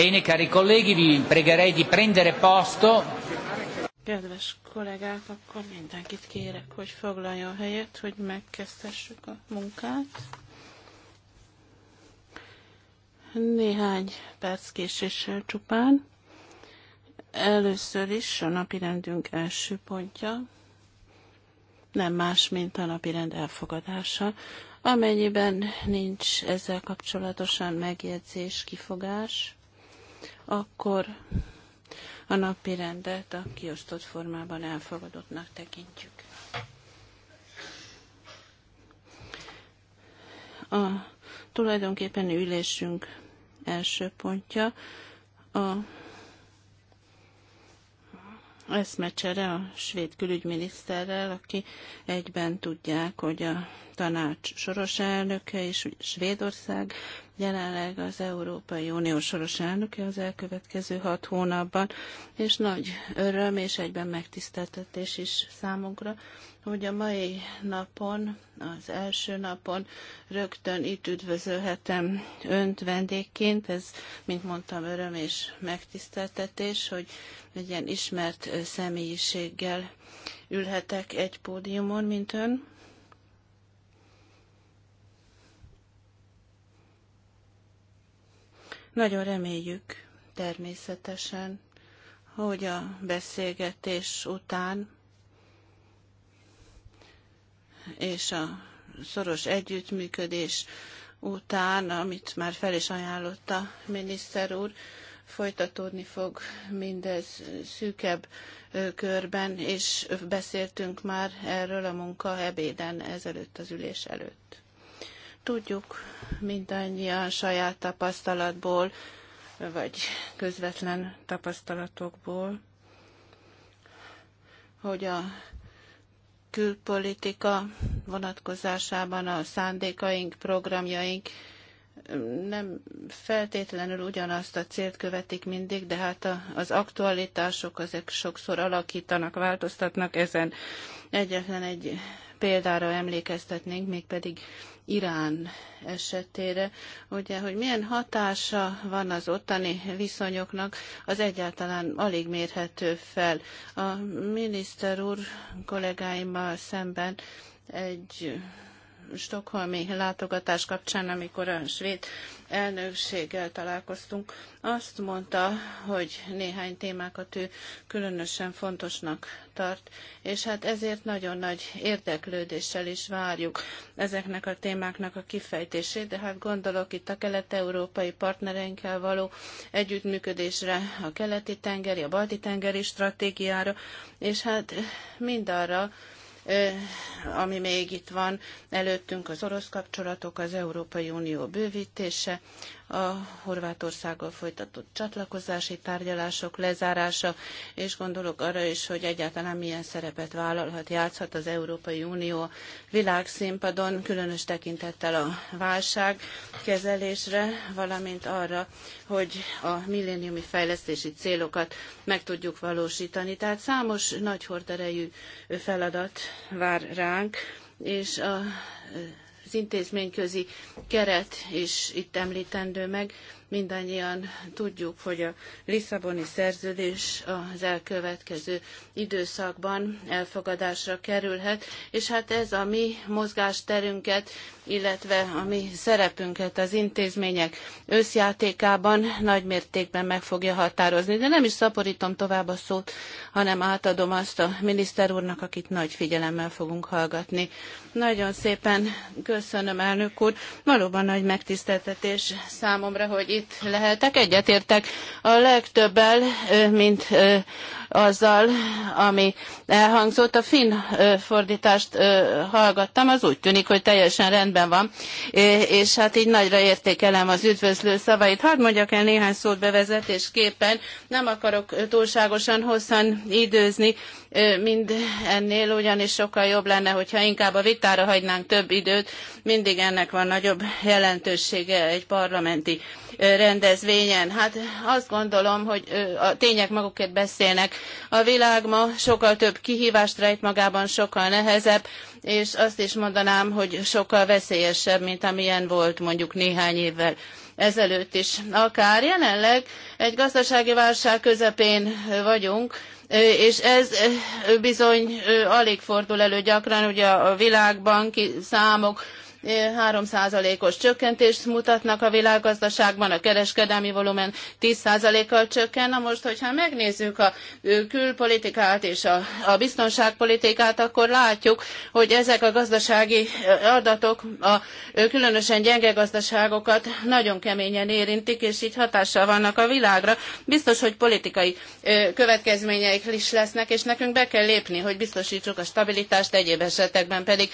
Bene, cari colleghi, vi pregherei di prendere posto. Kedves kollégák, akkor mindenkit kérek, hogy foglaljon helyet, hogy megkezdhessük a munkát. Néhány perc késéssel csupán. Először is a napirendünk első pontja, nem más, mint a napirend elfogadása, amennyiben nincs ezzel kapcsolatosan megjegyzés, kifogás, akkor a napi rendet a kiosztott formában elfogadottnak tekintjük. A tulajdonképpen ülésünk első pontja a eszmecsere a svéd külügyminiszterrel, aki egyben tudják, hogy a tanács soros elnöke és Svédország jelenleg az Európai Unió soros elnöke az elkövetkező hat hónapban, és nagy öröm és egyben megtiszteltetés is számunkra, hogy a mai napon, az első napon rögtön itt üdvözölhetem önt vendégként. Ez, mint mondtam, öröm és megtiszteltetés, hogy egy ilyen ismert személyiséggel ülhetek egy pódiumon, mint ön. Nagyon reméljük természetesen, hogy a beszélgetés után és a szoros együttműködés után, amit már fel is ajánlott a miniszter úr, folytatódni fog mindez szűkebb körben, és beszéltünk már erről a munka ebéden ezelőtt az ülés előtt. Tudjuk mindannyian saját tapasztalatból, vagy közvetlen tapasztalatokból, hogy a külpolitika vonatkozásában a szándékaink, programjaink nem feltétlenül ugyanazt a célt követik mindig, de hát a, az aktualitások azok sokszor alakítanak, változtatnak ezen. Egyetlen egy példára emlékeztetnénk, mégpedig Irán esetére, ugye, hogy milyen hatása van az ottani viszonyoknak, az egyáltalán alig mérhető fel. A miniszter úr kollégáimmal szemben egy stokholmi látogatás kapcsán, amikor a svéd elnökséggel találkoztunk, azt mondta, hogy néhány témákat ő különösen fontosnak tart, és hát ezért nagyon nagy érdeklődéssel is várjuk ezeknek a témáknak a kifejtését, de hát gondolok itt a kelet-európai partnereinkkel való együttműködésre, a keleti tengeri, a balti tengeri stratégiára, és hát mindarra, ami még itt van előttünk, az orosz kapcsolatok, az Európai Unió bővítése, a Horvátországgal folytatott csatlakozási tárgyalások lezárása, és gondolok arra is, hogy egyáltalán milyen szerepet vállalhat, játszhat az Európai Unió világszínpadon, különös tekintettel a válság kezelésre, valamint arra, hogy a milléniumi fejlesztési célokat meg tudjuk valósítani. Tehát számos nagy horderejű feladat vár ránk, és a az intézményközi keret is itt említendő meg, Mindannyian tudjuk, hogy a Lisszaboni szerződés az elkövetkező időszakban elfogadásra kerülhet, és hát ez a mi mozgásterünket, illetve a mi szerepünket az intézmények összjátékában nagy mértékben meg fogja határozni. De nem is szaporítom tovább a szót, hanem átadom azt a miniszter úrnak, akit nagy figyelemmel fogunk hallgatni. Nagyon szépen köszönöm, elnök úr. Valóban nagy megtiszteltetés számomra, hogy itt lehetek, egyetértek a legtöbbel, mint azzal, ami elhangzott. A finn fordítást hallgattam, az úgy tűnik, hogy teljesen rendben van, és hát így nagyra értékelem az üdvözlő szavait. Hadd mondjak el néhány szót bevezetésképpen, nem akarok túlságosan hosszan időzni, mind ennél, ugyanis sokkal jobb lenne, hogyha inkább a vitára hagynánk több időt, mindig ennek van nagyobb jelentősége egy parlamenti rendezvényen. Hát azt gondolom, hogy a tények magukért beszélnek. A világ ma sokkal több kihívást rejt magában, sokkal nehezebb, és azt is mondanám, hogy sokkal veszélyesebb, mint amilyen volt mondjuk néhány évvel ezelőtt is. Akár jelenleg egy gazdasági válság közepén vagyunk, és ez bizony alig fordul elő gyakran, ugye a világbanki számok 3%-os csökkentést mutatnak a világgazdaságban, a kereskedelmi volumen 10%-kal csökken. Na most, hogyha megnézzük a külpolitikát és a, a biztonságpolitikát, akkor látjuk, hogy ezek a gazdasági adatok a különösen gyenge gazdaságokat nagyon keményen érintik, és így hatással vannak a világra. Biztos, hogy politikai következményeik is lesznek, és nekünk be kell lépni, hogy biztosítsuk a stabilitást, egyéb esetekben pedig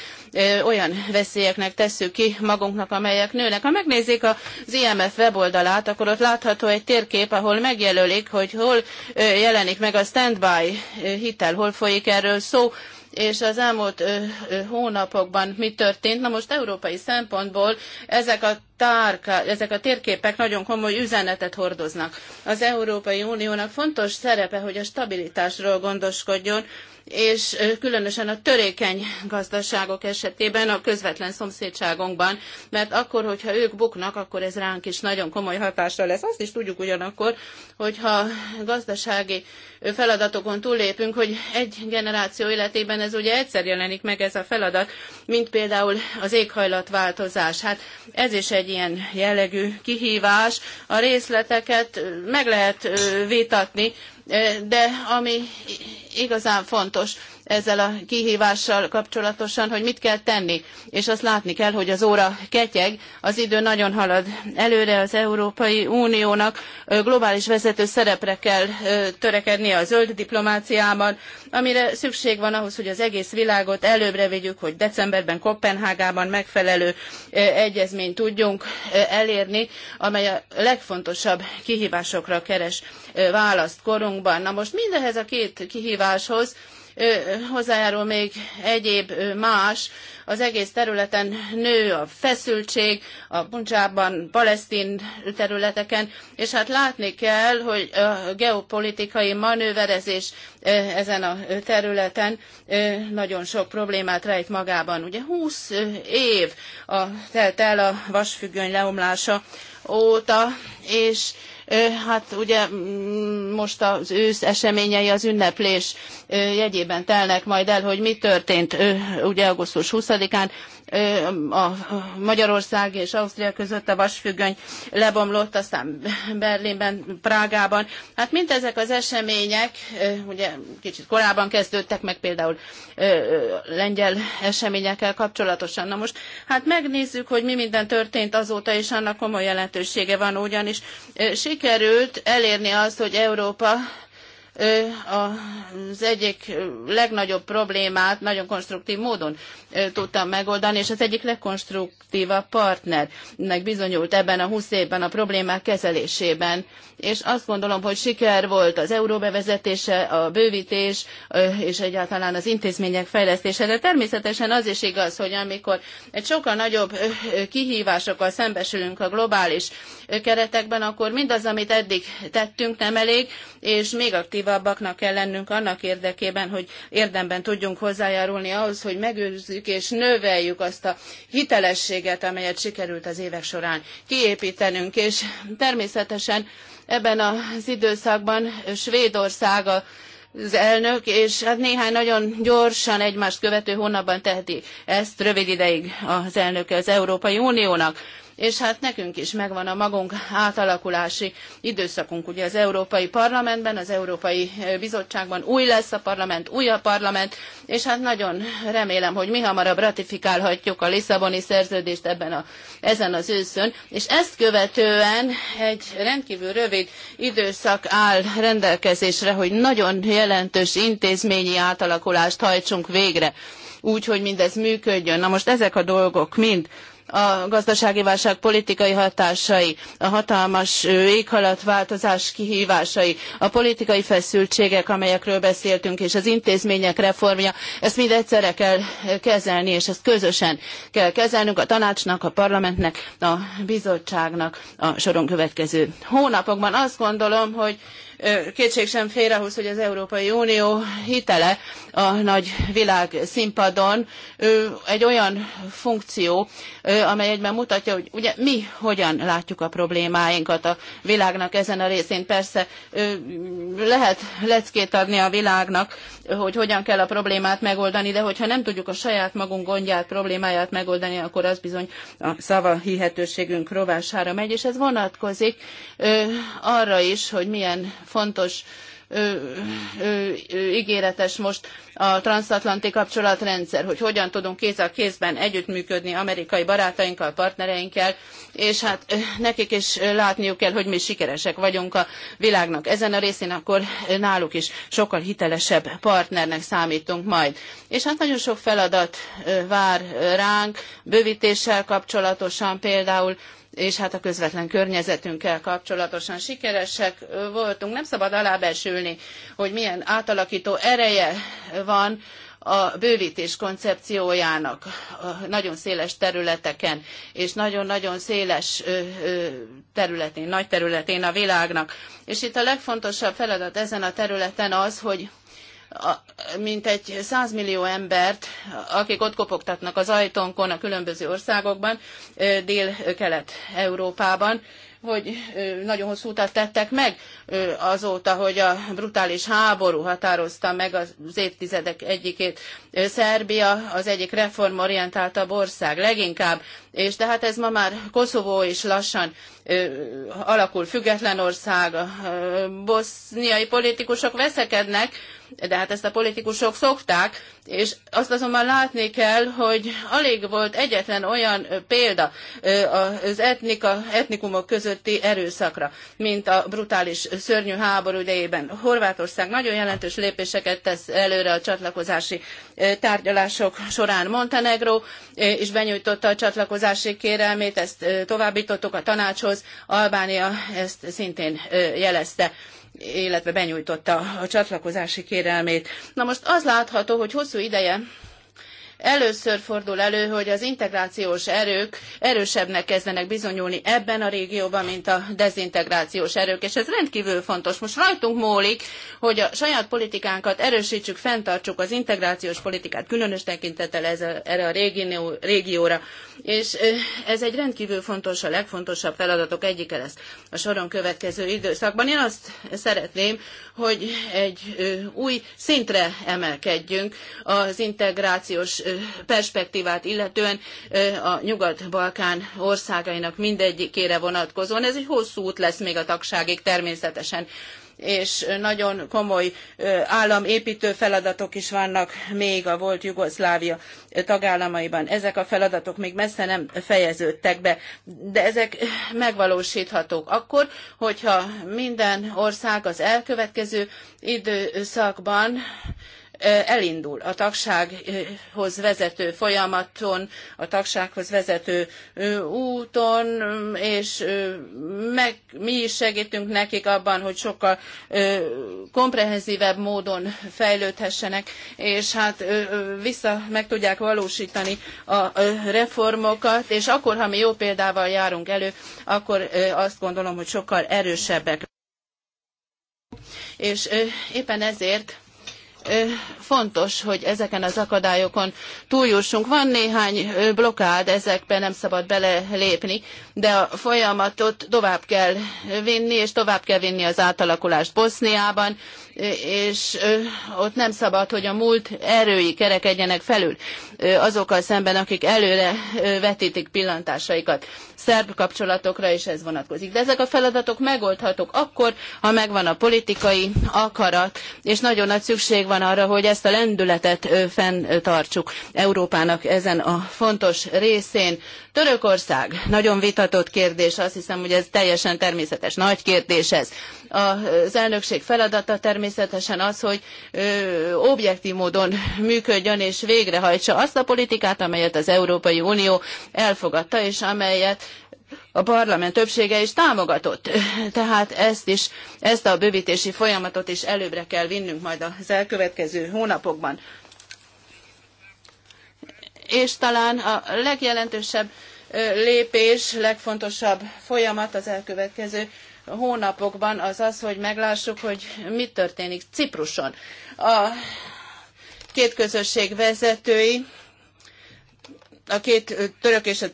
olyan veszélyeknek tesszük ki magunknak, amelyek nőnek. Ha megnézzék az IMF weboldalát, akkor ott látható egy térkép, ahol megjelölik, hogy hol jelenik meg a standby hitel, hol folyik erről szó és az elmúlt ö, ö, hónapokban mi történt. Na most európai szempontból ezek a tárka, ezek a térképek nagyon komoly üzenetet hordoznak. Az Európai Uniónak fontos szerepe, hogy a stabilitásról gondoskodjon, és különösen a törékeny gazdaságok esetében a közvetlen szomszédságunkban, mert akkor, hogyha ők buknak, akkor ez ránk is nagyon komoly hatással lesz. Azt is tudjuk ugyanakkor, hogyha gazdasági feladatokon túllépünk, hogy egy generáció életében ez ugye egyszer jelenik meg ez a feladat, mint például az éghajlatváltozás. Hát ez is egy ilyen jellegű kihívás. A részleteket meg lehet vitatni, de ami igazán fontos, ezzel a kihívással kapcsolatosan, hogy mit kell tenni. És azt látni kell, hogy az óra ketyeg, az idő nagyon halad előre az Európai Uniónak globális vezető szerepre kell törekednie a zöld diplomáciában, amire szükség van ahhoz, hogy az egész világot előbbre vigyük, hogy decemberben Kopenhágában megfelelő egyezményt tudjunk elérni, amely a legfontosabb kihívásokra keres választ korunkban. Na most mindehez a két kihíváshoz hozzájárul még egyéb más. Az egész területen nő a feszültség, a Punjabban, palesztin területeken, és hát látni kell, hogy a geopolitikai manőverezés ezen a területen nagyon sok problémát rejt magában. Ugye 20 év a, telt el a vasfüggöny leomlása óta, és Hát ugye mm, most az ősz eseményei az ünneplés jegyében telnek majd el, hogy mi történt ugye augusztus 20-án, a Magyarország és Ausztria között a vasfüggöny lebomlott, aztán Berlinben, Prágában. Hát mindezek az események, ugye kicsit korábban kezdődtek meg például lengyel eseményekkel kapcsolatosan. Na most hát megnézzük, hogy mi minden történt azóta, és annak komoly jelentősége van, ugyanis sikerült elérni azt, hogy Európa az egyik legnagyobb problémát nagyon konstruktív módon tudtam megoldani, és az egyik legkonstruktívabb partnernek bizonyult ebben a 20 évben a problémák kezelésében. És azt gondolom, hogy siker volt az euró bevezetése, a bővítés, és egyáltalán az intézmények fejlesztése. De természetesen az is igaz, hogy amikor egy sokkal nagyobb kihívásokkal szembesülünk a globális keretekben, akkor mindaz, amit eddig tettünk, nem elég, és még aktív aktívabbaknak kell lennünk annak érdekében, hogy érdemben tudjunk hozzájárulni ahhoz, hogy megőrizzük és növeljük azt a hitelességet, amelyet sikerült az évek során kiépítenünk. És természetesen ebben az időszakban Svédország a az elnök, és hát néhány nagyon gyorsan egymást követő hónapban teheti ezt rövid ideig az elnöke az Európai Uniónak és hát nekünk is megvan a magunk átalakulási időszakunk. Ugye az Európai Parlamentben, az Európai Bizottságban új lesz a parlament, új a parlament, és hát nagyon remélem, hogy mi hamarabb ratifikálhatjuk a Lisszaboni szerződést ebben a, ezen az őszön, és ezt követően egy rendkívül rövid időszak áll rendelkezésre, hogy nagyon jelentős intézményi átalakulást hajtsunk végre úgy, hogy mindez működjön. Na most ezek a dolgok mind a gazdasági válság politikai hatásai, a hatalmas éghajlatváltozás kihívásai, a politikai feszültségek, amelyekről beszéltünk, és az intézmények reformja, ezt mind egyszerre kell kezelni, és ezt közösen kell kezelnünk a tanácsnak, a parlamentnek, a bizottságnak a soron következő hónapokban. Azt gondolom, hogy kétség sem fér ahhoz, hogy az Európai Unió hitele a nagy világ színpadon egy olyan funkció, amely egyben mutatja, hogy ugye mi hogyan látjuk a problémáinkat a világnak ezen a részén. Persze lehet leckét adni a világnak, hogy hogyan kell a problémát megoldani, de hogyha nem tudjuk a saját magunk gondját, problémáját megoldani, akkor az bizony a szava hihetőségünk rovására megy, és ez vonatkozik arra is, hogy milyen fontos ö, ö, ö, ígéretes most a transatlanti kapcsolatrendszer, hogy hogyan tudunk kéz a kézben együttműködni amerikai barátainkkal, partnereinkkel, és hát ö, nekik is látniuk kell, hogy mi sikeresek vagyunk a világnak ezen a részén, akkor náluk is sokkal hitelesebb partnernek számítunk majd. És hát nagyon sok feladat vár ránk, bővítéssel kapcsolatosan például és hát a közvetlen környezetünkkel kapcsolatosan sikeresek voltunk. Nem szabad alábesülni, hogy milyen átalakító ereje van a bővítés koncepciójának nagyon széles területeken, és nagyon-nagyon széles területén, nagy területén a világnak. És itt a legfontosabb feladat ezen a területen az, hogy mintegy 100 millió embert, akik ott kopogtatnak az ajtónkon a különböző országokban, dél-kelet-európában, hogy nagyon hosszú utat tettek meg azóta, hogy a brutális háború határozta meg az évtizedek egyikét. Szerbia az egyik reformorientáltabb ország, leginkább és de hát ez ma már Koszovó is lassan ö, alakul független ország, a boszniai politikusok veszekednek, de hát ezt a politikusok szokták, és azt azonban látni kell, hogy alig volt egyetlen olyan példa az etnika, etnikumok közötti erőszakra, mint a brutális szörnyű háború idejében. Horvátország nagyon jelentős lépéseket tesz előre a csatlakozási tárgyalások során. Montenegro és benyújtotta a csatlakozást csatlakozási kérelmét, ezt továbbítottuk a tanácshoz, Albánia ezt szintén jelezte illetve benyújtotta a csatlakozási kérelmét. Na most az látható, hogy hosszú ideje Először fordul elő, hogy az integrációs erők erősebbnek kezdenek bizonyulni ebben a régióban, mint a dezintegrációs erők, és ez rendkívül fontos. Most rajtunk múlik, hogy a saját politikánkat erősítsük, fenntartsuk az integrációs politikát, különös tekintettel ez a, erre a régió, régióra. És ez egy rendkívül fontos, a legfontosabb feladatok egyike lesz a soron következő időszakban. Én azt szeretném, hogy egy új szintre emelkedjünk az integrációs perspektívát illetően a Nyugat-Balkán országainak mindegyikére vonatkozóan. Ez egy hosszú út lesz még a tagságig természetesen és nagyon komoly államépítő feladatok is vannak még a volt Jugoszlávia tagállamaiban. Ezek a feladatok még messze nem fejeződtek be, de ezek megvalósíthatók akkor, hogyha minden ország az elkövetkező időszakban elindul a tagsághoz vezető folyamaton, a tagsághoz vezető úton, és meg, mi is segítünk nekik abban, hogy sokkal komprehenzívebb módon fejlődhessenek, és hát vissza meg tudják valósítani a reformokat, és akkor, ha mi jó példával járunk elő, akkor azt gondolom, hogy sokkal erősebbek. És éppen ezért fontos, hogy ezeken az akadályokon túljussunk. Van néhány blokád, ezekbe nem szabad belelépni, de a folyamatot tovább kell vinni, és tovább kell vinni az átalakulást Boszniában, és ott nem szabad, hogy a múlt erői kerekedjenek felül azokkal szemben, akik előre vetítik pillantásaikat. Szerb kapcsolatokra és ez vonatkozik. De ezek a feladatok megoldhatók akkor, ha megvan a politikai akarat, és nagyon nagy szükség van arra, hogy ezt a lendületet fenntartsuk Európának ezen a fontos részén. Törökország nagyon vitatott kérdés, azt hiszem, hogy ez teljesen természetes, nagy kérdés ez. Az elnökség feladata természetesen az, hogy objektv objektív módon működjön és végrehajtsa azt a politikát, amelyet az Európai Unió elfogadta, és amelyet a parlament többsége is támogatott. Tehát ezt is, ezt a bővítési folyamatot is előbbre kell vinnünk majd az elkövetkező hónapokban és talán a legjelentősebb lépés, legfontosabb folyamat az elkövetkező hónapokban az az, hogy meglássuk, hogy mi történik Cipruson. A két közösség vezetői a két török és a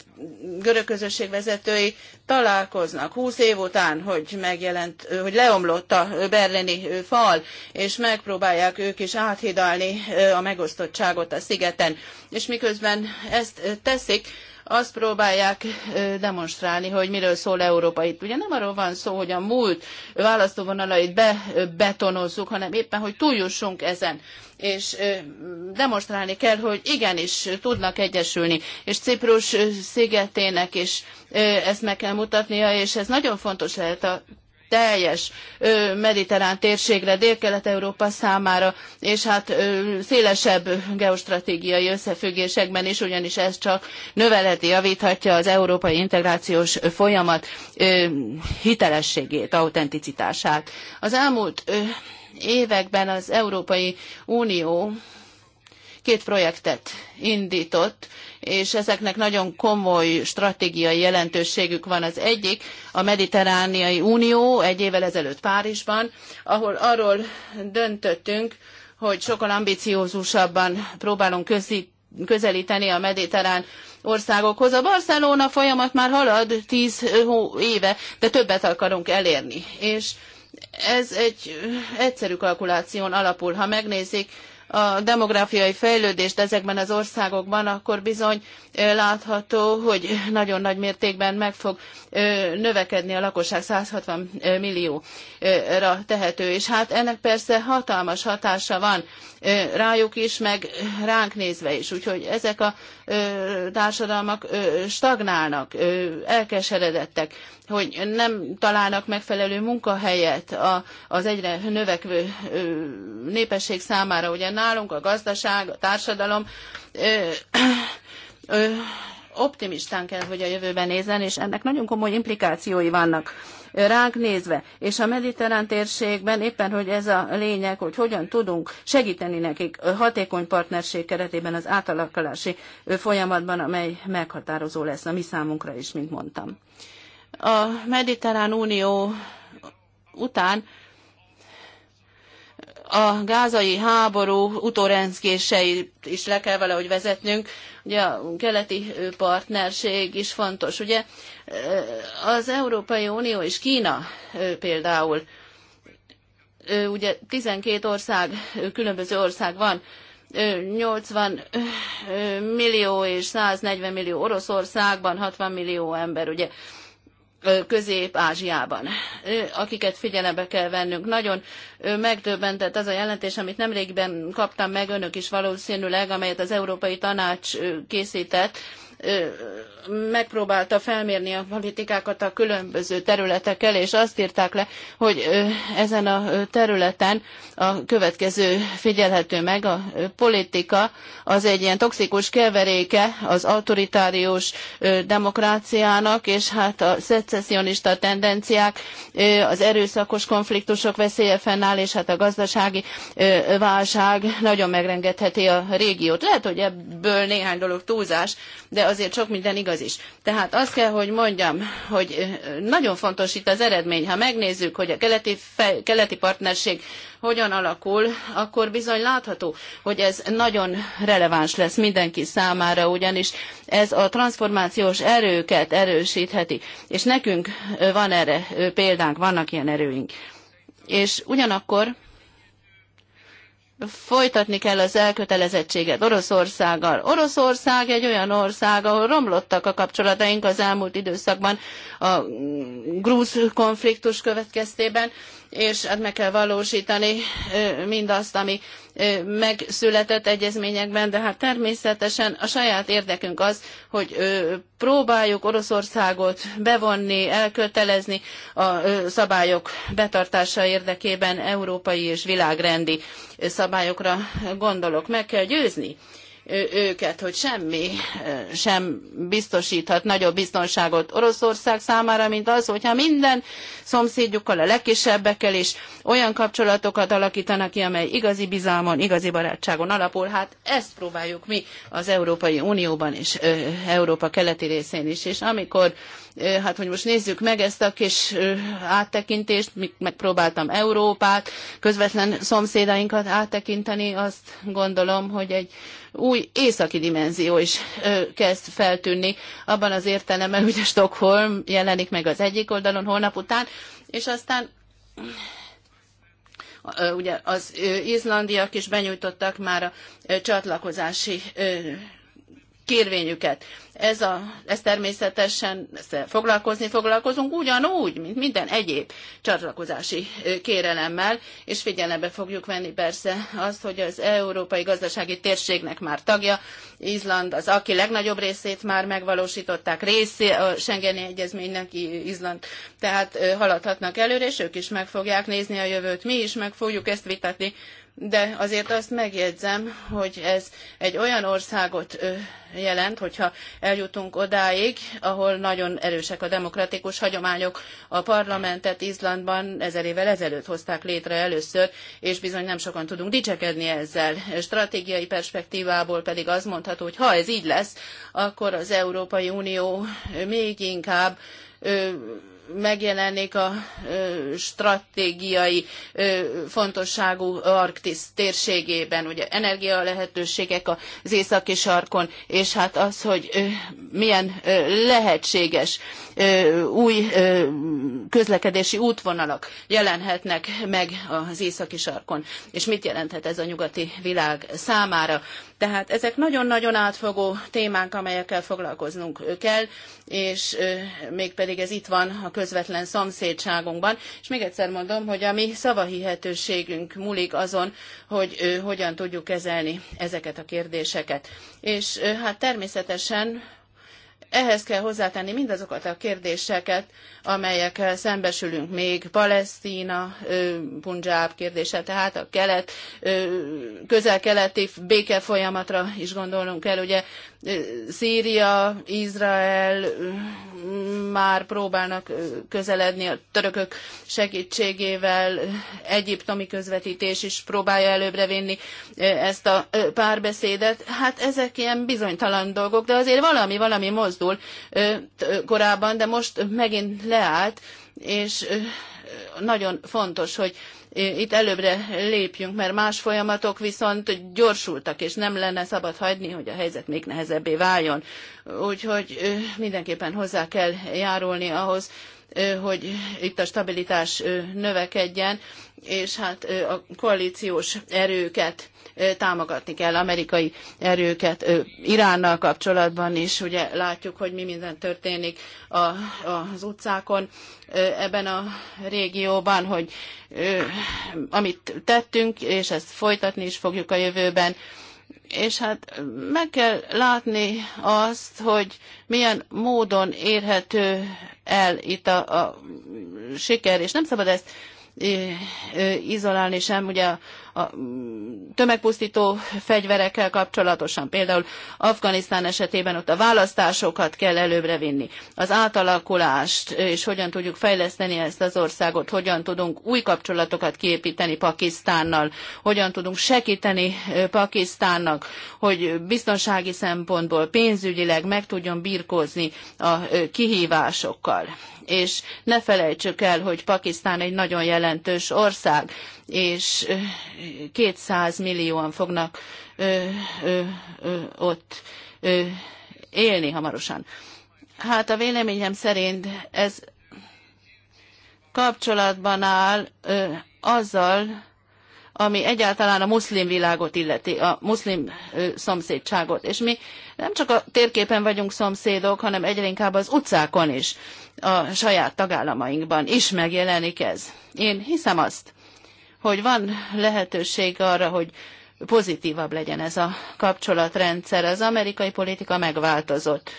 görög közösség vezetői találkoznak. Húsz év után, hogy megjelent, hogy leomlott a berlini fal, és megpróbálják ők is áthidalni a megosztottságot a szigeten. És miközben ezt teszik, azt próbálják demonstrálni, hogy miről szól Európa itt. Ugye nem arról van szó, hogy a múlt választóvonalait bebetonozzuk, hanem éppen, hogy túljussunk ezen és demonstrálni kell, hogy igenis tudnak egyesülni, és Ciprus szigetének is ezt meg kell mutatnia, és ez nagyon fontos lehet a teljes mediterrán térségre, Dél-Kelet-Európa számára, és hát szélesebb geostratégiai összefüggésekben is, ugyanis ez csak növelheti, javíthatja az európai integrációs folyamat hitelességét, autenticitását. Az elmúlt években az Európai Unió két projektet indított, és ezeknek nagyon komoly stratégiai jelentőségük van. Az egyik a Mediterrániai Unió egy évvel ezelőtt Párizsban, ahol arról döntöttünk, hogy sokkal ambiciózusabban próbálunk közít közelíteni a mediterrán országokhoz. A Barcelona folyamat már halad tíz éve, de többet akarunk elérni. És ez egy egyszerű kalkuláción alapul. Ha megnézik, a demográfiai fejlődést ezekben az országokban, akkor bizony látható, hogy nagyon nagy mértékben meg fog növekedni a lakosság 160 millióra tehető. És hát ennek persze hatalmas hatása van rájuk is, meg ránk nézve is. Úgyhogy ezek a társadalmak stagnálnak, elkeseredettek, hogy nem találnak megfelelő munkahelyet az egyre növekvő népesség számára. Ugye nálunk a gazdaság, a társadalom optimistán kell, hogy a jövőben nézzen, és ennek nagyon komoly implikációi vannak ránk nézve. És a mediterrán térségben éppen, hogy ez a lényeg, hogy hogyan tudunk segíteni nekik hatékony partnerség keretében az átalakulási folyamatban, amely meghatározó lesz a mi számunkra is, mint mondtam. A Mediterrán Unió után a gázai háború utórendszkéseit is le kell vele, hogy vezetnünk. Ugye a keleti partnerség is fontos. Ugye az Európai Unió és Kína például, ugye 12 ország, különböző ország van, 80 millió és 140 millió Oroszországban, 60 millió ember, ugye Közép-Ázsiában, akiket figyelembe kell vennünk. Nagyon megdöbbentett az a jelentés, amit nemrégiben kaptam meg, önök is valószínűleg, amelyet az Európai Tanács készített, megpróbálta felmérni a politikákat a különböző területekkel, és azt írták le, hogy ezen a területen a következő figyelhető meg a politika, az egy ilyen toxikus keveréke az autoritárius demokráciának, és hát a szecessionista tendenciák, az erőszakos konfliktusok veszélye fennáll, és hát a gazdasági válság nagyon megrengetheti a régiót. Lehet, hogy ebből néhány dolog túlzás, de azért sok minden igaz is. Tehát azt kell, hogy mondjam, hogy eh, nagyon fontos itt az eredmény. Ha megnézzük, hogy a keleti, fe, keleti partnerség hogyan alakul, akkor bizony látható, hogy ez nagyon releváns lesz mindenki számára, ugyanis ez a transformációs erőket erősítheti. És nekünk eh, van erre eh, példánk, vannak ilyen erőink. És ugyanakkor folytatni kell az elkötelezettséget Oroszországgal. Oroszország egy olyan ország, ahol romlottak a kapcsolataink az elmúlt időszakban a grúz konfliktus következtében, és hát meg kell valósítani mindazt, ami megszületett egyezményekben, de hát természetesen a saját érdekünk az, hogy próbáljuk Oroszországot bevonni, elkötelezni a szabályok betartása érdekében európai és világrendi szabályokra gondolok. Meg kell győzni őket, hogy semmi sem biztosíthat nagyobb biztonságot Oroszország számára, mint az, hogyha minden szomszédjukkal, a legkisebbekkel is olyan kapcsolatokat alakítanak ki, amely igazi bizalmon, igazi barátságon alapul. Hát ezt próbáljuk mi az Európai Unióban és Európa keleti részén is. És amikor hát hogy most nézzük meg ezt a kis áttekintést, megpróbáltam Európát, közvetlen szomszédainkat áttekinteni, azt gondolom, hogy egy új északi dimenzió is kezd feltűnni, abban az értelemben, hogy a Stockholm jelenik meg az egyik oldalon holnap után, és aztán ugye az izlandiak is benyújtottak már a csatlakozási kérvényüket. Ez, a, ez természetesen ezzel foglalkozni foglalkozunk ugyanúgy, mint minden egyéb csatlakozási kérelemmel, és figyelembe fogjuk venni persze azt, hogy az Európai Gazdasági Térségnek már tagja, Izland az, aki legnagyobb részét már megvalósították, része a Schengeni Egyezménynek Izland, tehát haladhatnak előre, és ők is meg fogják nézni a jövőt, mi is meg fogjuk ezt vitatni, de azért azt megjegyzem, hogy ez egy olyan országot jelent, hogyha eljutunk odáig, ahol nagyon erősek a demokratikus hagyományok. A parlamentet Izlandban ezer évvel ezelőtt hozták létre először, és bizony nem sokan tudunk dicsekedni ezzel. Stratégiai perspektívából pedig az mondható, hogy ha ez így lesz, akkor az Európai Unió még inkább megjelenik a stratégiai fontosságú Arktisz térségében, ugye energia lehetőségek az északi sarkon, és hát az, hogy milyen lehetséges új közlekedési útvonalak jelenhetnek meg az északi sarkon, és mit jelenthet ez a nyugati világ számára. Tehát ezek nagyon-nagyon átfogó témák, amelyekkel foglalkoznunk kell, és mégpedig ez itt van a közvetlen szomszédságunkban. És még egyszer mondom, hogy a mi szavahihetőségünk múlik azon, hogy hogyan tudjuk kezelni ezeket a kérdéseket. És hát természetesen ehhez kell hozzátenni mindazokat a kérdéseket, amelyekkel szembesülünk még, Palesztina, Punjab kérdése, tehát a kelet, közel-keleti béke folyamatra is gondolnunk kell, ugye Szíria, Izrael már próbálnak közeledni a törökök segítségével, egyiptomi közvetítés is próbálja előbbre vinni ezt a párbeszédet. Hát ezek ilyen bizonytalan dolgok, de azért valami, valami mozdul korábban, de most megint leállt, és nagyon fontos, hogy itt előbbre lépjünk, mert más folyamatok viszont gyorsultak, és nem lenne szabad hagyni, hogy a helyzet még nehezebbé váljon. Úgyhogy mindenképpen hozzá kell járulni ahhoz, hogy itt a stabilitás növekedjen, és hát a koalíciós erőket támogatni kell, amerikai erőket Iránnal kapcsolatban is. Ugye látjuk, hogy mi minden történik a, az utcákon ebben a régióban, hogy amit tettünk, és ezt folytatni is fogjuk a jövőben, és hát meg kell látni azt, hogy milyen módon érhető el itt a, a siker, és nem szabad ezt izolálni sem, ugye a tömegpusztító fegyverekkel kapcsolatosan. Például Afganisztán esetében ott a választásokat kell előbbre vinni, az átalakulást, és hogyan tudjuk fejleszteni ezt az országot, hogyan tudunk új kapcsolatokat kiépíteni Pakisztánnal, hogyan tudunk segíteni Pakisztánnak, hogy biztonsági szempontból, pénzügyileg meg tudjon birkózni a kihívásokkal és ne felejtsük el, hogy Pakisztán egy nagyon jelentős ország, és 200 millióan fognak ö, ö, ö, ott ö, élni hamarosan. Hát a véleményem szerint ez kapcsolatban áll ö, azzal, ami egyáltalán a muszlim világot illeti, a muszlim ö, szomszédságot. És mi nem csak a térképen vagyunk szomszédok, hanem egyre inkább az utcákon is, a saját tagállamainkban is megjelenik ez. Én hiszem azt, hogy van lehetőség arra, hogy pozitívabb legyen ez a kapcsolatrendszer. Az amerikai politika megváltozott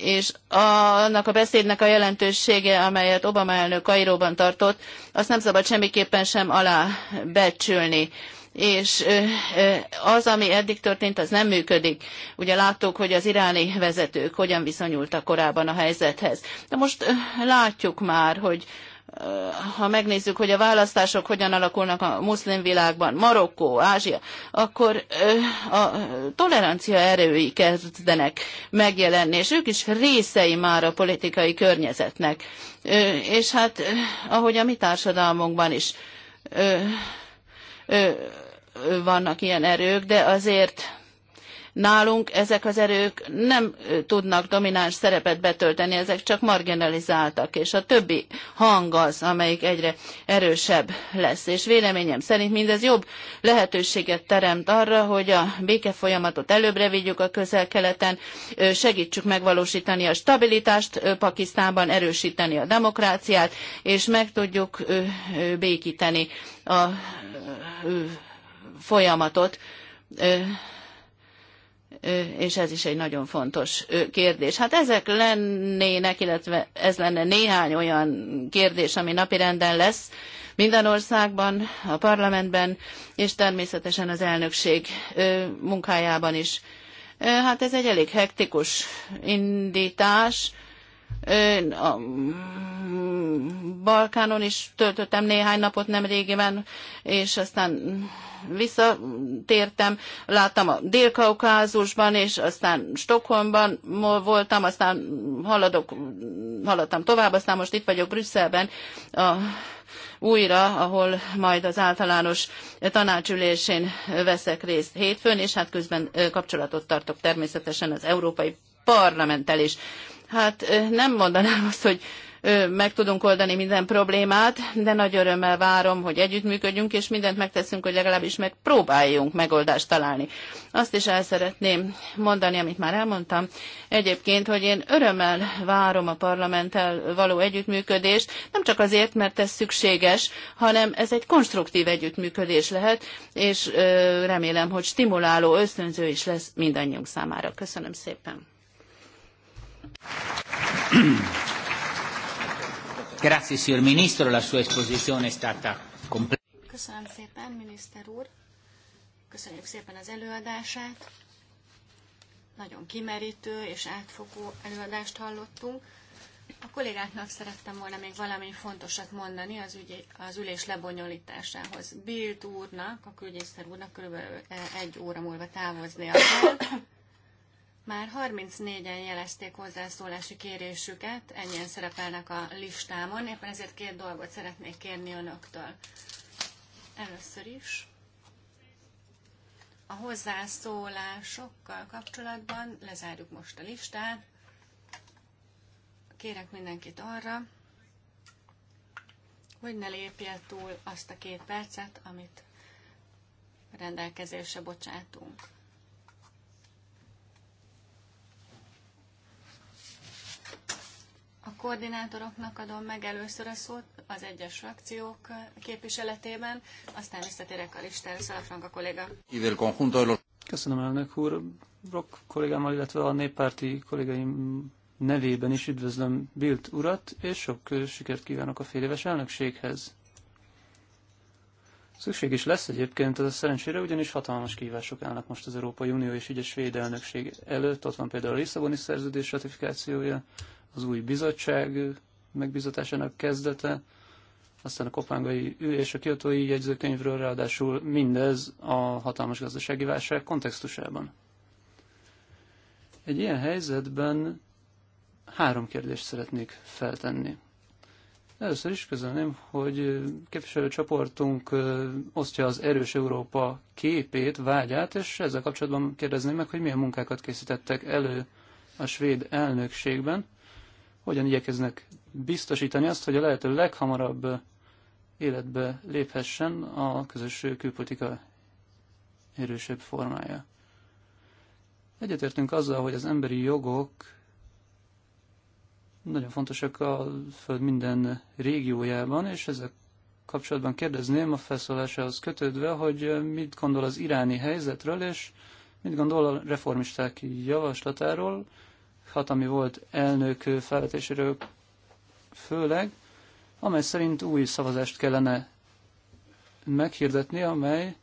és annak a beszédnek a jelentősége, amelyet Obama elnök Kairóban tartott, azt nem szabad semmiképpen sem alábecsülni és az, ami eddig történt, az nem működik. Ugye láttuk, hogy az iráni vezetők hogyan viszonyultak korábban a helyzethez. De most látjuk már, hogy ha megnézzük, hogy a választások hogyan alakulnak a muszlim világban, Marokkó, Ázsia, akkor a tolerancia erői kezdenek megjelenni, és ők is részei már a politikai környezetnek. És hát, ahogy a mi társadalmunkban is vannak ilyen erők, de azért Nálunk ezek az erők nem tudnak domináns szerepet betölteni, ezek csak marginalizáltak, és a többi hang az, amelyik egyre erősebb lesz. És véleményem szerint mindez jobb lehetőséget teremt arra, hogy a békefolyamatot előbbre vigyük a közel-keleten, segítsük megvalósítani a stabilitást Pakisztánban, erősíteni a demokráciát, és meg tudjuk békíteni a folyamatot és ez is egy nagyon fontos kérdés. Hát ezek lennének, illetve ez lenne néhány olyan kérdés, ami napirenden lesz minden országban, a parlamentben, és természetesen az elnökség munkájában is. Hát ez egy elég hektikus indítás, a Balkánon is töltöttem néhány napot nem régiben, és aztán visszatértem, láttam a Dél-Kaukázusban, és aztán Stockholmban voltam, aztán haladok, haladtam tovább, aztán most itt vagyok Brüsszelben, a, újra, ahol majd az általános tanácsülésén veszek részt hétfőn, és hát közben kapcsolatot tartok természetesen az Európai Parlamenttel is. Hát nem mondanám azt, hogy meg tudunk oldani minden problémát, de nagy örömmel várom, hogy együttműködjünk, és mindent megteszünk, hogy legalábbis megpróbáljunk megoldást találni. Azt is el szeretném mondani, amit már elmondtam, egyébként, hogy én örömmel várom a parlamenttel való együttműködést, nem csak azért, mert ez szükséges, hanem ez egy konstruktív együttműködés lehet, és remélem, hogy stimuláló, ösztönző is lesz mindannyiunk számára. Köszönöm szépen. Grazie, signor Ministro, la sua esposizione è stata completa. Köszönöm szépen, miniszter úr. Köszönjük szépen az előadását. Nagyon kimerítő és átfogó előadást hallottunk. A kollégáknak szerettem volna még valami fontosat mondani az, ügy, az ülés lebonyolításához. Bild úrnak, a külgyészter úrnak körülbelül egy óra múlva távoznia kell. Már 34-en jelezték hozzászólási kérésüket, ennyien szerepelnek a listámon, éppen ezért két dolgot szeretnék kérni önöktől. Először is a hozzászólásokkal kapcsolatban lezárjuk most a listát. Kérek mindenkit arra, hogy ne lépje túl azt a két percet, amit rendelkezésre bocsátunk. A koordinátoroknak adom meg először a szót az egyes frakciók képviseletében, aztán visszatérek a listára, Szalafranka kolléga. Köszönöm elnök úr. Brock kollégámmal, illetve a néppárti kollégáim nevében is üdvözlöm Bilt urat, és sok sikert kívánok a féléves elnökséghez. Szükség is lesz egyébként ez a szerencsére, ugyanis hatalmas kívások állnak most az Európai Unió és így a svéd elnökség előtt. Ott van például a Lisszaboni szerződés ratifikációja, az új bizottság megbizatásának kezdete, aztán a kopángai és a kiotói jegyzőkönyvről ráadásul mindez a hatalmas gazdasági válság kontextusában. Egy ilyen helyzetben három kérdést szeretnék feltenni. Először is közölném, hogy képviselőcsoportunk osztja az erős Európa képét, vágyát, és ezzel kapcsolatban kérdezném meg, hogy milyen munkákat készítettek elő a svéd elnökségben, hogyan igyekeznek biztosítani azt, hogy a lehető leghamarabb életbe léphessen a közös külpolitika erősebb formája. Egyetértünk azzal, hogy az emberi jogok nagyon fontosak a Föld minden régiójában, és ezek kapcsolatban kérdezném a felszólásához kötődve, hogy mit gondol az iráni helyzetről, és mit gondol a reformisták javaslatáról, ami volt elnök felvetéséről főleg, amely szerint új szavazást kellene meghirdetni, amely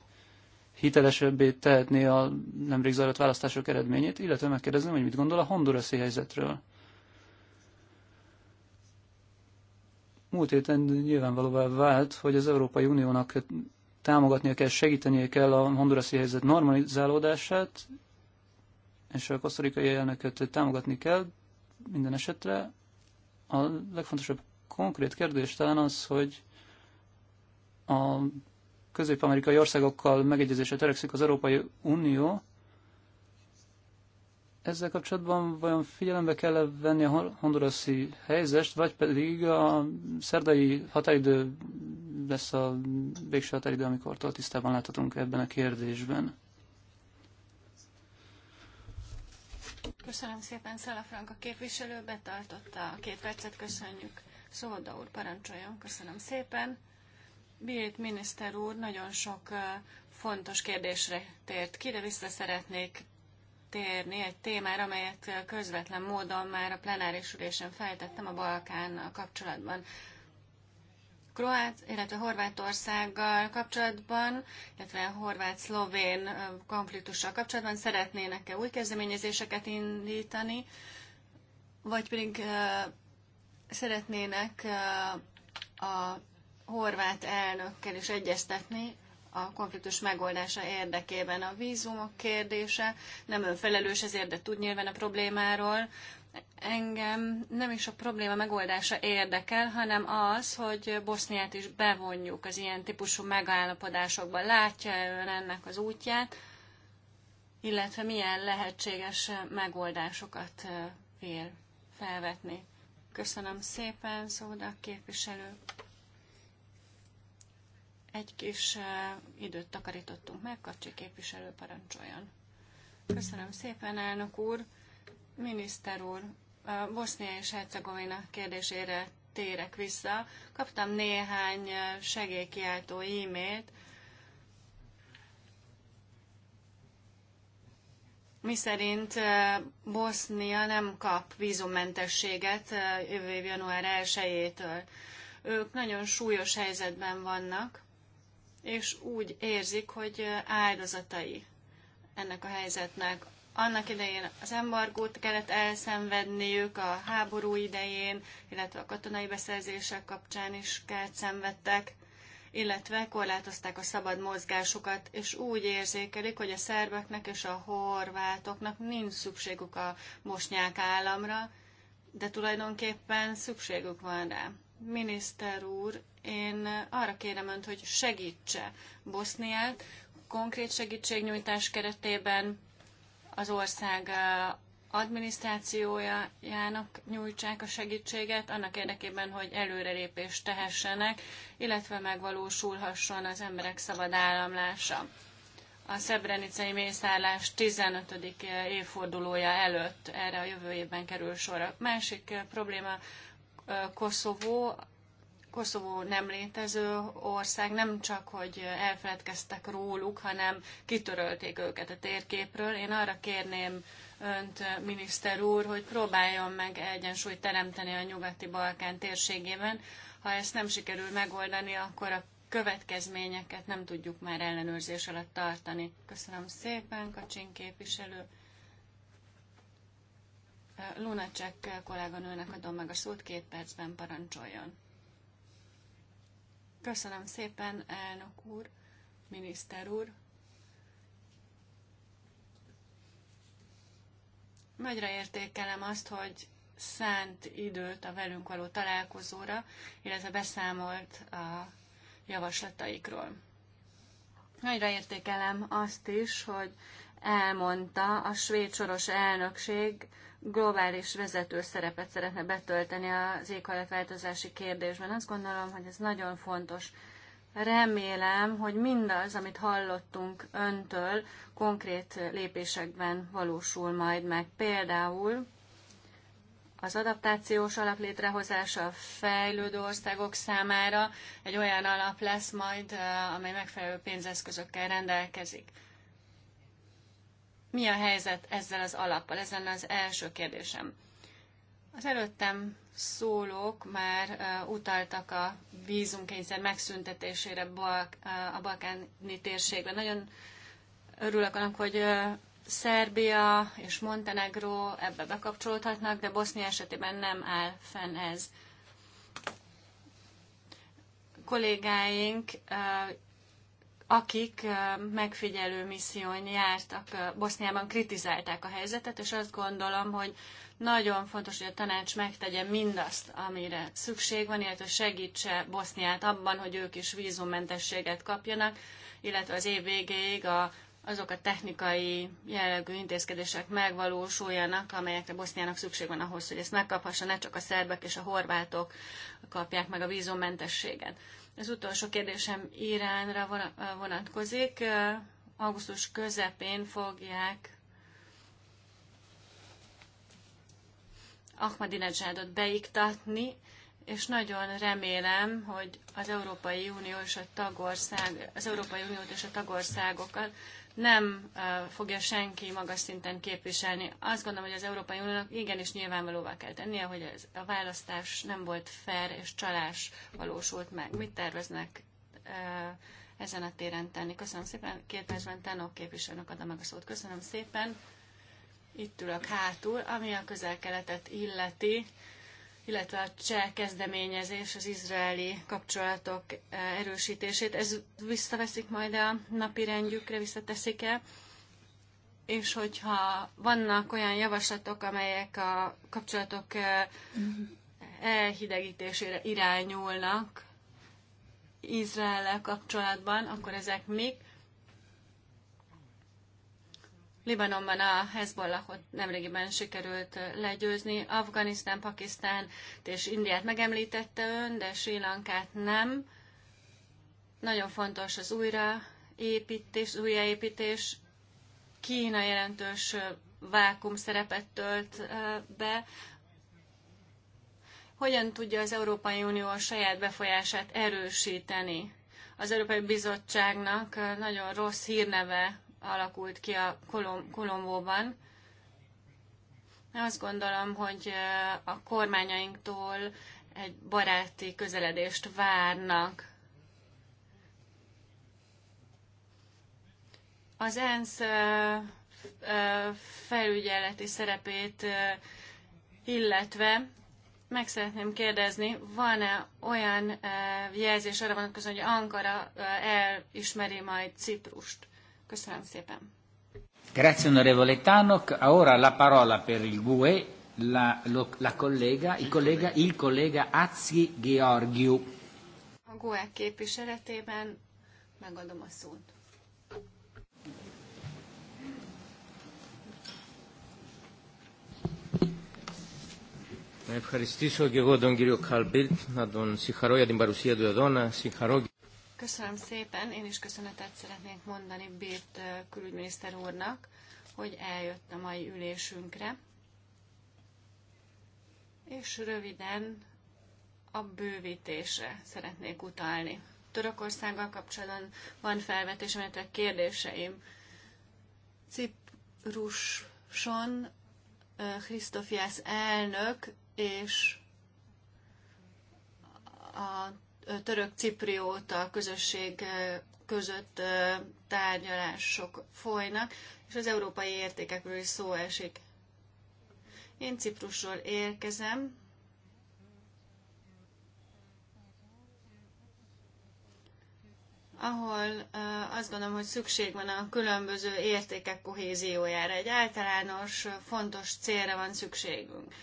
hitelesebbé tehetné a nemrég zajlott választások eredményét, illetve megkérdezni, hogy mit gondol a honduraszi helyzetről. Múlt héten nyilvánvalóvá vált, hogy az Európai Uniónak támogatnia kell, segítenie kell a honduraszi helyzet normalizálódását, és a kosztorikai elnököt támogatni kell minden esetre. A legfontosabb konkrét kérdés talán az, hogy a közép-amerikai országokkal megegyezésre törekszik az Európai Unió. Ezzel kapcsolatban vajon figyelembe kell -e venni a honduraszi helyzest, vagy pedig a szerdai határidő lesz a végső határidő, amikor tisztában láthatunk ebben a kérdésben? Köszönöm szépen, Franka képviselő betartotta a két percet, köszönjük. Szóda úr, parancsoljon, köszönöm szépen. Bírt miniszter úr nagyon sok uh, fontos kérdésre tért ki, de vissza szeretnék térni egy témára, amelyet uh, közvetlen módon már a plenáris ülésen feltettem a Balkán kapcsolatban. Kroát, illetve Horvátországgal kapcsolatban, illetve horvát-szlovén konfliktussal kapcsolatban szeretnének-e új kezdeményezéseket indítani, vagy pedig uh, szeretnének uh, a horvát elnökkel is egyeztetni a konfliktus megoldása érdekében. A vízumok kérdése nem önfelelős, ezért de tud nyilván a problémáról engem nem is a probléma megoldása érdekel, hanem az, hogy Boszniát is bevonjuk az ilyen típusú megállapodásokban Látja ön ennek az útját, illetve milyen lehetséges megoldásokat vél felvetni. Köszönöm szépen, Szóda képviselő. Egy kis időt takarítottunk meg, Kacsi képviselő parancsoljon. Köszönöm szépen, elnök úr. Miniszter úr, Bosznia és Hercegovina kérdésére térek vissza. Kaptam néhány segélykiáltó e-mailt, miszerint Bosznia nem kap vízummentességet jövő év január 1-től. Ők nagyon súlyos helyzetben vannak, és úgy érzik, hogy áldozatai ennek a helyzetnek annak idején az embargót kellett elszenvedniük a háború idején, illetve a katonai beszerzések kapcsán is kárt szenvedtek, illetve korlátozták a szabad mozgásukat, és úgy érzékelik, hogy a szerbeknek és a horvátoknak nincs szükségük a mosnyák államra, de tulajdonképpen szükségük van rá. Miniszter úr, én arra kérem önt, hogy segítse Boszniát, konkrét segítségnyújtás keretében, az ország adminisztrációjának nyújtsák a segítséget, annak érdekében, hogy előrelépést tehessenek, illetve megvalósulhasson az emberek szabad államlása. A szebrenicei mészárlás 15. évfordulója előtt erre a jövő évben kerül sor. A másik probléma Koszovó, Koszovó nem létező ország, nem csak, hogy elfeledkeztek róluk, hanem kitörölték őket a térképről. Én arra kérném önt, miniszter úr, hogy próbáljon meg egyensúlyt teremteni a nyugati Balkán térségében. Ha ezt nem sikerül megoldani, akkor a következményeket nem tudjuk már ellenőrzés alatt tartani. Köszönöm szépen, Kacsin képviselő. Lunacek kolléganőnek adom meg a szót, két percben parancsoljon. Köszönöm szépen, elnök úr, miniszter úr. Nagyra értékelem azt, hogy szánt időt a velünk való találkozóra, illetve beszámolt a javaslataikról. Nagyra értékelem azt is, hogy elmondta a svéd soros elnökség globális vezető szerepet szeretne betölteni az éghajlatváltozási kérdésben. Azt gondolom, hogy ez nagyon fontos. Remélem, hogy mindaz, amit hallottunk öntől, konkrét lépésekben valósul majd meg. Például az adaptációs alap létrehozása a fejlődő országok számára egy olyan alap lesz majd, eh, amely megfelelő pénzeszközökkel rendelkezik. Mi a helyzet ezzel az alappal? Ez lenne az első kérdésem. Az előttem szólók már utaltak a vízumkényszer megszüntetésére a balkáni térségben. Nagyon örülök annak, hogy Szerbia és Montenegró ebbe bekapcsolódhatnak, de Bosznia esetében nem áll fenn ez. Kollégáink akik megfigyelő misszión jártak Boszniában, kritizálták a helyzetet, és azt gondolom, hogy nagyon fontos, hogy a tanács megtegye mindazt, amire szükség van, illetve segítse Boszniát abban, hogy ők is vízummentességet kapjanak, illetve az év végéig a, azok a technikai jellegű intézkedések megvalósuljanak, amelyekre Boszniának szükség van ahhoz, hogy ezt megkaphassa, ne csak a szerbek és a horvátok kapják meg a vízummentességet. Az utolsó kérdésem Iránra vonatkozik. Augusztus közepén fogják Ahmadinejadot beiktatni, és nagyon remélem, hogy az Európai Unió és a tagország, az Európai Uniót és a tagországokat nem fogja senki magas szinten képviselni. Azt gondolom, hogy az Európai Uniónak igenis nyilvánvalóvá kell tennie, hogy ez a választás nem volt fair és csalás valósult meg. Mit terveznek ezen a téren tenni? Köszönöm szépen. Két percben Tenok képviselőnek adom meg a szót. Köszönöm szépen. Itt ülök hátul, ami a közel-keletet illeti illetve a cseh kezdeményezés, az izraeli kapcsolatok eh, erősítését. Ez visszaveszik majd a napi rendjükre, visszateszik-e? És hogyha vannak olyan javaslatok, amelyek a kapcsolatok eh, elhidegítésére irányulnak Izrael kapcsolatban, akkor ezek még Libanonban a Hezbollahot nemrégiben sikerült legyőzni, Afganisztán, Pakisztán és Indiát megemlítette ön, de Sri Lankát nem. Nagyon fontos az újraépítés, az újraépítés. Kína jelentős vákum szerepet tölt be. Hogyan tudja az Európai Unió a saját befolyását erősíteni? Az Európai Bizottságnak nagyon rossz hírneve alakult ki a Kolom- Kolombóban. Azt gondolom, hogy eh, a kormányainktól egy baráti közeledést várnak. Az ENSZ eh, eh, felügyeleti szerepét illetve meg szeretném kérdezni, van-e olyan jelzés arra vonatkozóan, hogy Ankara elismeri majd Ciprust? Köszönöm szépen. Grazie onorevole Tanok. Ora la parola per il GUE la, lo, la collega, il collega, il collega Azzi Georgiu. A GUE képviseletében megadom a szót. Να ευχαριστήσω και εγώ τον κύριο Καλμπίρτ, να τον συγχαρώ για την παρουσία του εδώ, να συγχαρώ Köszönöm szépen, én is köszönetet szeretnék mondani Bért külügyminiszter úrnak, hogy eljött a mai ülésünkre. És röviden a bővítésre szeretnék utalni. Törökországgal kapcsolatban van felvetés, illetve kérdéseim. Cipruson Krisztofiász elnök és a török-ciprióta közösség között tárgyalások folynak, és az európai értékekről is szó esik. Én Ciprusról érkezem. ahol azt gondolom, hogy szükség van a különböző értékek kohéziójára. Egy általános, fontos célra van szükségünk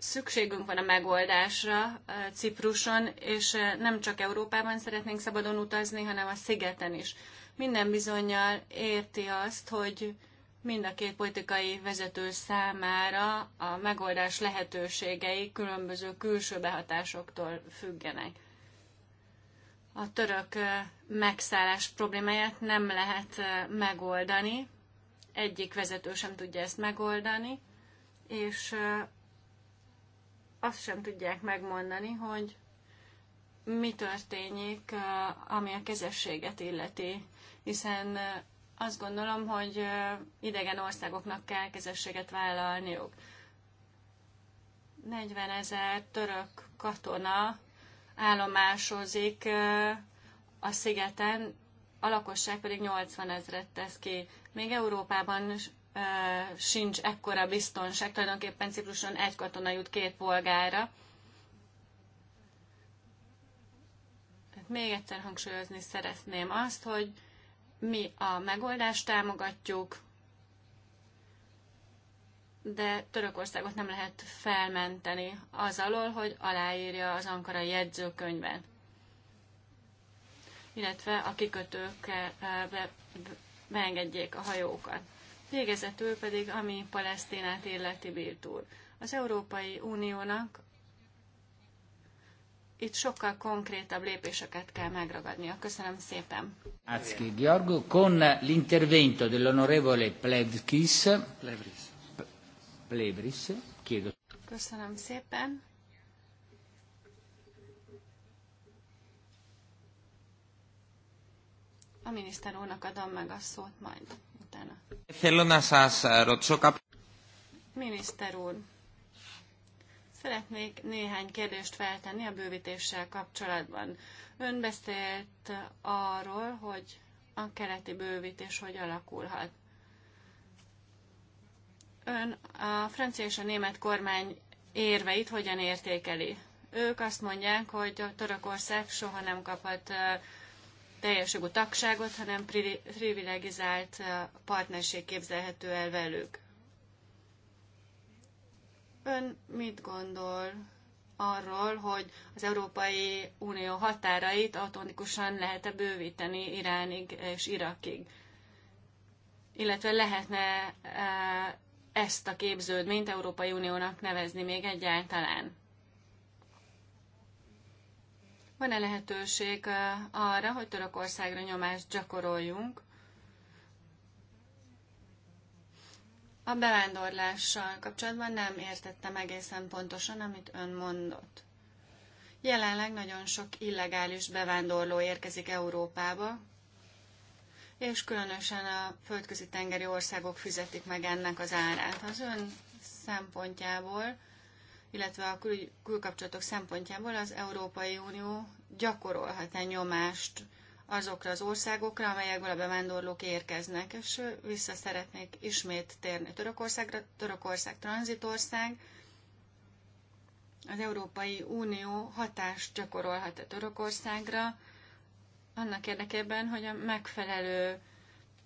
szükségünk van a megoldásra eh, Cipruson, és eh, nem csak Európában szeretnénk szabadon utazni, hanem a szigeten is. Minden bizonyal érti azt, hogy mind a két politikai vezető számára a megoldás lehetőségei különböző külső behatásoktól függenek. A török eh, megszállás problémáját nem lehet megoldani, egyik vezető sem tudja ezt megoldani, és azt sem tudják megmondani, hogy mi történik, ami a kezességet illeti, hiszen azt gondolom, hogy idegen országoknak kell kezességet vállalniuk. 40 ezer török katona állomásozik a szigeten, a lakosság pedig 80 ezret tesz ki. Még Európában sincs ekkora biztonság. Tulajdonképpen Cipruson egy katona jut két polgára. Tehát még egyszer hangsúlyozni szeretném azt, hogy mi a megoldást támogatjuk, de Törökországot nem lehet felmenteni az alól, hogy aláírja az Ankarai jegyzőkönyvet, illetve a kikötők beengedjék a hajókat. Végezetül pedig, ami Palesztinát illeti Biltúr. Az Európai Uniónak itt sokkal konkrétabb lépéseket kell megragadnia. Köszönöm szépen. Grazie Giorgio. Con l'intervento dell'onorevole Plevkis. Plevris. Plevris. Chiedo. Köszönöm szépen. A miniszter úrnak adom meg a szót majd utána. Miniszter úr, szeretnék néhány kérdést feltenni a bővítéssel kapcsolatban. Ön beszélt arról, hogy a keleti bővítés hogy alakulhat. Ön a francia és a német kormány érveit hogyan értékeli? Ők azt mondják, hogy a Törökország soha nem kaphat teljes jogú tagságot, hanem privilegizált eh, partnerség képzelhető el velük. Ön mit gondol arról, hogy az Európai Unió határait automatikusan lehet-e bővíteni Iránig és Irakig? Illetve lehetne eh, ezt a képződményt Európai Uniónak nevezni még egyáltalán? Van-e lehetőség arra, hogy Törökországra nyomást gyakoroljunk? A bevándorlással kapcsolatban nem értettem egészen pontosan, amit ön mondott. Jelenleg nagyon sok illegális bevándorló érkezik Európába, és különösen a földközi tengeri országok fizetik meg ennek az árát. Az ön szempontjából illetve a kül- külkapcsolatok szempontjából az Európai Unió gyakorolhat-e nyomást azokra az országokra, amelyekből a bevándorlók érkeznek, és vissza szeretnék ismét térni Törökországra. Törökország tranzitország, az Európai Unió hatást gyakorolhat a Törökországra, annak érdekében, hogy a megfelelő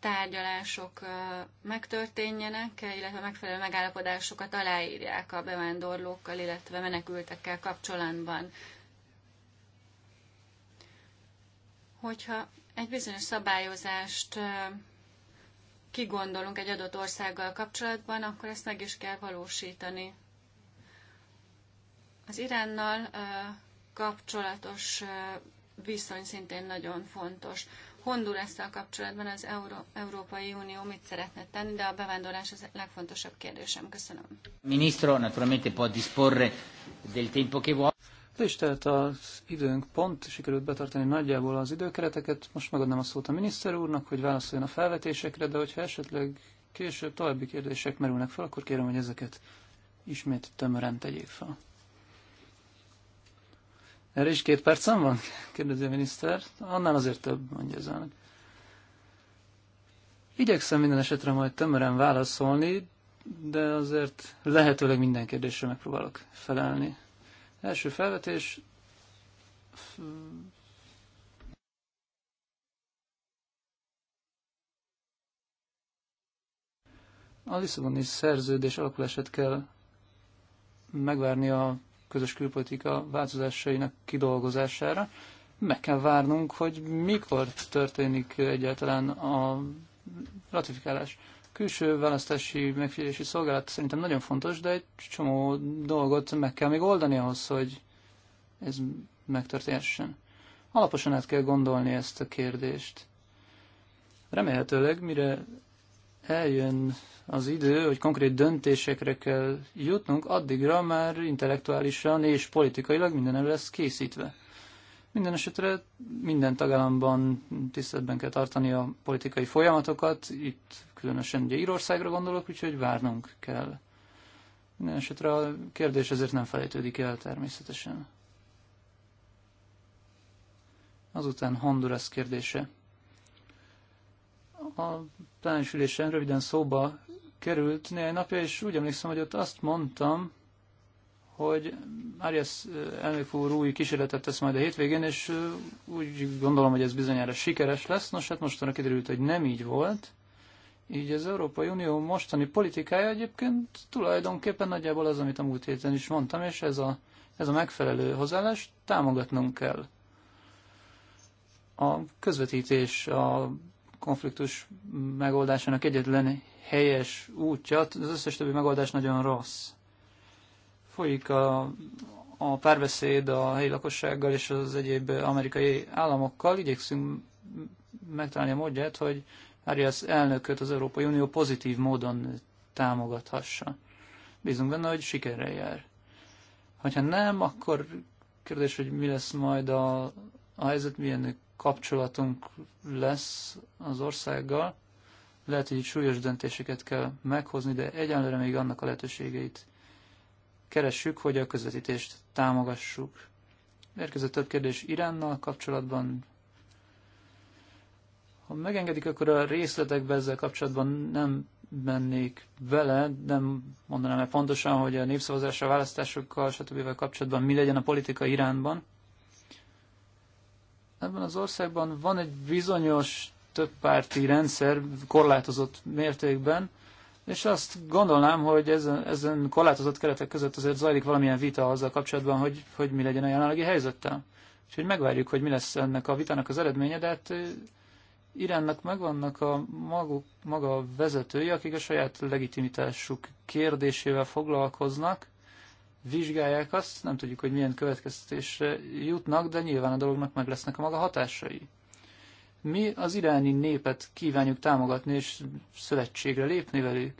tárgyalások megtörténjenek, illetve megfelelő megállapodásokat aláírják a bevándorlókkal, illetve menekültekkel kapcsolatban. Hogyha egy bizonyos szabályozást kigondolunk egy adott országgal kapcsolatban, akkor ezt meg is kell valósítani. Az Iránnal kapcsolatos viszony szintén nagyon fontos. Hondurasszal kapcsolatban az Euró- Európai Unió mit szeretne tenni, de a bevándorlás az legfontosabb kérdésem. Köszönöm. Ministro, naturalmente può disporre del tempo che vuole. Tisztelt az időnk pont, sikerült betartani nagyjából az időkereteket. Most megadnám a szót a miniszter úrnak, hogy válaszoljon a felvetésekre, de hogyha esetleg később további kérdések merülnek fel, akkor kérem, hogy ezeket ismét tömören tegyék fel. Erre is két percem van? Kérdezi a miniszter. Annál azért több, mondja az elnök. Igyekszem minden esetre majd tömören válaszolni, de azért lehetőleg minden kérdésre megpróbálok felelni. Első felvetés. A Lisszaboni szerződés alakulását kell megvárni a közös külpolitika változásainak kidolgozására. Meg kell várnunk, hogy mikor történik egyáltalán a ratifikálás. Külső választási megfigyelési szolgálat szerintem nagyon fontos, de egy csomó dolgot meg kell még oldani ahhoz, hogy ez megtörténhessen. Alaposan át kell gondolni ezt a kérdést. Remélhetőleg, mire eljön az idő, hogy konkrét döntésekre kell jutnunk, addigra már intellektuálisan és politikailag minden el lesz készítve. Minden esetre minden tagállamban tiszteletben kell tartani a politikai folyamatokat, itt különösen ugye Írországra gondolok, úgyhogy várnunk kell. Minden esetre a kérdés ezért nem felejtődik el természetesen. Azután Honduras kérdése a plánysülésen röviden szóba került néhány napja, és úgy emlékszem, hogy ott azt mondtam, hogy Arias elnök úr új kísérletet tesz majd a hétvégén, és úgy gondolom, hogy ez bizonyára sikeres lesz. Nos, hát mostanra kiderült, hogy nem így volt. Így az Európai Unió mostani politikája egyébként tulajdonképpen nagyjából az, amit a múlt héten is mondtam, és ez a, ez a megfelelő hozzáállás támogatnunk kell. A közvetítés, a konfliktus megoldásának egyetlen helyes útja, hát az összes többi megoldás nagyon rossz. Folyik a, a párbeszéd a helyi lakossággal és az egyéb amerikai államokkal, igyekszünk megtalálni a módját, hogy Arias elnököt az Európai Unió pozitív módon támogathassa. Bízunk benne, hogy sikerrel jár. Ha nem, akkor kérdés, hogy mi lesz majd a, a helyzet, milyen kapcsolatunk lesz az országgal. Lehet, hogy itt súlyos döntéseket kell meghozni, de egyenlőre még annak a lehetőségeit keressük, hogy a közvetítést támogassuk. Érkezett több kérdés Iránnal kapcsolatban. Ha megengedik, akkor a részletekbe ezzel kapcsolatban nem mennék vele, nem mondanám el pontosan, hogy a népszavazásra, választásokkal, stb. kapcsolatban mi legyen a politika Iránban. Ebben az országban van egy bizonyos többpárti rendszer korlátozott mértékben, és azt gondolnám, hogy ezen, ezen korlátozott keretek között azért zajlik valamilyen vita azzal kapcsolatban, hogy, hogy mi legyen a jelenlegi helyzettel. És hogy megvárjuk, hogy mi lesz ennek a vitának az eredménye, de hát Iránnak megvannak a maguk, maga vezetői, akik a saját legitimitásuk kérdésével foglalkoznak, vizsgálják azt, nem tudjuk, hogy milyen következtetésre jutnak, de nyilván a dolognak meg lesznek a maga hatásai. Mi az iráni népet kívánjuk támogatni és szövetségre lépni velük.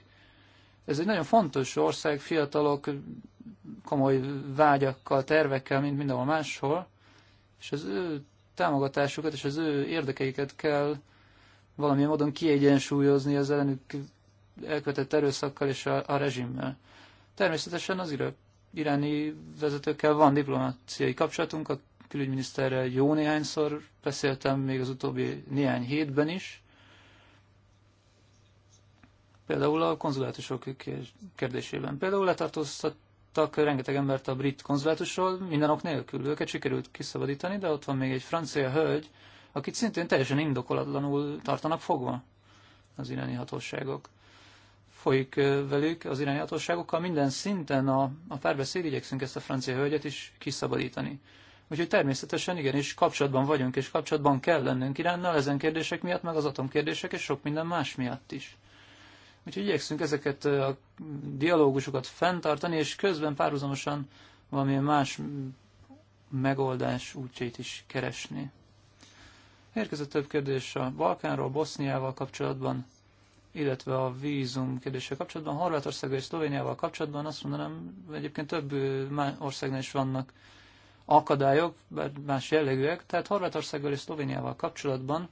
Ez egy nagyon fontos ország, fiatalok komoly vágyakkal, tervekkel, mint mindenhol máshol, és az ő támogatásukat és az ő érdekeiket kell valamilyen módon kiegyensúlyozni az ellenük elkövetett erőszakkal és a, a rezsimmel. Természetesen az iráni vezetőkkel van diplomáciai kapcsolatunk, a külügyminiszterrel jó néhányszor beszéltem, még az utóbbi néhány hétben is. Például a konzulátusok kérdésében. Például letartóztattak rengeteg embert a brit konzulátusról, mindenok nélkül. Őket sikerült kiszabadítani, de ott van még egy francia hölgy, akit szintén teljesen indokolatlanul tartanak fogva az iráni hatóságok folyik velük, az irányhatóságokkal, minden szinten a, a párbeszéd igyekszünk ezt a francia hölgyet is kiszabadítani. Úgyhogy természetesen igenis kapcsolatban vagyunk, és kapcsolatban kell lennünk Iránnal ezen kérdések miatt, meg az atomkérdések és sok minden más miatt is. Úgyhogy igyekszünk ezeket a dialógusokat fenntartani, és közben párhuzamosan valamilyen más megoldás útjait is keresni. Érkezett több kérdés a Balkánról, Boszniával kapcsolatban illetve a vízum kérdéssel kapcsolatban, Horvátország és Szlovéniával kapcsolatban azt mondanám, egyébként több országnál is vannak akadályok, bár más jellegűek, tehát Horvátországgal és Szlovéniával kapcsolatban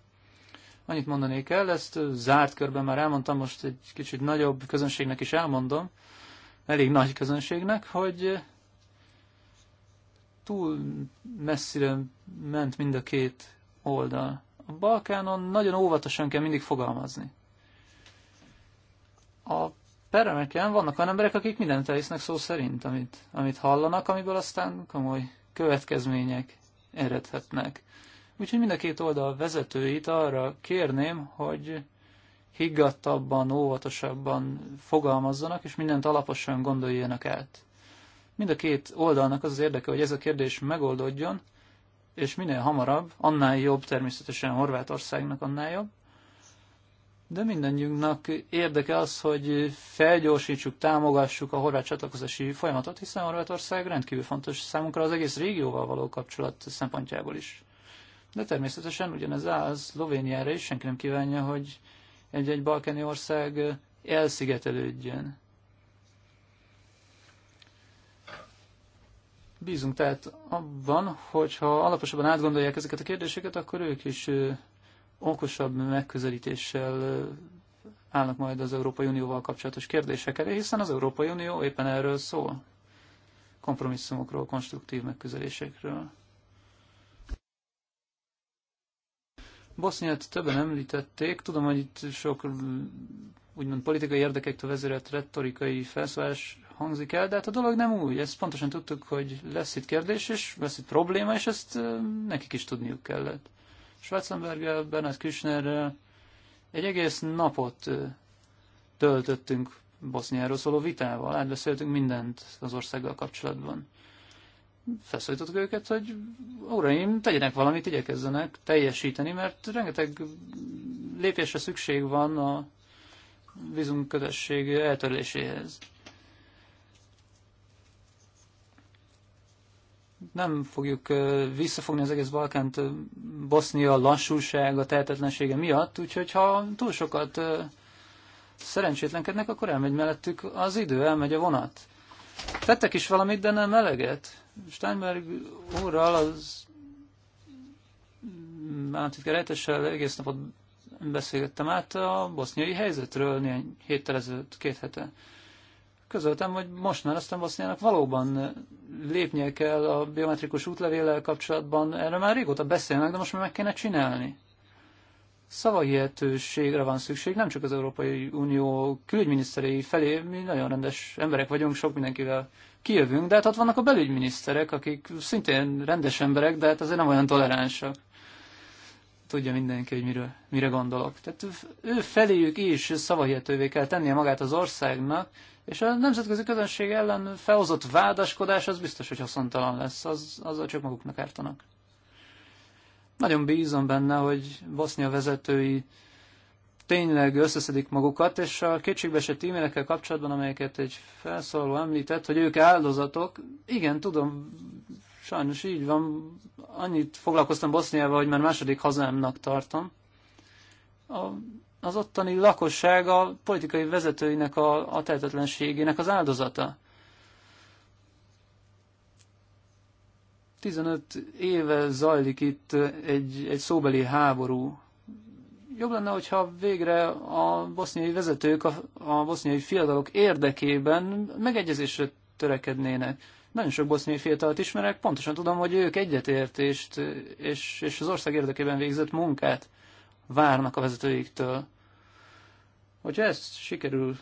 annyit mondanék el, ezt zárt körben már elmondtam, most egy kicsit nagyobb közönségnek is elmondom, elég nagy közönségnek, hogy túl messzire ment mind a két oldal. A Balkánon nagyon óvatosan kell mindig fogalmazni a peremeken vannak olyan emberek, akik mindent elisznek szó szerint, amit, amit hallanak, amiből aztán komoly következmények eredhetnek. Úgyhogy mind a két oldal vezetőit arra kérném, hogy higgadtabban, óvatosabban fogalmazzanak, és mindent alaposan gondoljanak át. Mind a két oldalnak az az érdeke, hogy ez a kérdés megoldódjon, és minél hamarabb, annál jobb természetesen Horvátországnak, annál jobb de mindannyiunknak érdeke az, hogy felgyorsítsuk, támogassuk a horvát csatlakozási folyamatot, hiszen Horvátország rendkívül fontos számunkra az egész régióval való kapcsolat szempontjából is. De természetesen ugyanez az Szlovéniára is, senki nem kívánja, hogy egy-egy balkáni ország elszigetelődjön. Bízunk tehát abban, hogyha alaposabban átgondolják ezeket a kérdéseket, akkor ők is okosabb megközelítéssel állnak majd az Európai Unióval kapcsolatos kérdések elé, hiszen az Európai Unió éppen erről szól. Kompromisszumokról, konstruktív megközelésekről. Boszniát többen említették, tudom, hogy itt sok úgymond politikai érdekektől vezérelt retorikai felszólás hangzik el, de hát a dolog nem új. Ezt pontosan tudtuk, hogy lesz itt kérdés, és lesz itt probléma, és ezt nekik is tudniuk kellett. Schwarzenberger, Bernhard Kirchnerrel egy egész napot töltöttünk Boszniáról szóló vitával, átbeszéltünk mindent az országgal kapcsolatban. Feszültöttük őket, hogy uraim, tegyenek valamit, igyekezzenek teljesíteni, mert rengeteg lépésre szükség van a vízumkötesség eltöréséhez. nem fogjuk visszafogni az egész Balkánt Bosznia lassúsága, tehetetlensége miatt, úgyhogy ha túl sokat szerencsétlenkednek, akkor elmegy mellettük az idő, elmegy a vonat. Tettek is valamit, de nem eleget. Steinberg úrral az államtitkár rejtessel egész napot beszélgettem át a boszniai helyzetről néhány héttel ezelőtt, két hete közöltem, hogy most már aztán Boszniának valóban lépnie kell a biometrikus útlevéllel kapcsolatban. Erről már régóta beszélnek, de most már meg kéne csinálni. Szavahihetőségre van szükség, nem csak az Európai Unió külügyminiszterei felé, mi nagyon rendes emberek vagyunk, sok mindenkivel kijövünk, de hát ott vannak a belügyminiszterek, akik szintén rendes emberek, de hát azért nem olyan toleránsak. Tudja mindenki, hogy mire, mire gondolok. Tehát ő feléjük is szavahihetővé kell tennie magát az országnak, és a nemzetközi közönség ellen felhozott vádaskodás az biztos, hogy haszontalan lesz, az, azzal csak maguknak ártanak. Nagyon bízom benne, hogy Bosznia vezetői tényleg összeszedik magukat, és a kétségbeesett e-mailekkel kapcsolatban, amelyeket egy felszóló említett, hogy ők áldozatok, igen, tudom, sajnos így van, annyit foglalkoztam Boszniával, hogy már második hazámnak tartom. A az ottani lakosság a politikai vezetőinek a, a tehetetlenségének az áldozata. 15 éve zajlik itt egy, egy szóbeli háború. Jobb lenne, hogyha végre a boszniai vezetők, a, a boszniai fiatalok érdekében megegyezésre törekednének. Nagyon sok boszniai fiatalt ismerek, pontosan tudom, hogy ők egyetértést és, és az ország érdekében végzett munkát várnak a vezetőiktől. Hogyha ezt sikerül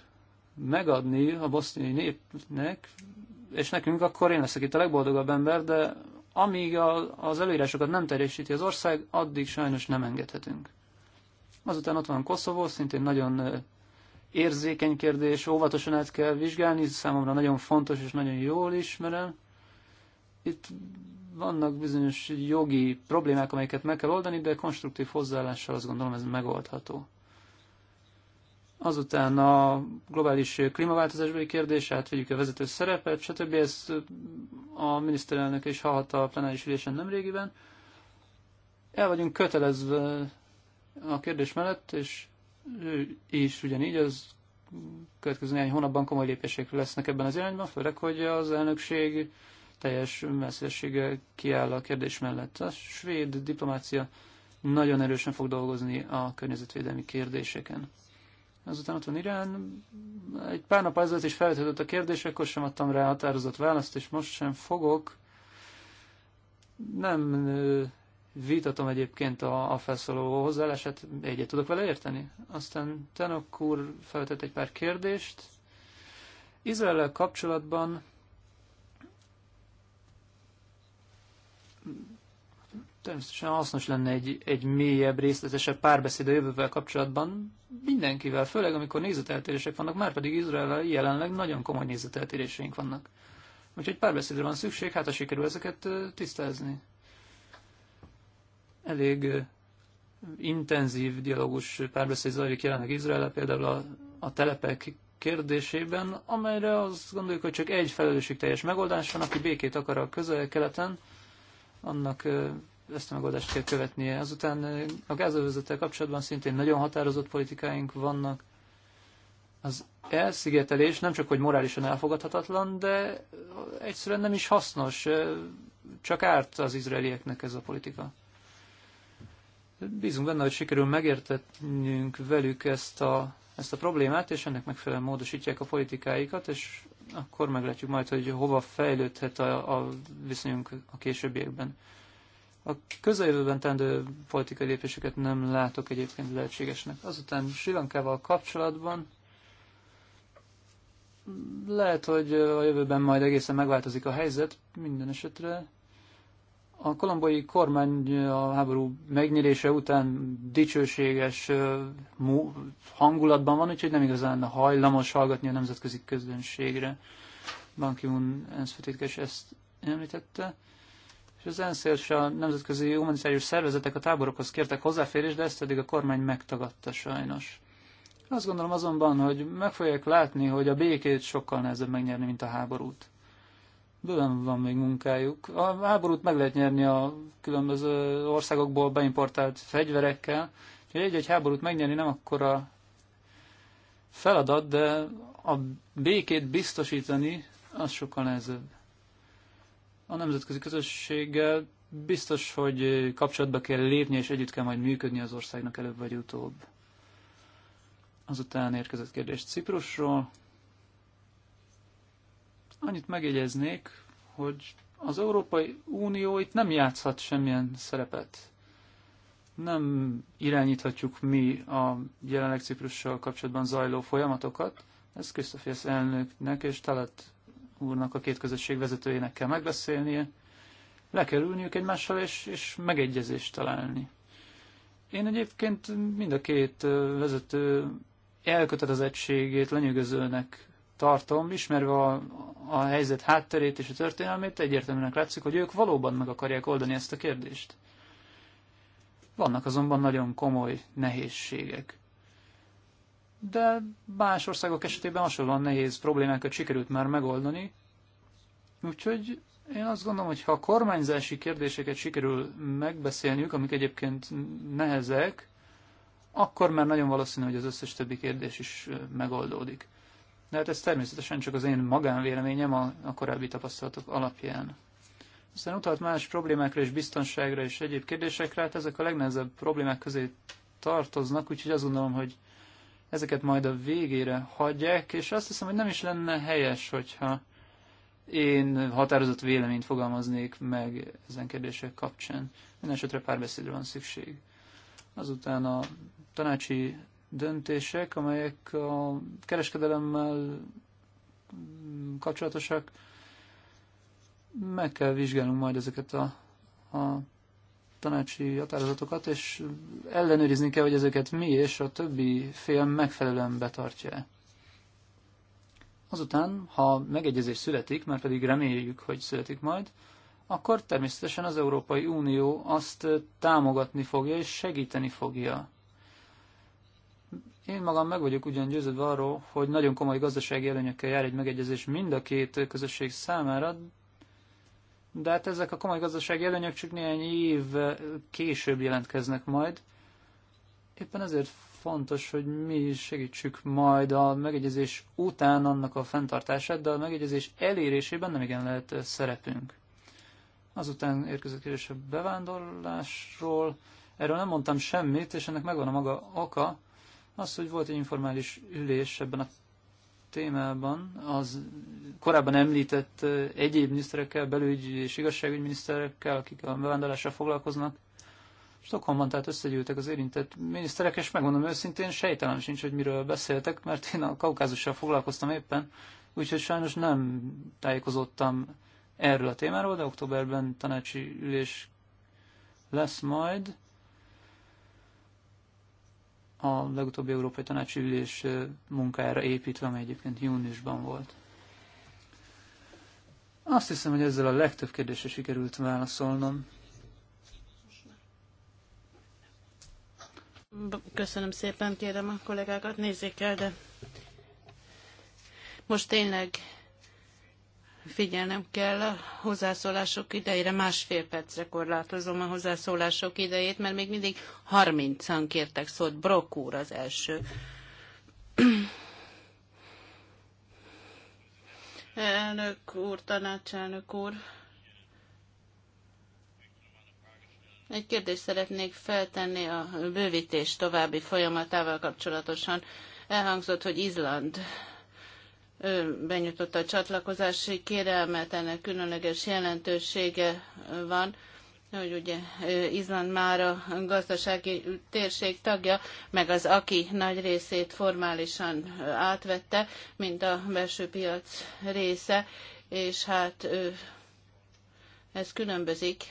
megadni a boszniai népnek, és nekünk, akkor én leszek itt a legboldogabb ember, de amíg a, az előírásokat nem teljesíti az ország, addig sajnos nem engedhetünk. Azután ott van Koszovó, szintén nagyon érzékeny kérdés, óvatosan át kell vizsgálni, számomra nagyon fontos és nagyon jól ismerem. Itt vannak bizonyos jogi problémák, amelyeket meg kell oldani, de konstruktív hozzáállással azt gondolom ez megoldható. Azután a globális klímaváltozásbeli kérdés, átvegyük a vezető szerepet, stb. Ezt a miniszterelnök is hallhatta a plenáris ülésen nemrégiben. El vagyunk kötelezve a kérdés mellett, és ő is ugyanígy az következő néhány hónapban komoly lépések lesznek ebben az irányban, főleg, hogy az elnökség teljes messzessége kiáll a kérdés mellett. A svéd diplomácia nagyon erősen fog dolgozni a környezetvédelmi kérdéseken. Azután ott van Irán. Egy pár nap ezelőtt is felvetődött a kérdés, akkor sem adtam rá határozott választ, és most sem fogok. Nem vitatom egyébként a, a felszólaló hozzáállását, egyet tudok vele érteni. Aztán Tenok úr felvetett egy pár kérdést. Izrael kapcsolatban természetesen hasznos lenne egy, egy mélyebb, részletesebb párbeszéd a jövővel kapcsolatban mindenkivel, főleg amikor nézeteltérések vannak, már pedig Izrael jelenleg nagyon komoly nézeteltéréseink vannak. Úgyhogy párbeszédre van szükség, hát ha sikerül ezeket tisztázni. Elég intenzív dialógus párbeszéd zajlik jelenleg Izrael, például a, a telepek kérdésében, amelyre azt gondoljuk, hogy csak egy felelősségteljes megoldás van, aki békét akar a közel-keleten, annak ezt a megoldást kell követnie. Azután a gázövezettel kapcsolatban szintén nagyon határozott politikáink vannak. Az elszigetelés nem csak, hogy morálisan elfogadhatatlan, de egyszerűen nem is hasznos, csak árt az izraelieknek ez a politika. Bízunk benne, hogy sikerül megértetnünk velük ezt a, ezt a problémát, és ennek megfelelően módosítják a politikáikat, és akkor meglátjuk majd, hogy hova fejlődhet a, a viszonyunk a későbbiekben. A közeljövőben tendő politikai lépéseket nem látok egyébként lehetségesnek. Azután Sri Lankával kapcsolatban lehet, hogy a jövőben majd egészen megváltozik a helyzet, minden esetre a kolombai kormány a háború megnyerése után dicsőséges hangulatban van, úgyhogy nem igazán hajlamos hallgatni a nemzetközi közönségre. Ban Ki-moon ENSZ főtitkes ezt említette. És az ENSZ és a nemzetközi humanitárius szervezetek a táborokhoz kértek hozzáférést, de ezt pedig a kormány megtagadta sajnos. Azt gondolom azonban, hogy meg fogják látni, hogy a békét sokkal nehezebb megnyerni, mint a háborút. Bőven van még munkájuk. A háborút meg lehet nyerni a különböző országokból beimportált fegyverekkel. Úgyhogy egy-egy háborút megnyerni nem akkora feladat, de a békét biztosítani az sokkal nehezebb. A nemzetközi közösséggel biztos, hogy kapcsolatba kell lépni, és együtt kell majd működni az országnak előbb vagy utóbb. Azután érkezett kérdés Ciprusról. Annyit megjegyeznék, hogy az Európai Unió itt nem játszhat semmilyen szerepet. Nem irányíthatjuk mi a jelenleg Ciprussal kapcsolatban zajló folyamatokat. Ez Krisztofiasz elnöknek és Talat úrnak, a két közösség vezetőjének kell megbeszélnie. Le kell ülniük egymással és, és megegyezést találni. Én egyébként mind a két vezető elkötelezettségét lenyűgözőnek tartom, ismerve a, a helyzet hátterét és a történelmét, egyértelműnek látszik, hogy ők valóban meg akarják oldani ezt a kérdést. Vannak azonban nagyon komoly nehézségek. De más országok esetében hasonlóan nehéz problémákat sikerült már megoldani, úgyhogy én azt gondolom, hogy ha a kormányzási kérdéseket sikerül megbeszélniük, amik egyébként nehezek, akkor már nagyon valószínű, hogy az összes többi kérdés is megoldódik. De hát ez természetesen csak az én magánvéleményem a, a korábbi tapasztalatok alapján. Aztán utalt más problémákra és biztonságra és egyéb kérdésekre, hát ezek a legnehezebb problémák közé tartoznak, úgyhogy azt gondolom, hogy ezeket majd a végére hagyják, és azt hiszem, hogy nem is lenne helyes, hogyha én határozott véleményt fogalmaznék meg ezen kérdések kapcsán. Mindenesetre párbeszédre van szükség. Azután a tanácsi döntések, amelyek a kereskedelemmel kapcsolatosak. Meg kell vizsgálnunk majd ezeket a, a tanácsi határozatokat, és ellenőrizni kell, hogy ezeket mi és a többi fél megfelelően betartja. Azután, ha megegyezés születik, mert pedig reméljük, hogy születik majd, akkor természetesen az Európai Unió azt támogatni fogja és segíteni fogja én magam meg vagyok ugyan győződve arról, hogy nagyon komoly gazdasági előnyökkel jár egy megegyezés mind a két közösség számára, de hát ezek a komoly gazdasági előnyök csak néhány év később jelentkeznek majd. Éppen ezért fontos, hogy mi segítsük majd a megegyezés után annak a fenntartását, de a megegyezés elérésében nem igen lehet szerepünk. Azután érkezett kérdés a bevándorlásról. Erről nem mondtam semmit, és ennek megvan a maga oka az, hogy volt egy informális ülés ebben a témában, az korábban említett egyéb miniszterekkel, belügy és igazságügyminiszterekkel, akik a bevándorlással foglalkoznak, Stockholmban tehát összegyűltek az érintett miniszterek, és megmondom őszintén, sejtelem sincs, hogy miről beszéltek, mert én a kaukázussal foglalkoztam éppen, úgyhogy sajnos nem tájékozottam erről a témáról, de októberben tanácsi ülés lesz majd a legutóbbi Európai Tanácsi Ülés munkájára építve, ami egyébként júniusban volt. Azt hiszem, hogy ezzel a legtöbb kérdésre sikerült válaszolnom. Köszönöm szépen, kérem a kollégákat, nézzék el, de most tényleg figyelnem kell a hozzászólások idejére. Másfél percre korlátozom a hozzászólások idejét, mert még mindig 30-an kértek szót. Brok úr az első. Elnök úr, tanácselnök úr. Egy kérdést szeretnék feltenni a bővítés további folyamatával kapcsolatosan. Elhangzott, hogy Izland benyújtotta a csatlakozási kérelmet, ennek különleges jelentősége van hogy ugye Izland már a gazdasági térség tagja, meg az aki nagy részét formálisan átvette, mint a belső piac része, és hát ez különbözik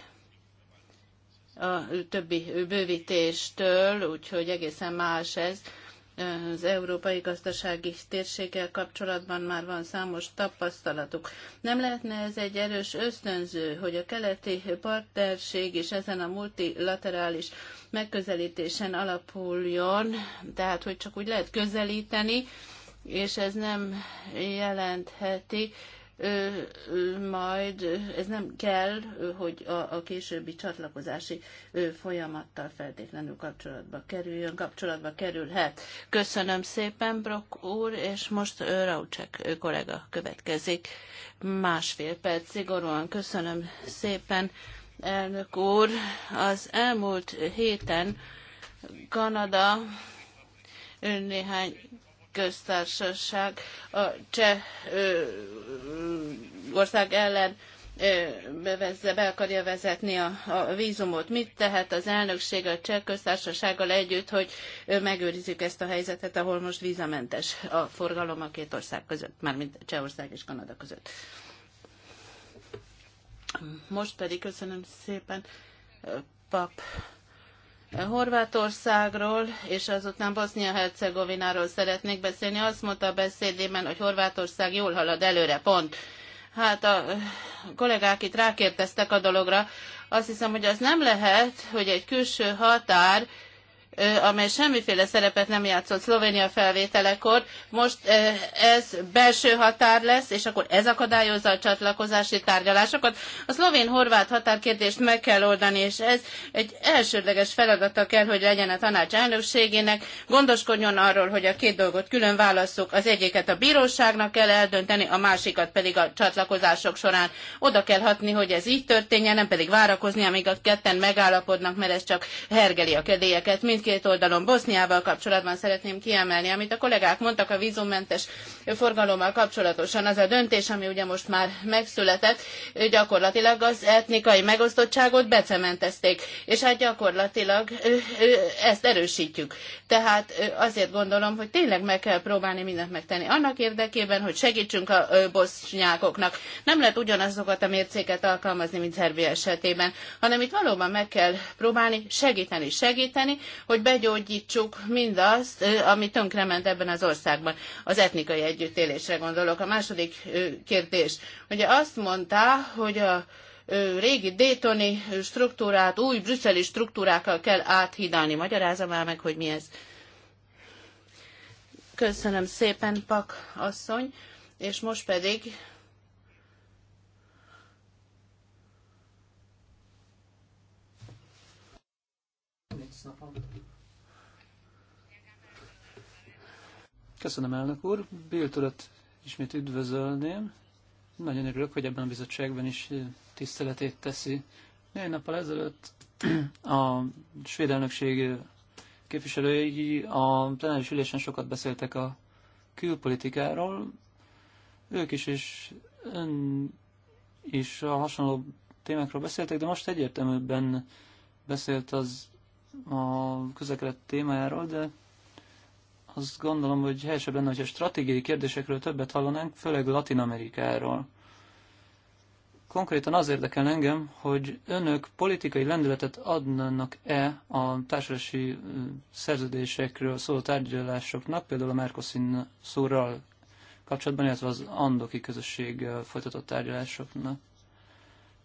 a többi bővítéstől, úgyhogy egészen más ez az európai gazdasági térséggel kapcsolatban már van számos tapasztalatuk. Nem lehetne ez egy erős ösztönző, hogy a keleti partnerség is ezen a multilaterális megközelítésen alapuljon, tehát hogy csak úgy lehet közelíteni, és ez nem jelentheti, majd ez nem kell, hogy a, a későbbi csatlakozási folyamattal feltétlenül kapcsolatba kerüljön, kapcsolatba kerülhet. Köszönöm szépen, Brock úr, és most Raucsek kollega következik. Másfél perc, szigorúan köszönöm szépen, elnök úr. Az elmúlt héten Kanada néhány köztársaság a cseh ö, ország ellen bevezze, be akarja vezetni a, a vízumot. Mit tehet az elnökség a cseh köztársasággal együtt, hogy megőrizzük ezt a helyzetet, ahol most vízamentes a forgalom a két ország között, mármint Csehország és Kanada között. Most pedig köszönöm szépen, pap Horvátországról és azután Bosznia-Hercegovináról szeretnék beszélni. Azt mondta a beszédében, hogy Horvátország jól halad előre, pont. Hát a kollégák itt rákérdeztek a dologra. Azt hiszem, hogy az nem lehet, hogy egy külső határ amely semmiféle szerepet nem játszott Szlovénia felvételekor. Most ez belső határ lesz, és akkor ez akadályozza a csatlakozási tárgyalásokat. A szlovén-horvát határkérdést meg kell oldani, és ez egy elsődleges feladata kell, hogy legyen a tanács elnökségének. Gondoskodjon arról, hogy a két dolgot külön válasszuk. Az egyiket a bíróságnak kell eldönteni, a másikat pedig a csatlakozások során. Oda kell hatni, hogy ez így történjen, nem pedig várakozni, amíg a ketten megállapodnak, mert ez csak hergeli a kedélyeket mindkét mindkét oldalon. Boszniával kapcsolatban szeretném kiemelni, amit a kollégák mondtak a vízummentes forgalommal kapcsolatosan. Az a döntés, ami ugye most már megszületett, gyakorlatilag az etnikai megosztottságot becementezték, és hát gyakorlatilag ezt erősítjük. Tehát azért gondolom, hogy tényleg meg kell próbálni mindent megtenni annak érdekében, hogy segítsünk a bosznyákoknak. Nem lehet ugyanazokat a mércéket alkalmazni, mint Szerbia esetében, hanem itt valóban meg kell próbálni segíteni, segíteni, hogy hogy begyógyítsuk mindazt, ami tönkrement ebben az országban. Az etnikai együttélésre gondolok. A második kérdés. Ugye azt mondta, hogy a régi détoni struktúrát új brüsszeli struktúrákkal kell áthidalni. Magyarázza már meg, hogy mi ez. Köszönöm szépen, Pak asszony, és most pedig Köszönöm, elnök úr. Bíltorat ismét üdvözölném. Nagyon örülök, hogy ebben a bizottságban is tiszteletét teszi. Néhány nappal ezelőtt a svéd elnökség képviselői a plenáris ülésen sokat beszéltek a külpolitikáról. Ők is és ön is a hasonló témákról beszéltek, de most egyértelműbben beszélt az a közekelet témájáról, de azt gondolom, hogy helyesebb lenne, hogy a stratégiai kérdésekről többet hallanánk, főleg Latin Amerikáról. Konkrétan az érdekel engem, hogy önök politikai lendületet adnának-e a társadalmi szerződésekről szóló tárgyalásoknak, például a Márkoszin szóral kapcsolatban, illetve az andoki közösség folytatott tárgyalásoknak.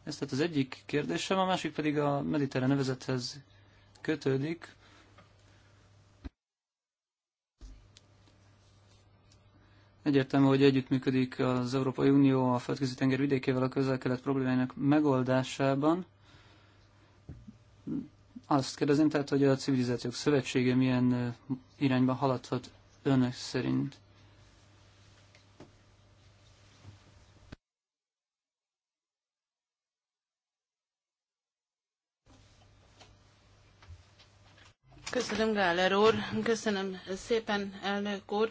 Ez tehát az egyik kérdésem, a másik pedig a mediterrán nevezethez kötődik. Egyértelmű, hogy együttműködik az Európai Unió a földközi tenger vidékével a közel-kelet problémáinak megoldásában. Azt kérdezem tehát, hogy a Civilizációk Szövetsége milyen irányba haladhat önök szerint? Köszönöm, Gáler úr. Köszönöm szépen, elnök úr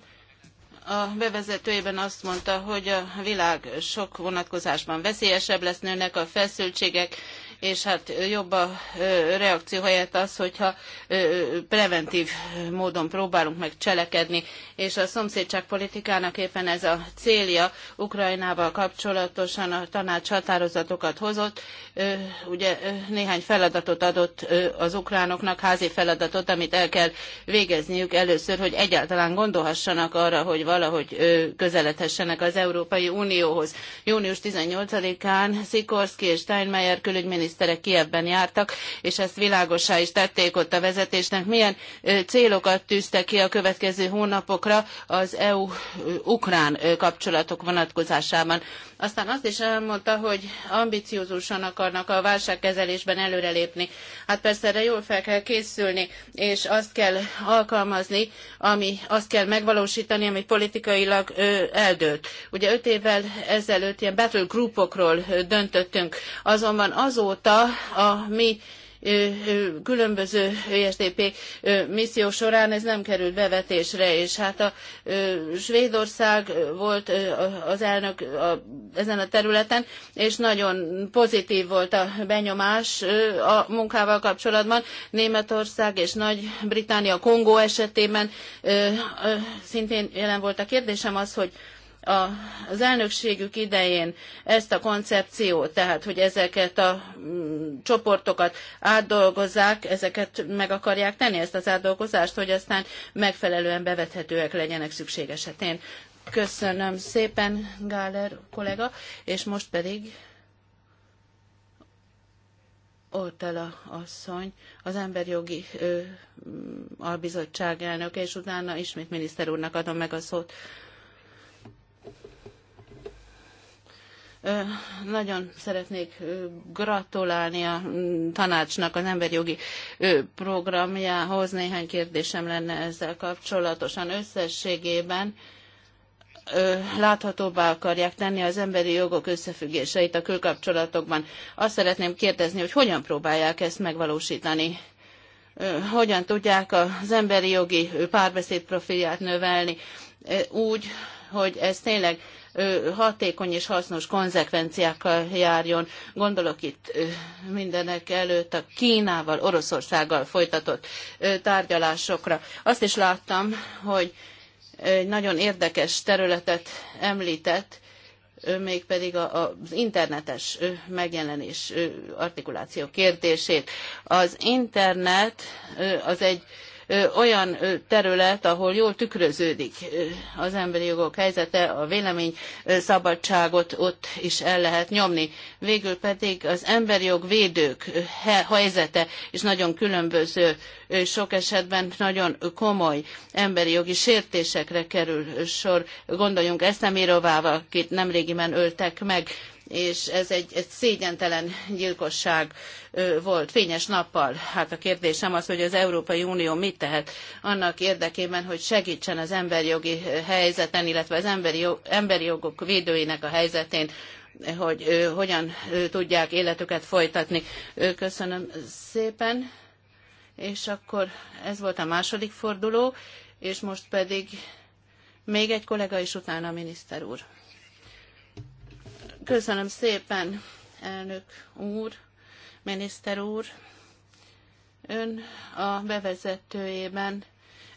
a bevezetőjében azt mondta, hogy a világ sok vonatkozásban veszélyesebb lesz, nőnek a feszültségek, és hát jobb a reakció helyett az, hogyha preventív módon próbálunk meg cselekedni, és a szomszédságpolitikának éppen ez a célja Ukrajnával kapcsolatosan a tanács határozatokat hozott, ugye néhány feladatot adott az ukránoknak, házi feladatot, amit el kell végezniük először, hogy egyáltalán gondolhassanak arra, hogy valahogy közeledhessenek az Európai Unióhoz. Június 18-án Szikorszki és Steinmeier külügyminiszter miniszterek Kievben jártak, és ezt világosá is tették ott a vezetésnek. Milyen célokat tűztek ki a következő hónapokra az EU-ukrán kapcsolatok vonatkozásában? Aztán azt is elmondta, hogy ambiciózusan akarnak a válságkezelésben előrelépni. Hát persze erre jól fel kell készülni, és azt kell alkalmazni, ami azt kell megvalósítani, ami politikailag ö, eldőlt. Ugye öt évvel ezelőtt ilyen battle groupokról döntöttünk, azonban azóta a mi különböző ESDP misszió során ez nem került bevetésre, és hát a Svédország volt az elnök a, ezen a területen, és nagyon pozitív volt a benyomás a munkával kapcsolatban. Németország és Nagy-Britannia Kongó esetében szintén jelen volt a kérdésem az, hogy a, az elnökségük idején ezt a koncepciót, tehát hogy ezeket a mm, csoportokat átdolgozzák, ezeket meg akarják tenni, ezt az átdolgozást, hogy aztán megfelelően bevethetőek legyenek szükség esetén. Köszönöm szépen, Gáler kollega, és most pedig a asszony, az Emberjogi ö, mm, Albizottság elnöke, és utána ismét miniszter úrnak adom meg a szót. Nagyon szeretnék gratulálni a tanácsnak az emberi jogi programjához. Néhány kérdésem lenne ezzel kapcsolatosan. Összességében láthatóbbá akarják tenni az emberi jogok összefüggéseit a külkapcsolatokban. Azt szeretném kérdezni, hogy hogyan próbálják ezt megvalósítani? Hogyan tudják az emberi jogi párbeszéd profilját növelni úgy, hogy ez tényleg hatékony és hasznos konzekvenciákkal járjon. Gondolok itt mindenek előtt a Kínával, Oroszországgal folytatott tárgyalásokra. Azt is láttam, hogy egy nagyon érdekes területet említett, mégpedig az internetes megjelenés artikuláció kérdését. Az internet az egy olyan terület, ahol jól tükröződik az emberi jogok helyzete, a vélemény ott is el lehet nyomni. Végül pedig az emberi jog védők helyzete is nagyon különböző, sok esetben nagyon komoly emberi jogi sértésekre kerül sor. Gondoljunk Eszemirovával, akit nemrégiben öltek meg, és ez egy, egy szégyentelen gyilkosság volt fényes nappal. Hát a kérdésem az, hogy az Európai Unió mit tehet annak érdekében, hogy segítsen az emberi jogi helyzeten, illetve az emberi, emberi jogok védőinek a helyzetén, hogy hogyan tudják életüket folytatni. Köszönöm szépen. És akkor ez volt a második forduló, és most pedig még egy kollega, és utána a miniszter úr. Köszönöm szépen, elnök úr, miniszter úr. Ön a bevezetőjében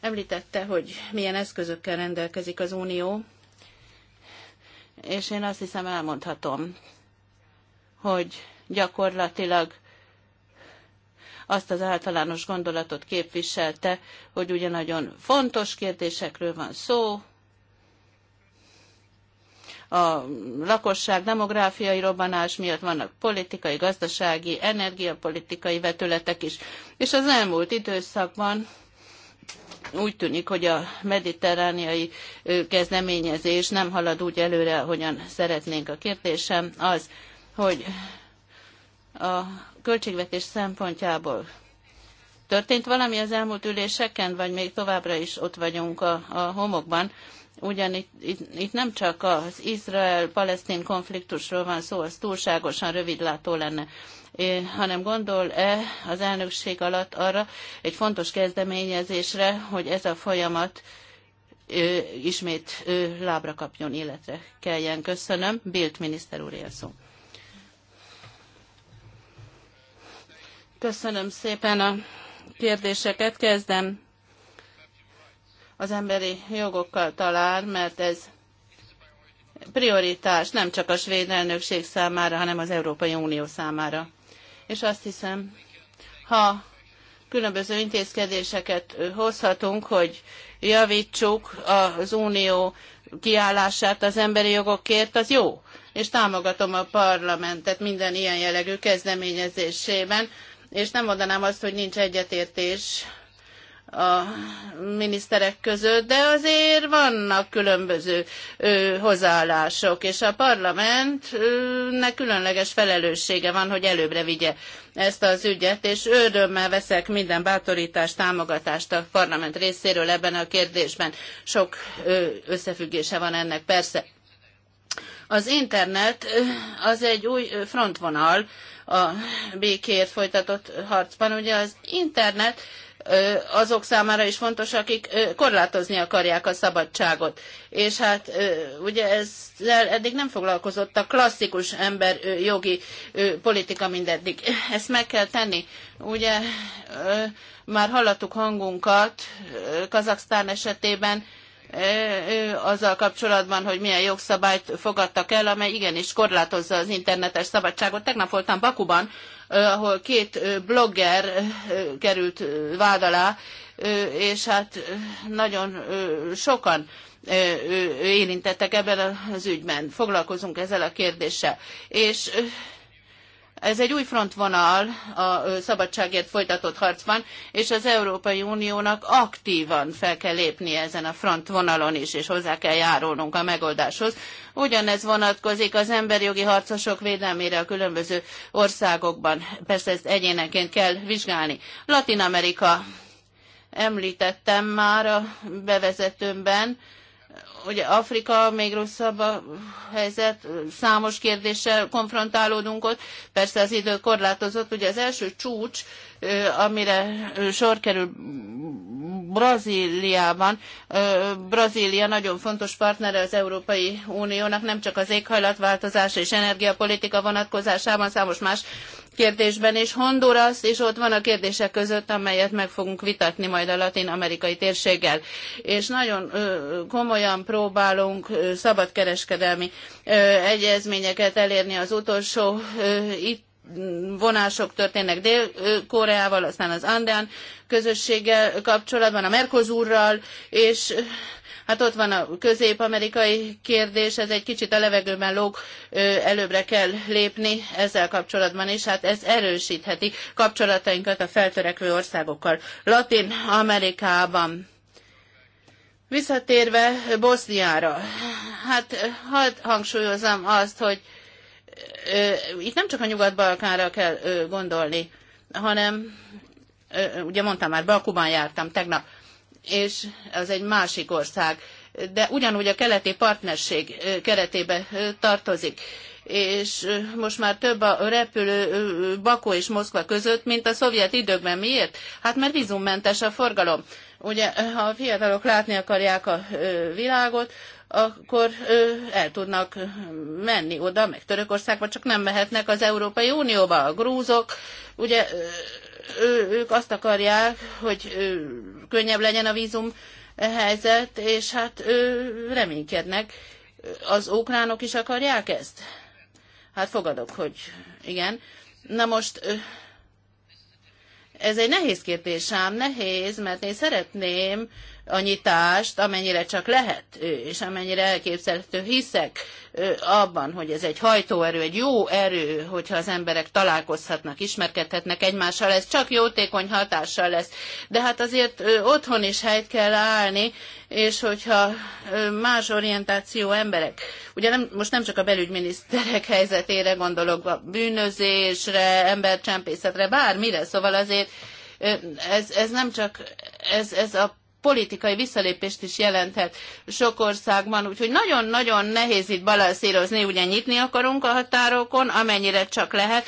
említette, hogy milyen eszközökkel rendelkezik az Unió, és én azt hiszem elmondhatom, hogy gyakorlatilag azt az általános gondolatot képviselte, hogy ugye nagyon fontos kérdésekről van szó, a lakosság demográfiai robbanás miatt vannak politikai, gazdasági, energiapolitikai vetületek is. És az elmúlt időszakban úgy tűnik, hogy a mediterrániai kezdeményezés nem halad úgy előre, ahogyan szeretnénk. A kérdésem az, hogy a költségvetés szempontjából történt valami az elmúlt üléseken, vagy még továbbra is ott vagyunk a, a homokban, ugyan itt, itt, itt nem csak az Izrael-Palesztin konfliktusról van szó, az túlságosan rövidlátó lenne, hanem gondol-e az elnökség alatt arra egy fontos kezdeményezésre, hogy ez a folyamat ö, ismét ö, lábra kapjon, illetve kelljen. Köszönöm. Bilt miniszter úr szó. Köszönöm szépen a kérdéseket. Kezdem az emberi jogokkal talán, mert ez prioritás nem csak a svéd elnökség számára, hanem az Európai Unió számára. És azt hiszem, ha különböző intézkedéseket hozhatunk, hogy javítsuk az unió kiállását az emberi jogokért, az jó. És támogatom a parlamentet minden ilyen jellegű kezdeményezésében, és nem mondanám azt, hogy nincs egyetértés a miniszterek között, de azért vannak különböző ö, hozzáállások, és a parlamentnek különleges felelőssége van, hogy előbbre vigye ezt az ügyet, és ördömmel veszek minden bátorítást, támogatást a parlament részéről ebben a kérdésben. Sok ö, összefüggése van ennek persze. Az internet az egy új frontvonal a békért folytatott harcban. Ugye az internet azok számára is fontos, akik korlátozni akarják a szabadságot. És hát ugye ezzel eddig nem foglalkozott a klasszikus ember jogi politika mindeddig. Ezt meg kell tenni. Ugye már hallottuk hangunkat Kazaksztán esetében, azzal kapcsolatban, hogy milyen jogszabályt fogadtak el, amely igenis korlátozza az internetes szabadságot. Tegnap voltam Bakuban, ahol két blogger került vád alá, és hát nagyon sokan érintettek ebben az ügyben. Foglalkozunk ezzel a kérdéssel. És ez egy új frontvonal a szabadságért folytatott harcban, és az Európai Uniónak aktívan fel kell lépni ezen a frontvonalon is, és hozzá kell járulnunk a megoldáshoz. Ugyanez vonatkozik az emberi jogi harcosok védelmére a különböző országokban. Persze ezt egyénenként kell vizsgálni. Latin Amerika említettem már a bevezetőmben, ugye Afrika még rosszabb a helyzet, számos kérdéssel konfrontálódunk ott, persze az idő korlátozott, ugye az első csúcs, amire sor kerül Brazíliában. Brazília nagyon fontos partnere az Európai Uniónak, nem csak az éghajlatváltozás és energiapolitika vonatkozásában, számos más kérdésben, és Honduras és ott van a kérdések között, amelyet meg fogunk vitatni majd a latin-amerikai térséggel. És nagyon komolyan próbálunk szabadkereskedelmi egyezményeket elérni az utolsó itt vonások történnek Dél-Koreával, aztán az Andean közösséggel kapcsolatban, a Mercosurral, és Hát ott van a közép-amerikai kérdés, ez egy kicsit a levegőben lóg, előbbre kell lépni ezzel kapcsolatban, és hát ez erősítheti kapcsolatainkat a feltörekvő országokkal. Latin Amerikában. Visszatérve Boszniára, hát hadd hangsúlyozom azt, hogy itt nem csak a Nyugat-Balkánra kell gondolni, hanem ugye mondtam már, Balkuban jártam tegnap, és az egy másik ország, de ugyanúgy a keleti partnerség keretébe tartozik és most már több a repülő Bakó és Moszkva között, mint a szovjet időkben. Miért? Hát mert vízummentes a forgalom. Ugye, ha a fiatalok látni akarják a világot, akkor el tudnak menni oda, meg Törökországba, csak nem mehetnek az Európai Unióba. A grúzok, ugye ők azt akarják, hogy könnyebb legyen a vízum helyzet, és hát reménykednek. Az ukránok is akarják ezt? Hát fogadok, hogy igen. Na most ez egy nehéz kérdés ám, nehéz, mert én szeretném a amennyire csak lehet, és amennyire elképzelhető. Hiszek abban, hogy ez egy hajtóerő, egy jó erő, hogyha az emberek találkozhatnak, ismerkedhetnek egymással, ez csak jótékony hatással lesz. De hát azért otthon is helyt kell állni, és hogyha más orientáció emberek, ugye nem, most nem csak a belügyminiszterek helyzetére gondolok, a bűnözésre, embercsempészetre, bármire, szóval azért ez, ez nem csak ez, ez a politikai visszalépést is jelenthet sok országban, úgyhogy nagyon-nagyon nehéz itt balanszírozni, ugye nyitni akarunk a határokon, amennyire csak lehet,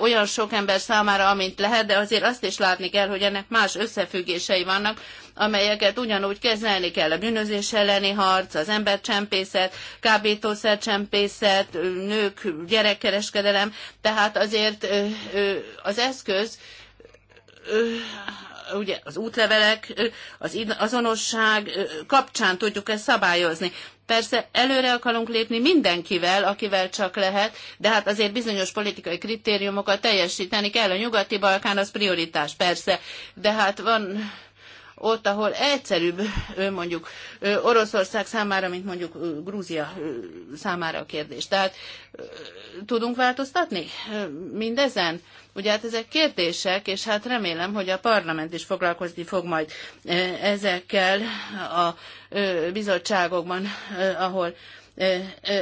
olyan sok ember számára, amint lehet, de azért azt is látni kell, hogy ennek más összefüggései vannak, amelyeket ugyanúgy kezelni kell. A bűnözés elleni harc, az embercsempészet, kábítószercsempészet, nők, gyerekkereskedelem, tehát azért az eszköz ugye az útlevelek, az azonosság kapcsán tudjuk ezt szabályozni. Persze előre akarunk lépni mindenkivel, akivel csak lehet, de hát azért bizonyos politikai kritériumokat teljesíteni kell. A nyugati Balkán az prioritás, persze, de hát van ott, ahol egyszerűbb mondjuk Oroszország számára, mint mondjuk Grúzia számára a kérdés. Tehát tudunk változtatni mindezen? Ugye hát ezek kérdések, és hát remélem, hogy a parlament is foglalkozni fog majd ezekkel a bizottságokban, ahol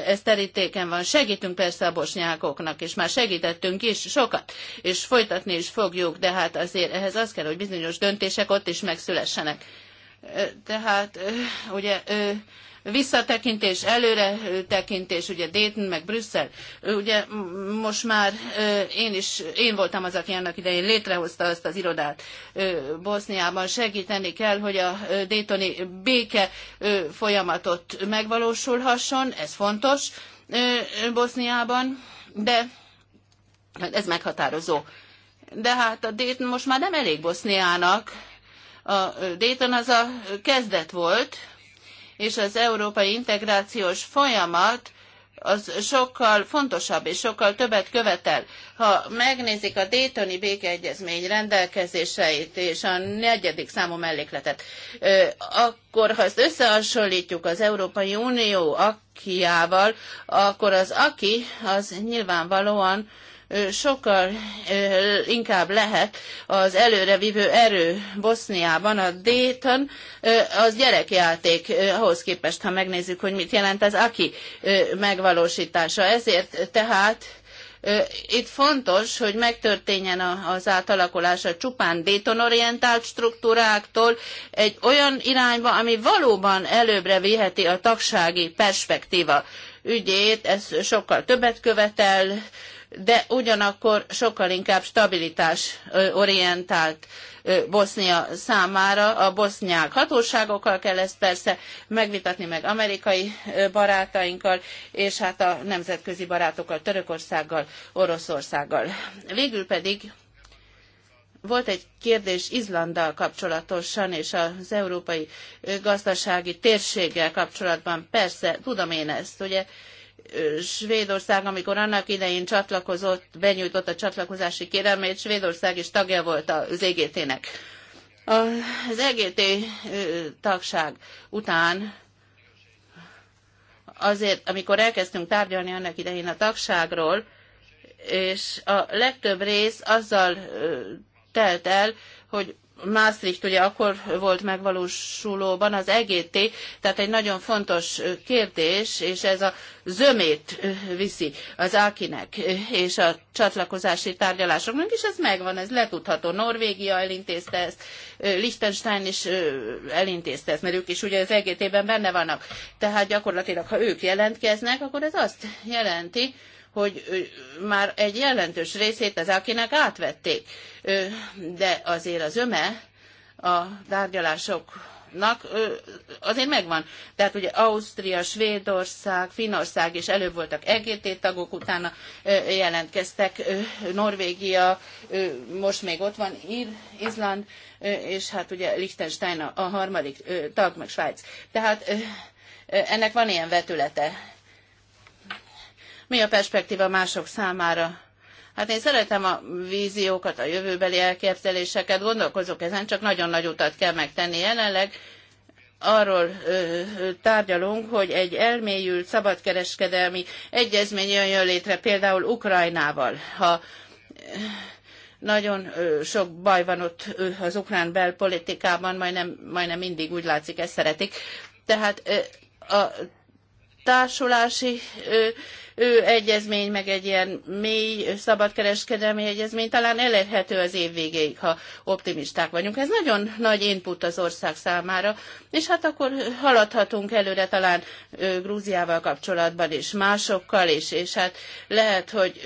ez terítéken van. Segítünk persze a bosnyákoknak, és már segítettünk is sokat, és folytatni is fogjuk, de hát azért ehhez az kell, hogy bizonyos döntések ott is megszülessenek. Tehát ugye visszatekintés, tekintés, ugye Dayton meg Brüsszel, ugye most már én is, én voltam az, aki annak idején létrehozta azt az irodát Boszniában, segíteni kell, hogy a Daytoni béke folyamatot megvalósulhasson, ez fontos Boszniában, de hát ez meghatározó. De hát a Dayton most már nem elég Boszniának, a Dayton az a kezdet volt, és az európai integrációs folyamat az sokkal fontosabb és sokkal többet követel. Ha megnézik a Daytoni békeegyezmény rendelkezéseit és a negyedik számú mellékletet, akkor ha ezt összehasonlítjuk az Európai Unió akiával, akkor az aki az nyilvánvalóan sokkal inkább lehet az előrevívő erő Boszniában, a Dayton, az gyerekjáték ahhoz képest, ha megnézzük, hogy mit jelent az aki megvalósítása. Ezért tehát itt fontos, hogy megtörténjen az átalakulás a csupán détonorientált struktúráktól egy olyan irányba, ami valóban előbbre viheti a tagsági perspektíva ügyét, ez sokkal többet követel, de ugyanakkor sokkal inkább stabilitás orientált Bosznia számára. A bosznyák hatóságokkal kell ezt persze megvitatni, meg amerikai barátainkkal, és hát a nemzetközi barátokkal, Törökországgal, Oroszországgal. Végül pedig volt egy kérdés Izlanddal kapcsolatosan és az európai gazdasági térséggel kapcsolatban. Persze, tudom én ezt, ugye Svédország, amikor annak idején csatlakozott, benyújtott a csatlakozási kérelmét, Svédország is tagja volt az EGT-nek. Az EGT tagság után azért, amikor elkezdtünk tárgyalni annak idején a tagságról, és a legtöbb rész azzal telt el, hogy Maastricht ugye akkor volt megvalósulóban az EGT, tehát egy nagyon fontos kérdés, és ez a zömét viszi az Akinek és a csatlakozási tárgyalásoknak, és ez megvan, ez letudható. Norvégia elintézte ezt, Liechtenstein is elintézte ezt, mert ők is ugye az EGT-ben benne vannak. Tehát gyakorlatilag, ha ők jelentkeznek, akkor ez azt jelenti, hogy már egy jelentős részét az akinek átvették, de azért az öme a tárgyalások azért megvan. Tehát ugye Ausztria, Svédország, Finország is előbb voltak EGT tagok, utána jelentkeztek Norvégia, most még ott van Ír, Izland, és hát ugye Liechtenstein a harmadik tag, meg Svájc. Tehát ennek van ilyen vetülete mi a perspektíva mások számára? Hát én szeretem a víziókat, a jövőbeli elképzeléseket, gondolkozok ezen, csak nagyon nagy utat kell megtenni jelenleg. Arról ö, tárgyalunk, hogy egy elmélyült szabadkereskedelmi egyezmény jön létre például Ukrajnával. Ha nagyon sok baj van ott az ukrán belpolitikában, majdnem, majdnem mindig úgy látszik, ezt szeretik. Tehát a társulási ö, ő egyezmény, meg egy ilyen mély szabadkereskedelmi egyezmény talán elérhető az év végéig, ha optimisták vagyunk. Ez nagyon nagy input az ország számára, és hát akkor haladhatunk előre talán Grúziával kapcsolatban és másokkal is, és hát lehet, hogy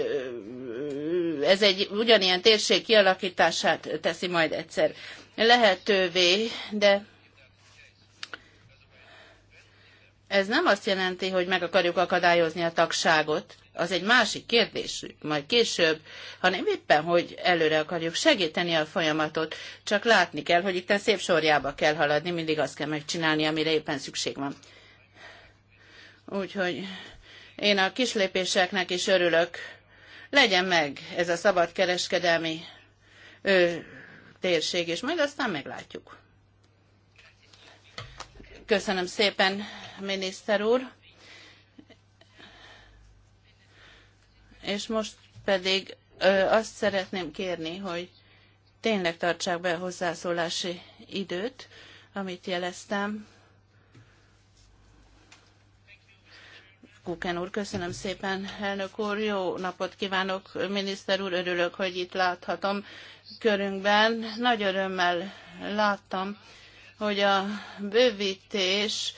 ez egy ugyanilyen térség kialakítását teszi majd egyszer lehetővé, de Ez nem azt jelenti, hogy meg akarjuk akadályozni a tagságot, az egy másik kérdés, majd később, hanem éppen, hogy előre akarjuk segíteni a folyamatot, csak látni kell, hogy itt a szép sorjába kell haladni, mindig azt kell megcsinálni, amire éppen szükség van. Úgyhogy én a kislépéseknek is örülök. Legyen meg ez a szabadkereskedelmi ő, térség, és majd aztán meglátjuk. Köszönöm szépen, miniszter úr. És most pedig ö, azt szeretném kérni, hogy tényleg tartsák be a hozzászólási időt, amit jeleztem. Kuken úr, köszönöm szépen, elnök úr, jó napot kívánok, miniszter úr, örülök, hogy itt láthatom körünkben. Nagy örömmel láttam hogy a bővítés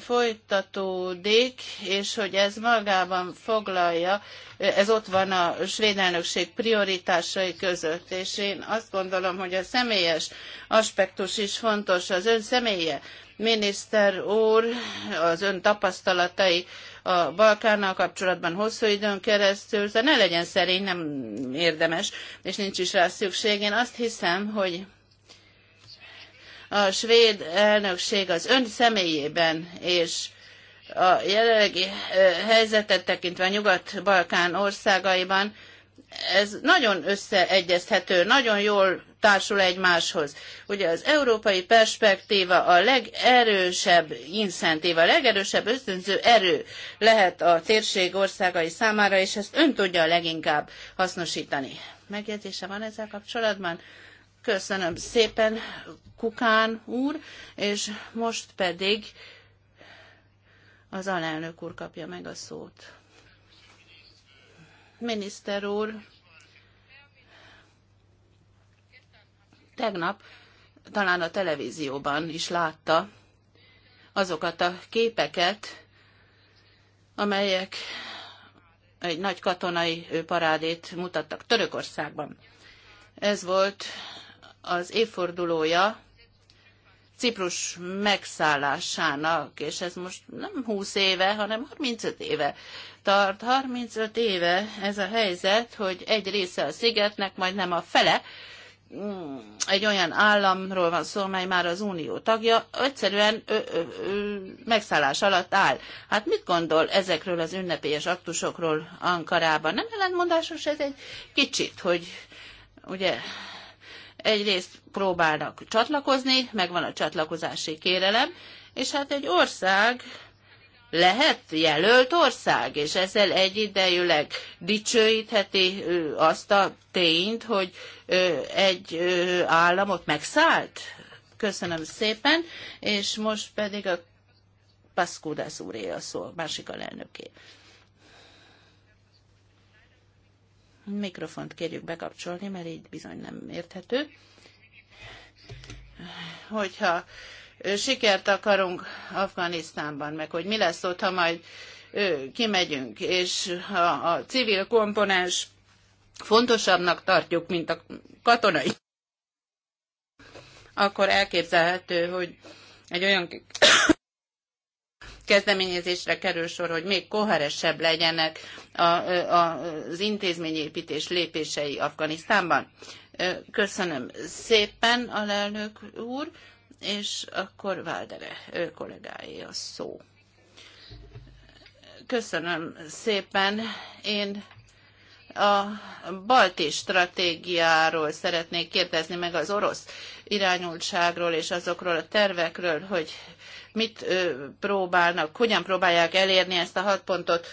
folytatódik, és hogy ez magában foglalja, ez ott van a svéd elnökség prioritásai között, és én azt gondolom, hogy a személyes aspektus is fontos, az ön személye, miniszter úr, az ön tapasztalatai a Balkánnal kapcsolatban hosszú időn keresztül, de ne legyen szerény, nem érdemes, és nincs is rá szükség. Én azt hiszem, hogy a svéd elnökség az ön személyében és a jelenlegi helyzetet tekintve a Nyugat-Balkán országaiban, ez nagyon összeegyezhető, nagyon jól társul egymáshoz. Ugye az európai perspektíva a legerősebb incentíva, a legerősebb ösztönző erő lehet a térség országai számára, és ezt ön tudja leginkább hasznosítani. Megjegyzése van ezzel kapcsolatban? Köszönöm szépen, Kukán úr, és most pedig az alelnök úr kapja meg a szót. Miniszter úr, tegnap talán a televízióban is látta azokat a képeket, amelyek egy nagy katonai parádét mutattak Törökországban. Ez volt az évfordulója Ciprus megszállásának, és ez most nem 20 éve, hanem 35 éve tart. 35 éve ez a helyzet, hogy egy része a szigetnek, majd nem a fele, mm, egy olyan államról van szó, mely már az unió tagja, egyszerűen ö, ö, ö, megszállás alatt áll. Hát mit gondol ezekről az ünnepélyes aktusokról Ankarában? Nem ellentmondásos ez egy kicsit, hogy ugye egyrészt próbálnak csatlakozni, megvan a csatlakozási kérelem, és hát egy ország lehet jelölt ország, és ezzel egyidejűleg dicsőítheti azt a tényt, hogy egy államot megszállt. Köszönöm szépen, és most pedig a Pascudas úré a szó, másik a alelnöké. Mikrofont kérjük bekapcsolni, mert így bizony nem érthető. Hogyha sikert akarunk Afganisztánban, meg hogy mi lesz ott, ha majd kimegyünk, és ha a civil komponens fontosabbnak tartjuk, mint a katonai, akkor elképzelhető, hogy egy olyan kezdeményezésre kerül sor, hogy még koheresebb legyenek a, a, az intézményépítés lépései Afganisztánban. Köszönöm szépen, alelnök úr, és akkor Váldere kollégáé a szó. Köszönöm szépen. Én a balti stratégiáról szeretnék kérdezni, meg az orosz irányultságról és azokról a tervekről, hogy mit próbálnak, hogyan próbálják elérni ezt a hat pontot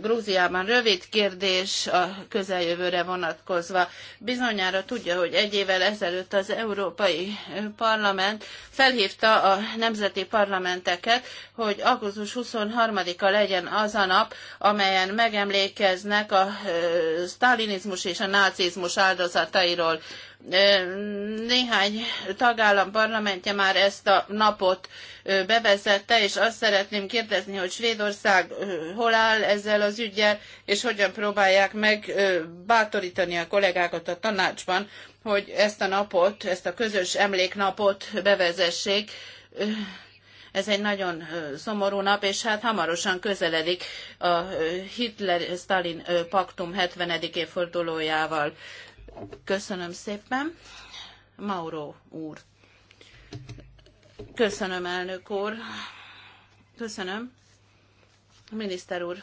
Grúziában. Rövid kérdés a közeljövőre vonatkozva. Bizonyára tudja, hogy egy évvel ezelőtt az Európai Parlament felhívta a nemzeti parlamenteket, hogy augusztus 23-a legyen az a nap, amelyen megemlékeznek a sztálinizmus és a nácizmus áldozatairól néhány tagállam parlamentje már ezt a napot bevezette, és azt szeretném kérdezni, hogy Svédország hol áll ezzel az ügyel, és hogyan próbálják meg bátorítani a kollégákat a tanácsban, hogy ezt a napot, ezt a közös emléknapot bevezessék ez egy nagyon szomorú nap, és hát hamarosan közeledik a Hitler-Stalin paktum 70. évfordulójával. Köszönöm szépen. Mauro úr. Köszönöm, elnök úr. Köszönöm. Miniszter úr.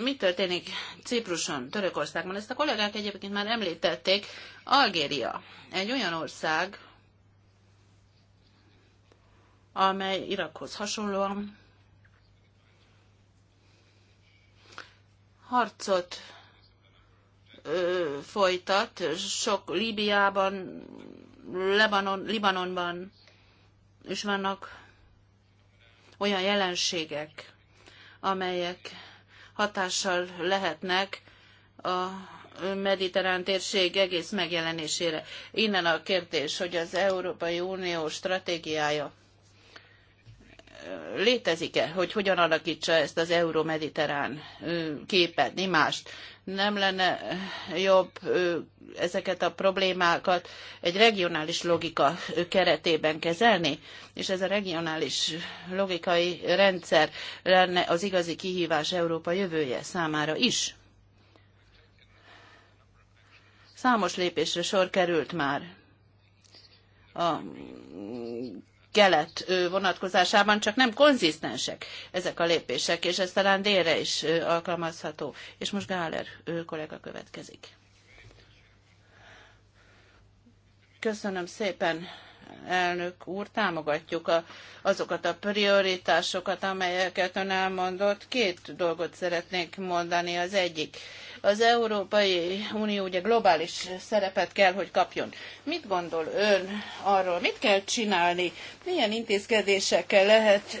mi történik Cipruson, Törökországban? Ezt a kollégák egyébként már említették. Algéria egy olyan ország, amely Irakhoz hasonlóan harcot ö, folytat, sok Líbiában, Lebanon, Libanonban is vannak olyan jelenségek, amelyek hatással lehetnek a mediterrán térség egész megjelenésére. Innen a kérdés, hogy az Európai Unió stratégiája létezik-e, hogy hogyan alakítsa ezt az Euró-Mediterrán képet, imást? Nem lenne jobb ezeket a problémákat egy regionális logika keretében kezelni, és ez a regionális logikai rendszer lenne az igazi kihívás Európa jövője számára is. Számos lépésre sor került már a kelet vonatkozásában, csak nem konzisztensek ezek a lépések, és ez talán délre is alkalmazható. És most Gáler kollega következik. Köszönöm szépen, elnök úr, támogatjuk a, azokat a prioritásokat, amelyeket ön elmondott. Két dolgot szeretnék mondani. Az egyik, az Európai Unió ugye globális szerepet kell, hogy kapjon. Mit gondol ön arról, mit kell csinálni, milyen intézkedésekkel lehet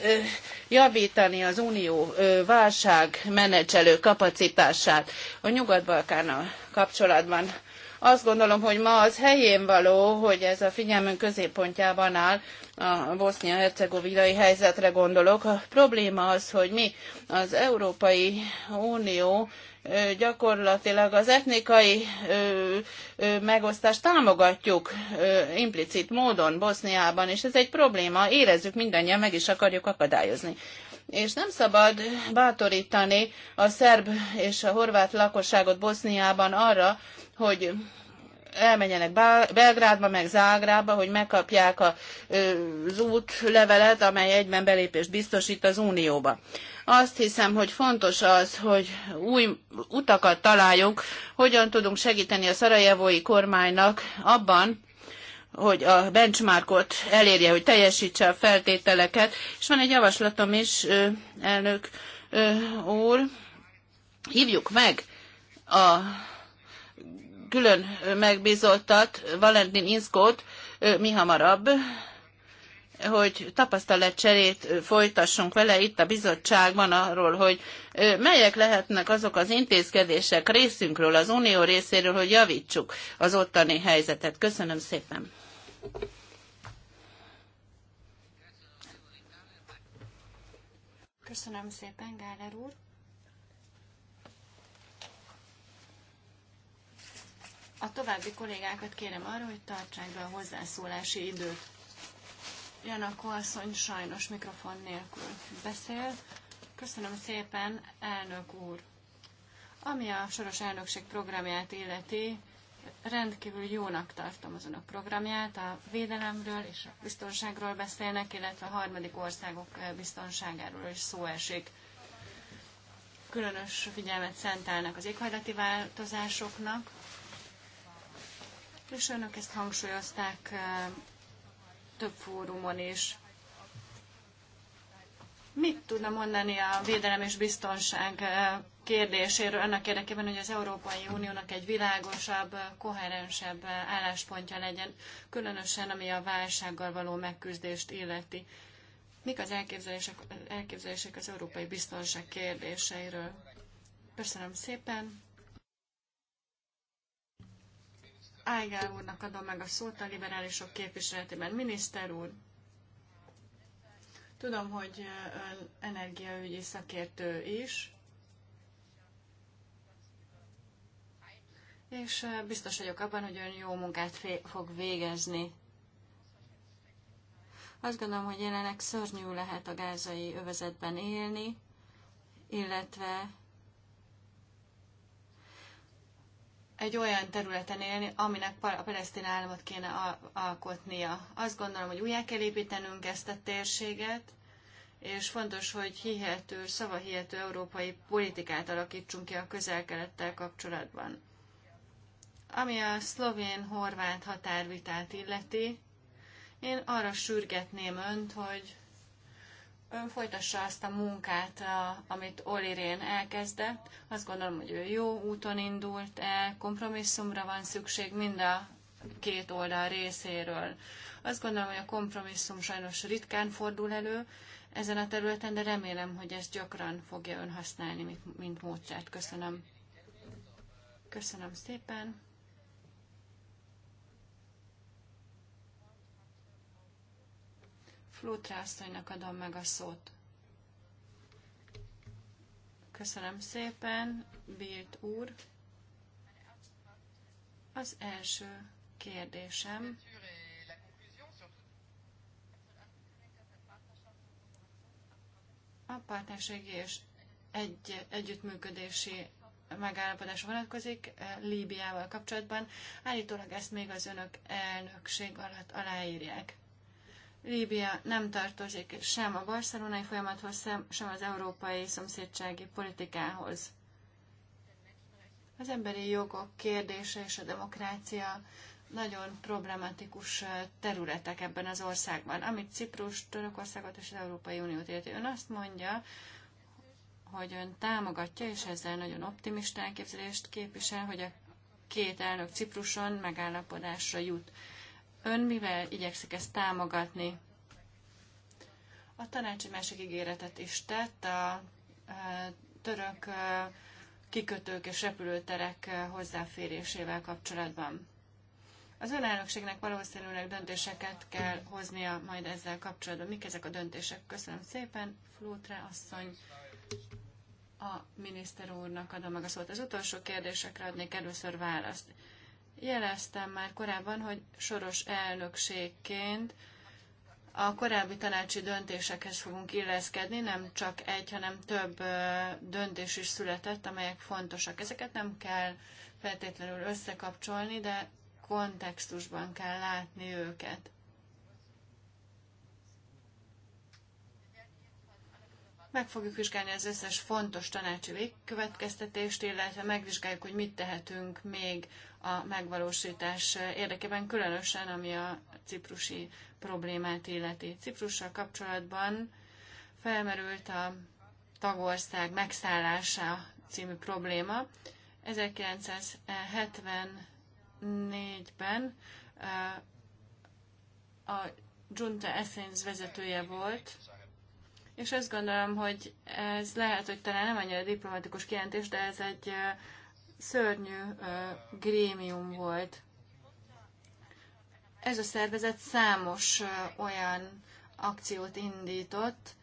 javítani az Unió válságmenedzselő kapacitását a Nyugat-Balkánnal kapcsolatban? azt gondolom, hogy ma az helyén való, hogy ez a figyelmünk középpontjában áll, a bosznia-hercegovinai helyzetre gondolok. A probléma az, hogy mi az Európai Unió gyakorlatilag az etnikai megosztást támogatjuk implicit módon Boszniában, és ez egy probléma, érezzük mindannyian, meg is akarjuk akadályozni és nem szabad bátorítani a szerb és a horvát lakosságot Boszniában arra, hogy elmenjenek Belgrádba, meg Zágrába, hogy megkapják az útlevelet, amely egyben belépést biztosít az Unióba. Azt hiszem, hogy fontos az, hogy új utakat találjunk, hogyan tudunk segíteni a szarajevói kormánynak abban, hogy a benchmarkot elérje, hogy teljesítse a feltételeket. És van egy javaslatom is, elnök úr, hívjuk meg a külön megbízottat, Valentin Inszkót, mi hamarabb, hogy tapasztalatcserét folytassunk vele itt a bizottságban arról, hogy melyek lehetnek azok az intézkedések részünkről, az unió részéről, hogy javítsuk az ottani helyzetet. Köszönöm szépen. Köszönöm szépen, Gáler úr. A további kollégákat kérem arra, hogy tartsák be a hozzászólási időt. Janakó asszony sajnos mikrofon nélkül beszél. Köszönöm szépen, elnök úr! Ami a soros elnökség programját illeti, rendkívül jónak tartom az önök programját, a védelemről és a biztonságról beszélnek, illetve a harmadik országok eh, biztonságáról is szó esik. Különös figyelmet szentelnek az éghajlati változásoknak, és önök ezt hangsúlyozták eh, több fórumon is. Mit tudna mondani a védelem és biztonság eh, kérdéséről annak érdekében, hogy az Európai Uniónak egy világosabb, koherensebb álláspontja legyen, különösen ami a válsággal való megküzdést illeti? Mik az elképzelések, elképzelések az európai biztonság kérdéseiről? Köszönöm szépen! Ágál úrnak adom meg a szót a liberálisok képviseletében. Miniszter úr, tudom, hogy ön energiaügyi szakértő is, és biztos vagyok abban, hogy ön jó munkát fog végezni. Azt gondolom, hogy jelenleg szörnyű lehet a gázai övezetben élni, illetve egy olyan területen élni, aminek a palesztin államot kéne alkotnia. Azt gondolom, hogy újjá kell építenünk ezt a térséget, és fontos, hogy hihető, szavahihető európai politikát alakítsunk ki a közel-kelettel kapcsolatban. Ami a szlovén-horvát határvitát illeti, én arra sürgetném önt, hogy ön folytassa azt a munkát, amit Olirén elkezdett. Azt gondolom, hogy ő jó úton indult el, kompromisszumra van szükség mind a két oldal részéről. Azt gondolom, hogy a kompromisszum sajnos ritkán fordul elő ezen a területen, de remélem, hogy ezt gyakran fogja ön használni, mint módszert. Köszönöm. Köszönöm szépen. asszonynak adom meg a szót. Köszönöm szépen, Bírt úr. Az első kérdésem. A partnerségi és egy, együttműködési megállapodás vonatkozik eh, Líbiával kapcsolatban. Állítólag ezt még az önök elnökség alatt aláírják. Líbia nem tartozik sem a barcelonai folyamathoz, sem az európai szomszédsági politikához. Az emberi jogok kérdése és a demokrácia nagyon problematikus területek ebben az országban, amit Ciprus, Törökországot és az Európai Uniót érti. Ön azt mondja, hogy ön támogatja, és ezzel nagyon optimista elképzelést képvisel, hogy a két elnök Cipruson megállapodásra jut. Ön mivel igyekszik ezt támogatni? A tanácsi másik ígéretet is tett, a e, török e, kikötők és repülőterek e, hozzáférésével kapcsolatban. Az önállóságnak valószínűleg döntéseket kell hoznia majd ezzel kapcsolatban. Mik ezek a döntések? Köszönöm szépen, Flótre asszony. A miniszter úrnak adom meg a szót. Az utolsó kérdésekre adnék először választ. Jeleztem már korábban, hogy soros elnökségként a korábbi tanácsi döntésekhez fogunk illeszkedni, nem csak egy, hanem több döntés is született, amelyek fontosak. Ezeket nem kell feltétlenül összekapcsolni, de kontextusban kell látni őket. Meg fogjuk vizsgálni az összes fontos tanácsi végkövetkeztetést, illetve megvizsgáljuk, hogy mit tehetünk még a megvalósítás érdekében, különösen ami a ciprusi problémát illeti. Ciprussal kapcsolatban felmerült a tagország megszállása című probléma. 1974-ben a Junta Essence vezetője volt, és azt gondolom, hogy ez lehet, hogy talán nem annyira diplomatikus kijelentés, de ez egy szörnyű grémium volt. Ez a szervezet számos olyan akciót indított,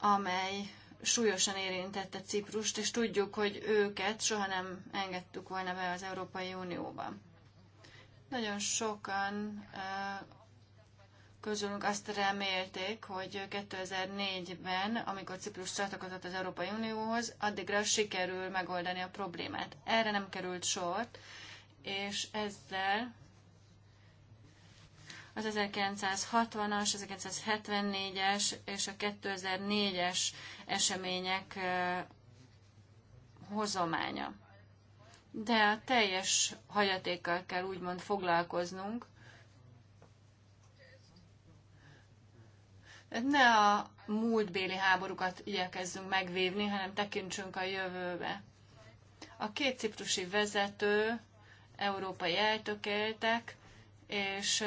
amely súlyosan érintette Ciprust, és tudjuk, hogy őket soha nem engedtük volna be az Európai Unióba. Nagyon sokan közülünk azt remélték, hogy 2004-ben, amikor Ciprus csatlakozott az Európai Unióhoz, addigra sikerül megoldani a problémát. Erre nem került sor, és ezzel az 1960-as, 1974-es és a 2004-es események hozománya. De a teljes hagyatékkal kell úgymond foglalkoznunk, ne a múltbéli háborúkat igyekezzünk megvívni, hanem tekintsünk a jövőbe. A két ciprusi vezető európai eltökéltek, és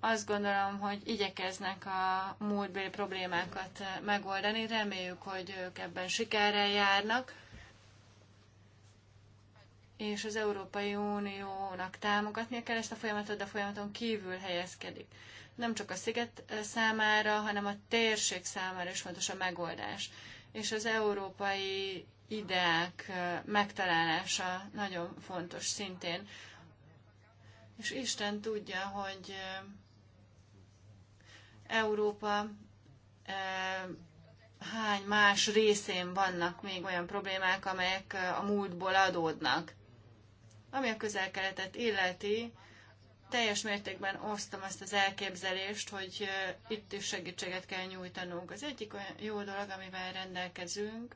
azt gondolom, hogy igyekeznek a múltbéli problémákat megoldani. Reméljük, hogy ők ebben sikerrel járnak, és az Európai Uniónak támogatnia kell ezt a folyamatot, de a folyamaton kívül helyezkedik nem csak a sziget eh, számára, hanem a térség számára is fontos a megoldás. És az európai ideák eh, megtalálása nagyon fontos szintén. És Isten tudja, hogy eh, Európa hány más részén vannak még olyan problémák, amelyek a múltból adódnak. Ami a közel-keletet illeti, teljes mértékben osztom ezt az elképzelést, hogy itt is segítséget kell nyújtanunk. Az egyik olyan jó dolog, amivel rendelkezünk,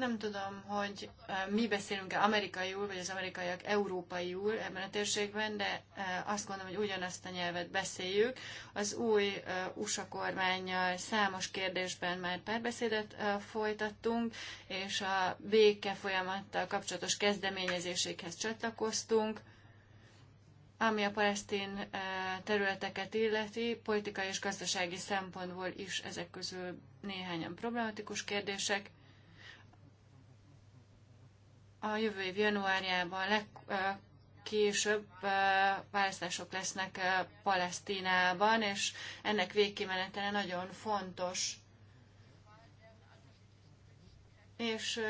Nem tudom, hogy mi beszélünk-e amerikaiul, vagy az amerikaiak európaiul ebben a térségben, de azt gondolom, hogy ugyanazt a nyelvet beszéljük. Az új USA kormányjal számos kérdésben már párbeszédet folytattunk, és a béke folyamattal kapcsolatos kezdeményezésékhez csatlakoztunk. Ami a palesztin területeket illeti, politikai és gazdasági szempontból is ezek közül néhányan problematikus kérdések a jövő év januárjában legkésőbb választások lesznek Palesztinában, és ennek végkimenetele nagyon fontos. És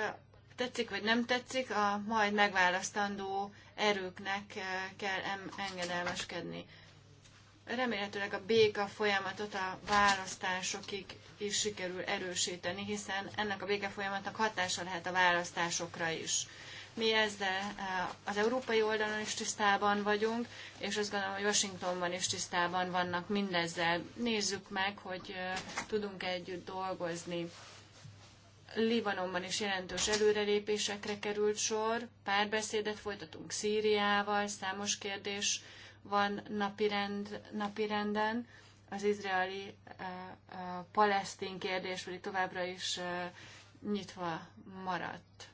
tetszik vagy nem tetszik, a majd megválasztandó erőknek kell engedelmeskedni remélhetőleg a béka folyamatot a választásokig is sikerül erősíteni, hiszen ennek a béka folyamatnak hatása lehet a választásokra is. Mi ezzel eh, az európai oldalon is tisztában vagyunk, és azt gondolom, hogy Washingtonban is tisztában vannak mindezzel. Nézzük meg, hogy eh, tudunk -e együtt dolgozni. Libanonban is jelentős előrelépésekre került sor, párbeszédet folytatunk Szíriával, számos kérdés van napirend, napirenden. Az izraeli eh, eh, palesztin kérdés pedig továbbra is eh, nyitva maradt.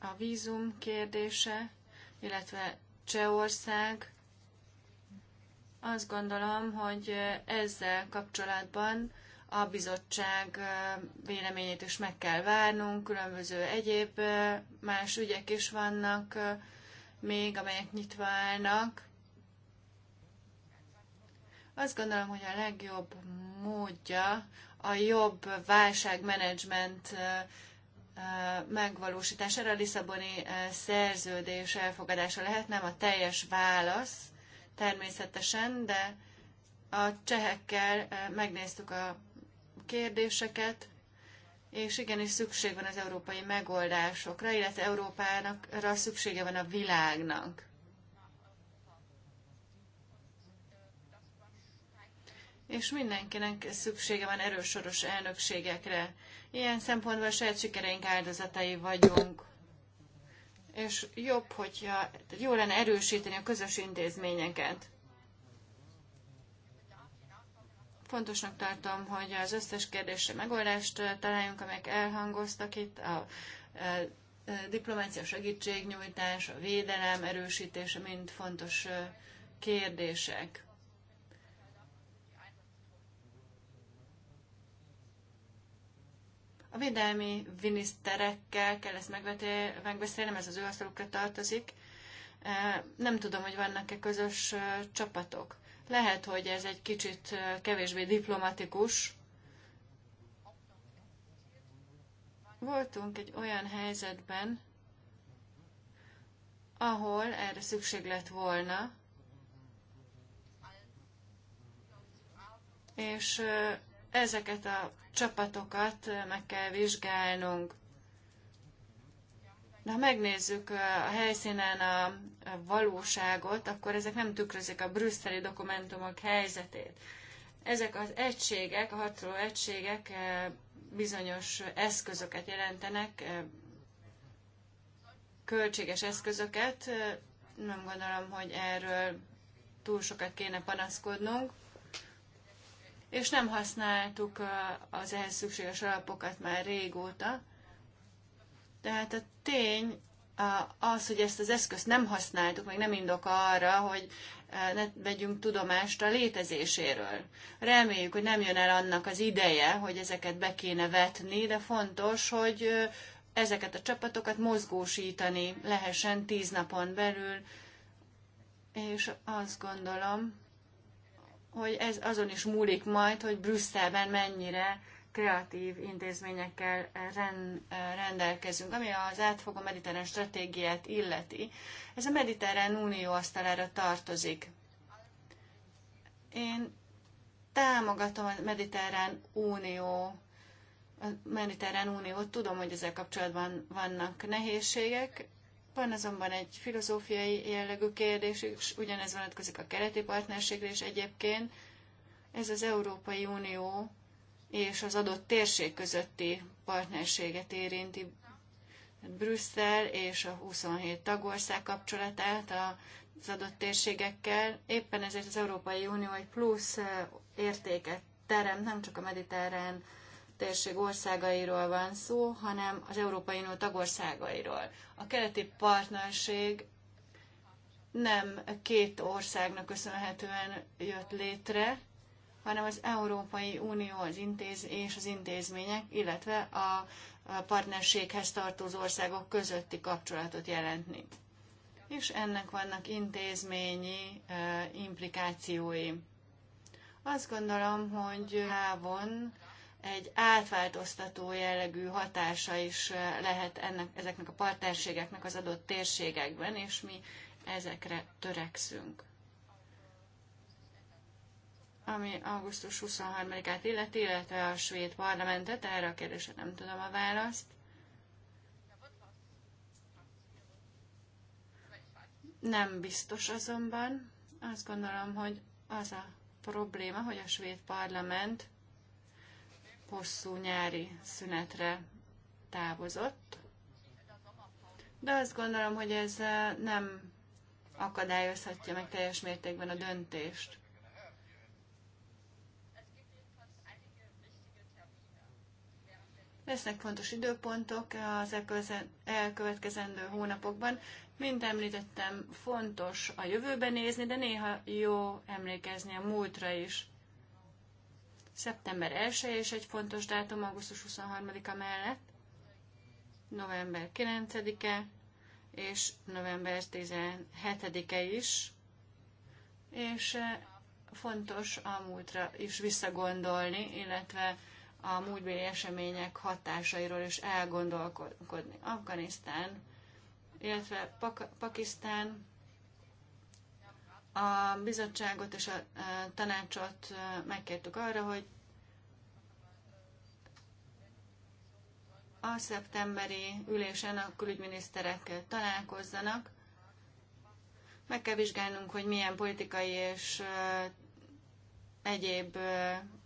A vízum kérdése, illetve Csehország, azt gondolom, hogy ezzel kapcsolatban a bizottság véleményét is meg kell várnunk, különböző egyéb más ügyek is vannak még, amelyek nyitva állnak. Azt gondolom, hogy a legjobb módja a jobb válságmenedzsment megvalósítására a Lisszaboni szerződés elfogadása lehet, nem a teljes válasz természetesen, de a csehekkel megnéztük a kérdéseket, és igenis szükség van az európai megoldásokra, illetve Európának rá szüksége van a világnak. És mindenkinek szüksége van erősoros elnökségekre. Ilyen szempontból a saját sikereink áldozatai vagyunk. És jobb, hogyha jó lenne erősíteni a közös intézményeket. Fontosnak tartom, hogy az összes kérdésre megoldást találjunk, amelyek elhangoztak itt, a diplomácia segítségnyújtás, a védelem erősítése mind fontos kérdések. A védelmi miniszterekkel kell ezt megbeszélnem, ez az ő asztalukra tartozik. Nem tudom, hogy vannak-e közös csapatok. Lehet, hogy ez egy kicsit kevésbé diplomatikus. Voltunk egy olyan helyzetben, ahol erre szükség lett volna, és ezeket a csapatokat meg kell vizsgálnunk. De ha megnézzük a helyszínen a valóságot, akkor ezek nem tükrözik a brüsszeli dokumentumok helyzetét. Ezek az egységek, a hatoló egységek bizonyos eszközöket jelentenek, költséges eszközöket. Nem gondolom, hogy erről túl sokat kéne panaszkodnunk. És nem használtuk az ehhez szükséges alapokat már régóta tehát a tény az, hogy ezt az eszközt nem használtuk, meg nem indok arra, hogy e, ne vegyünk tudomást a létezéséről. Reméljük, hogy nem jön el annak az ideje, hogy ezeket be kéne vetni, de fontos, hogy e, ezeket a csapatokat mozgósítani lehessen tíz napon belül, és azt gondolom, hogy ez azon is múlik majd, hogy Brüsszelben mennyire kreatív intézményekkel rendelkezünk, ami az átfogó mediterrán stratégiát illeti. Ez a mediterrán unió asztalára tartozik. Én támogatom a mediterrán unió a Mediterrán Uniót, tudom, hogy ezzel kapcsolatban vannak nehézségek, van azonban egy filozófiai jellegű kérdés, és ugyanez vonatkozik a kereti partnerségre is egyébként. Ez az Európai Unió és az adott térség közötti partnerséget érinti. Brüsszel és a 27 tagország kapcsolatát az adott térségekkel. Éppen ezért az Európai Unió egy plusz értéket teremt, nem csak a mediterrán térség országairól van szó, hanem az Európai Unió tagországairól. A keleti partnerség nem két országnak köszönhetően jött létre, hanem az Európai Unió az intéz és az intézmények, illetve a partnerséghez tartozó országok közötti kapcsolatot jelentni. És ennek vannak intézményi implikációi. Azt gondolom, hogy távon egy átváltoztató jellegű hatása is lehet ennek, ezeknek a partnerségeknek az adott térségekben, és mi ezekre törekszünk ami augusztus 23-át illeti, illetve a svéd parlamentet, erre a kérdésre nem tudom a választ. Nem biztos azonban. Azt gondolom, hogy az a probléma, hogy a svéd parlament hosszú nyári szünetre távozott, de azt gondolom, hogy ez eh, nem akadályozhatja meg teljes mértékben a döntést. Lesznek fontos időpontok az elkövetkezendő hónapokban. Mint említettem, fontos a jövőben nézni, de néha jó emlékezni a múltra is. Szeptember 1 és egy fontos dátum augusztus 23-a mellett, november 9-e és november 17-e is, és eh, fontos a múltra is visszagondolni, illetve a múltbéli események hatásairól is elgondolkodni. Afganisztán, illetve Pak- Pakisztán a bizottságot és a e, tanácsot e, megkértük arra, hogy a szeptemberi ülésen a külügyminiszterek találkozzanak. Meg kell vizsgálnunk, hogy milyen politikai és e, egyéb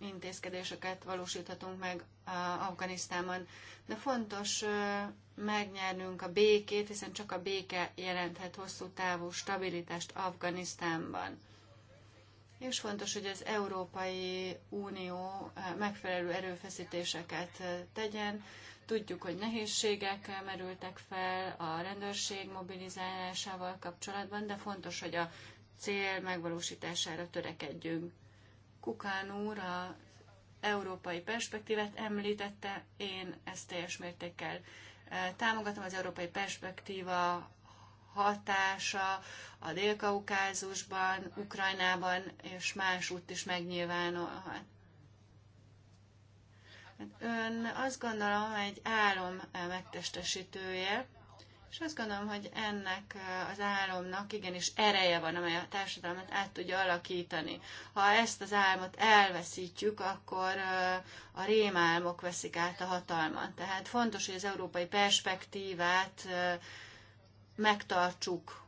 intézkedéseket valósíthatunk meg Afganisztánban. De fontos megnyernünk a békét, hiszen csak a béke jelenthet hosszú távú stabilitást Afganisztánban. És fontos, hogy az Európai Unió megfelelő erőfeszítéseket tegyen. Tudjuk, hogy nehézségek merültek fel a rendőrség mobilizálásával kapcsolatban, de fontos, hogy a cél megvalósítására törekedjünk. Kukán úr a európai perspektívát említette, én ezt teljes mértékkel e, támogatom az európai perspektíva hatása a Dél-Kaukázusban, Ukrajnában és más út is megnyilvánulhat. Hát ön azt gondolom, hogy egy álom e, megtestesítője, és azt gondolom, hogy ennek az álomnak igenis ereje van, amely a társadalmat át tudja alakítani. Ha ezt az álmot elveszítjük, akkor a rémálmok veszik át a hatalmat. Tehát fontos, hogy az európai perspektívát megtartsuk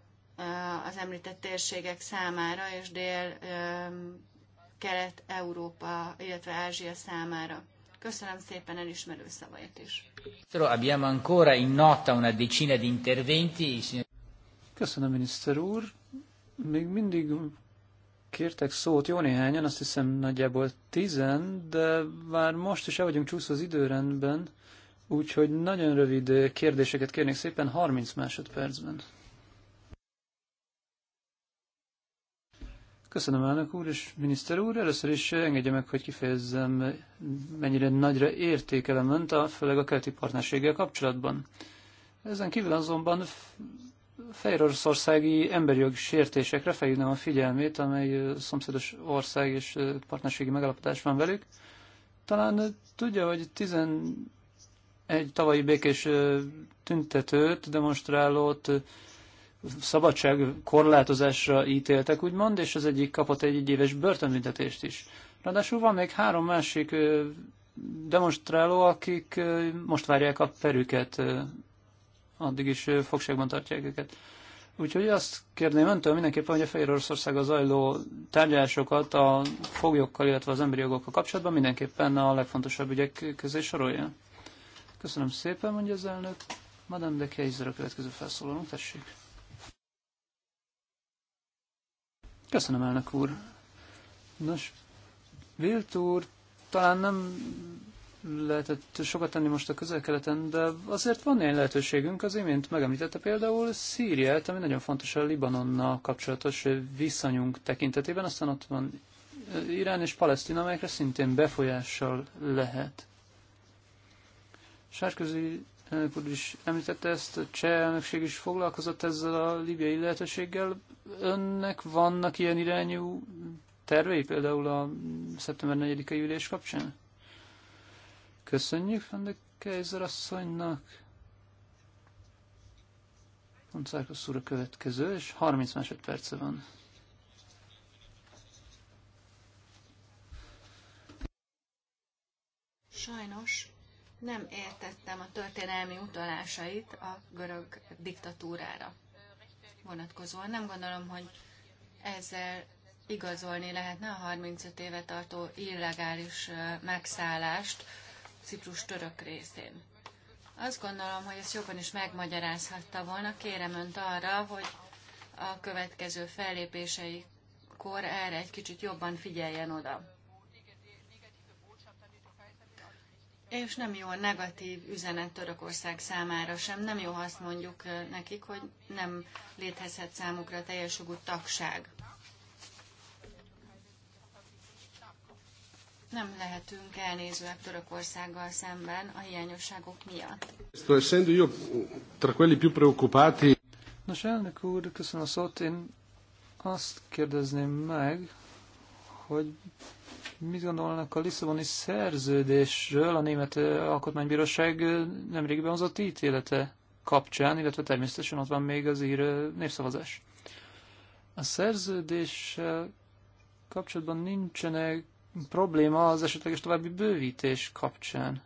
az említett térségek számára, és dél-kelet-európa, illetve Ázsia számára. Köszönöm szépen elismerő szavait is. Abbiamo ancora in nota una decina di interventi. Köszönöm, miniszter úr. Még mindig kértek szót jó néhányan, azt hiszem nagyjából tizen, de már most is el vagyunk csúszva az időrendben, úgyhogy nagyon rövid kérdéseket kérnék szépen 30 másodpercben. Köszönöm elnök úr és miniszter úr. Először is engedje meg, hogy kifejezzem, mennyire nagyra értékelem önt, a, főleg a keleti partnerséggel kapcsolatban. Ezen kívül azonban Fejrországi emberi jogi sértésekre felhívnám a figyelmét, amely szomszédos ország és partnerségi megalapodás van velük. Talán tudja, hogy 11 tavalyi békés tüntetőt, demonstrálót szabadság korlátozásra ítéltek, úgymond, és az egyik kapott egy egyéves börtönbüntetést is. Ráadásul van még három másik demonstráló, akik most várják a perüket, addig is fogságban tartják őket. Úgyhogy azt kérném öntől mindenképpen, hogy a Fehér az zajló tárgyalásokat a foglyokkal, illetve az emberi jogokkal kapcsolatban mindenképpen a legfontosabb ügyek közé sorolja. Köszönöm szépen, mondja az elnök. Madame de Keizer a következő felszólalunk, tessék. Köszönöm, elnök úr. Nos, Vilt úr talán nem lehetett sokat tenni most a közel-keleten, de azért van ilyen lehetőségünk. Az imént megemlítette például Szíriát, ami nagyon fontos a Libanonnal kapcsolatos viszonyunk tekintetében. Aztán ott van Irán és Palesztina, amelyekre szintén befolyással lehet. Sárközi elnök úr is említette ezt, a cseh elnökség is foglalkozott ezzel a libiai lehetőséggel. Önnek vannak ilyen irányú tervei, például a szeptember 4-i ülés kapcsán? Köszönjük Van de Kejzer asszonynak. Pontszárkosz úr a következő, és 30 másodperce van. Sajnos nem értettem a történelmi utalásait a görög diktatúrára vonatkozóan. Nem gondolom, hogy ezzel igazolni lehetne a 35 éve tartó illegális megszállást Ciprus török részén. Azt gondolom, hogy ezt jobban is megmagyarázhatta volna. Kérem Önt arra, hogy a következő fellépéseikor erre egy kicsit jobban figyeljen oda. és nem jó a negatív üzenet Törökország számára sem. Nem jó, azt mondjuk nekik, hogy nem létezhet számukra teljes jogú tagság. Nem lehetünk elnézőek Törökországgal szemben a hiányosságok miatt. E Nos, elnök úr, köszönöm a szót. Én azt kérdezném meg, hogy mit gondolnak a Lisszaboni szerződésről a Német Alkotmánybíróság nemrégiben behozott ítélete kapcsán, illetve természetesen ott van még az ír népszavazás. A szerződés kapcsolatban nincsenek probléma az esetleges további bővítés kapcsán.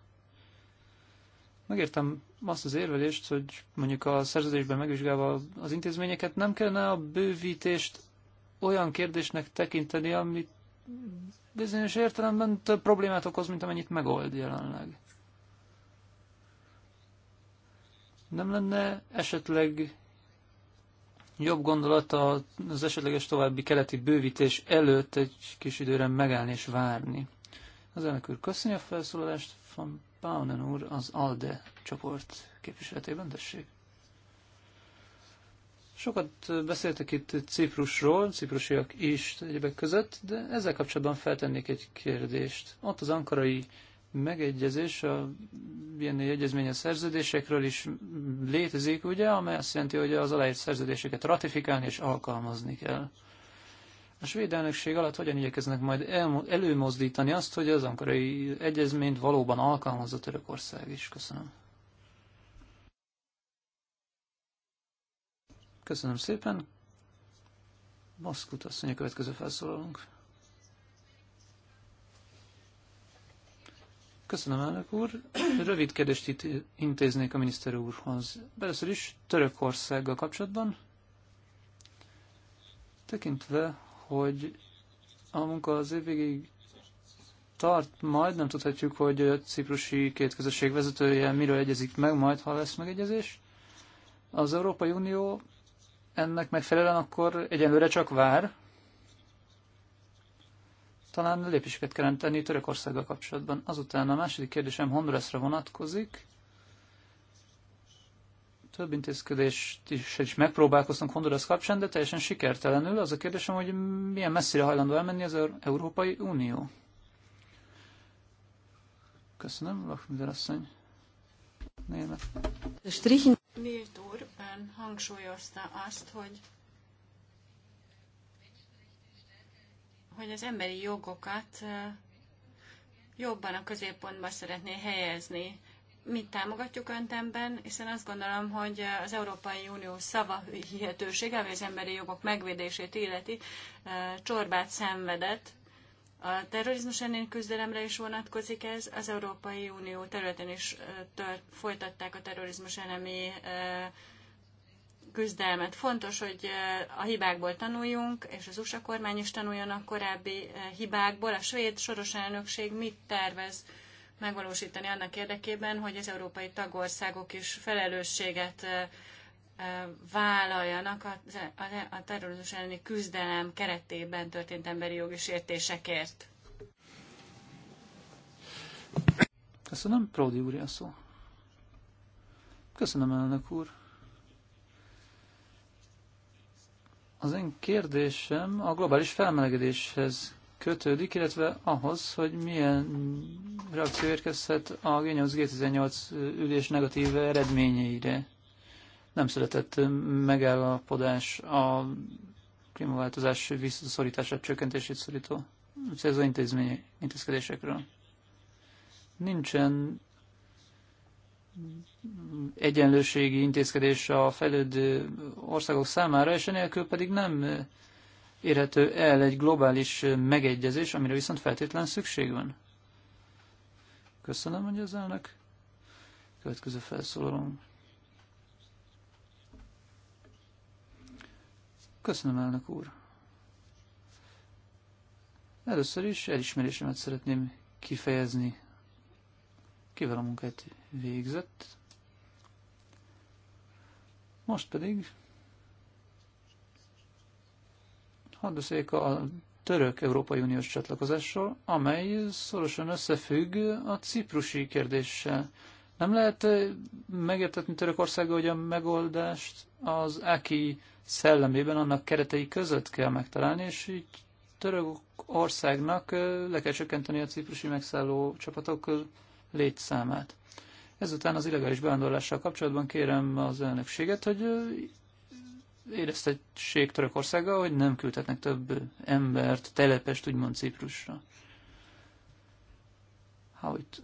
Megértem azt az érvelést, hogy mondjuk a szerződésben megvizsgálva az intézményeket nem kellene a bővítést olyan kérdésnek tekinteni, amit bizonyos értelemben több problémát okoz, mint amennyit megold jelenleg. Nem lenne esetleg jobb gondolat az esetleges további keleti bővítés előtt egy kis időre megállni és várni. Az elnök úr köszönje a felszólalást, van Paunen úr az ALDE csoport képviseletében, tessék. Sokat beszéltek itt Ciprusról, ciprusiak is egyebek között, de ezzel kapcsolatban feltennék egy kérdést. Ott az ankarai megegyezés, a ilyen egyezmény a szerződésekről is létezik, ugye, amely azt jelenti, hogy az aláírt szerződéseket ratifikálni és alkalmazni kell. A svéd elnökség alatt hogyan igyekeznek majd előmozdítani azt, hogy az ankarai egyezményt valóban alkalmazza Törökország is? Köszönöm. Köszönöm szépen. Maszkut azt mondja, következő felszólalunk. Köszönöm, elnök úr. Rövid kérdést itt intéznék a miniszter úrhoz. Először is Törökországgal kapcsolatban, tekintve, hogy a munka az év végéig tart, majd nem tudhatjuk, hogy a ciprusi két közösség vezetője miről egyezik meg, majd ha lesz megegyezés. Az Európai Unió ennek megfelelően akkor egyenlőre csak vár. Talán lépéseket kell tenni Törökországgal kapcsolatban. Azután a második kérdésem Hondurasra vonatkozik. Több intézkedést is, is megpróbálkoztunk Honduras kapcsán, de teljesen sikertelenül. Az a kérdésem, hogy milyen messzire hajlandó elmenni az Európai Unió. Köszönöm, Lachmider asszony. Német miért úr ön hangsúlyozta azt, hogy hogy az emberi jogokat jobban a középpontba szeretné helyezni. Mit támogatjuk önt ebben, hiszen azt gondolom, hogy az Európai Unió szava hihetősége, ami az emberi jogok megvédését illeti, csorbát szenvedett, a terrorizmus elleni küzdelemre is vonatkozik ez. Az Európai Unió területén is tört, folytatták a terrorizmus elleni küzdelmet. Fontos, hogy a hibákból tanuljunk, és az USA kormány is tanuljon a korábbi hibákból. A svéd soros elnökség mit tervez megvalósítani annak érdekében, hogy az európai tagországok is felelősséget vállaljanak a, a, a terrorizmus elleni küzdelem keretében történt emberi jogi sértésekért. Köszönöm, Pródi úr, szó. Köszönöm, elnök úr. Az én kérdésem a globális felmelegedéshez kötődik, illetve ahhoz, hogy milyen reakció érkezhet a G8-G18 ülés negatív eredményeire nem született megállapodás a klímaváltozás visszaszorítását, csökkentését szorító célzó intézmény, intézkedésekről. Nincsen egyenlőségi intézkedés a fejlődő országok számára, és enélkül pedig nem érhető el egy globális megegyezés, amire viszont feltétlen szükség van. Köszönöm, hogy az elnök. Következő felszólalom. Köszönöm, elnök úr. Először is elismerésemet szeretném kifejezni, kivel a munkát végzett. Most pedig hadd beszéljük a török Európai Uniós csatlakozásról, amely szorosan összefügg a ciprusi kérdéssel. Nem lehet megértetni Törökországa, hogy a megoldást az AKI szellemében annak keretei között kell megtalálni, és így Törökországnak le kell csökkenteni a ciprusi megszálló csapatok létszámát. Ezután az illegális bevándorlással kapcsolatban kérem az elnökséget, hogy éreztetség Törökországa, hogy nem küldhetnek több embert, telepest, úgymond Ciprusra. itt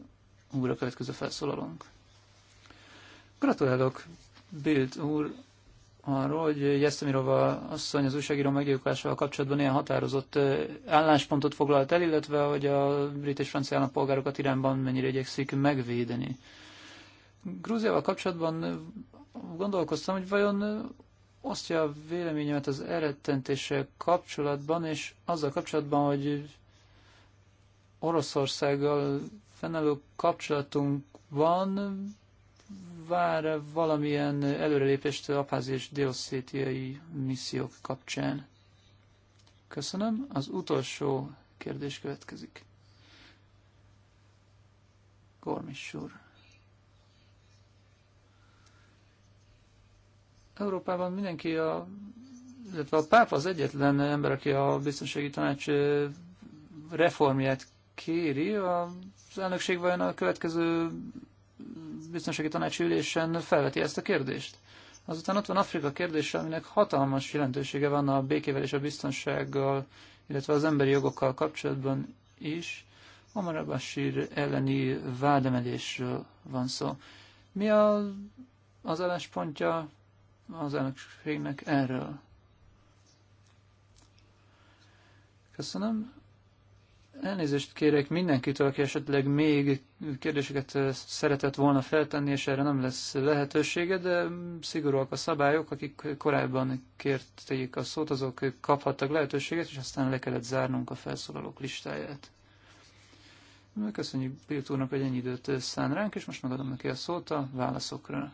újra a következő felszólalónk. Gratulálok, Bild úr, arról, hogy Jesztemirova asszony az újságíró meggyilkolásával kapcsolatban ilyen határozott álláspontot foglalt el, illetve hogy a brit és francia állampolgárokat Iránban mennyire igyekszik megvédeni. Grúziával kapcsolatban gondolkoztam, hogy vajon osztja a véleményemet az elrettentéssel kapcsolatban, és azzal kapcsolatban, hogy Oroszországgal fennálló kapcsolatunk van, vár -e valamilyen előrelépést apázi és Dioszétiai missziók kapcsán? Köszönöm. Az utolsó kérdés következik. Gormis úr. Európában mindenki a illetve a pápa az egyetlen ember, aki a biztonsági tanács reformját kéri, az elnökség vajon a következő biztonsági tanácsülésen felveti ezt a kérdést. Azután ott van Afrika kérdése, aminek hatalmas jelentősége van a békével és a biztonsággal, illetve az emberi jogokkal kapcsolatban is. Omar Abashir elleni vádemelésről van szó. Mi a, az álláspontja az elnökségnek erről? Köszönöm. Elnézést kérek mindenkitől, aki esetleg még kérdéseket szeretett volna feltenni, és erre nem lesz lehetősége, de szigorúak a szabályok, akik korábban kérték a szót, azok kaphattak lehetőséget, és aztán le kellett zárnunk a felszólalók listáját. Köszönjük Pilt úrnak, hogy ennyi időt szán ránk, és most megadom neki a szót a válaszokra.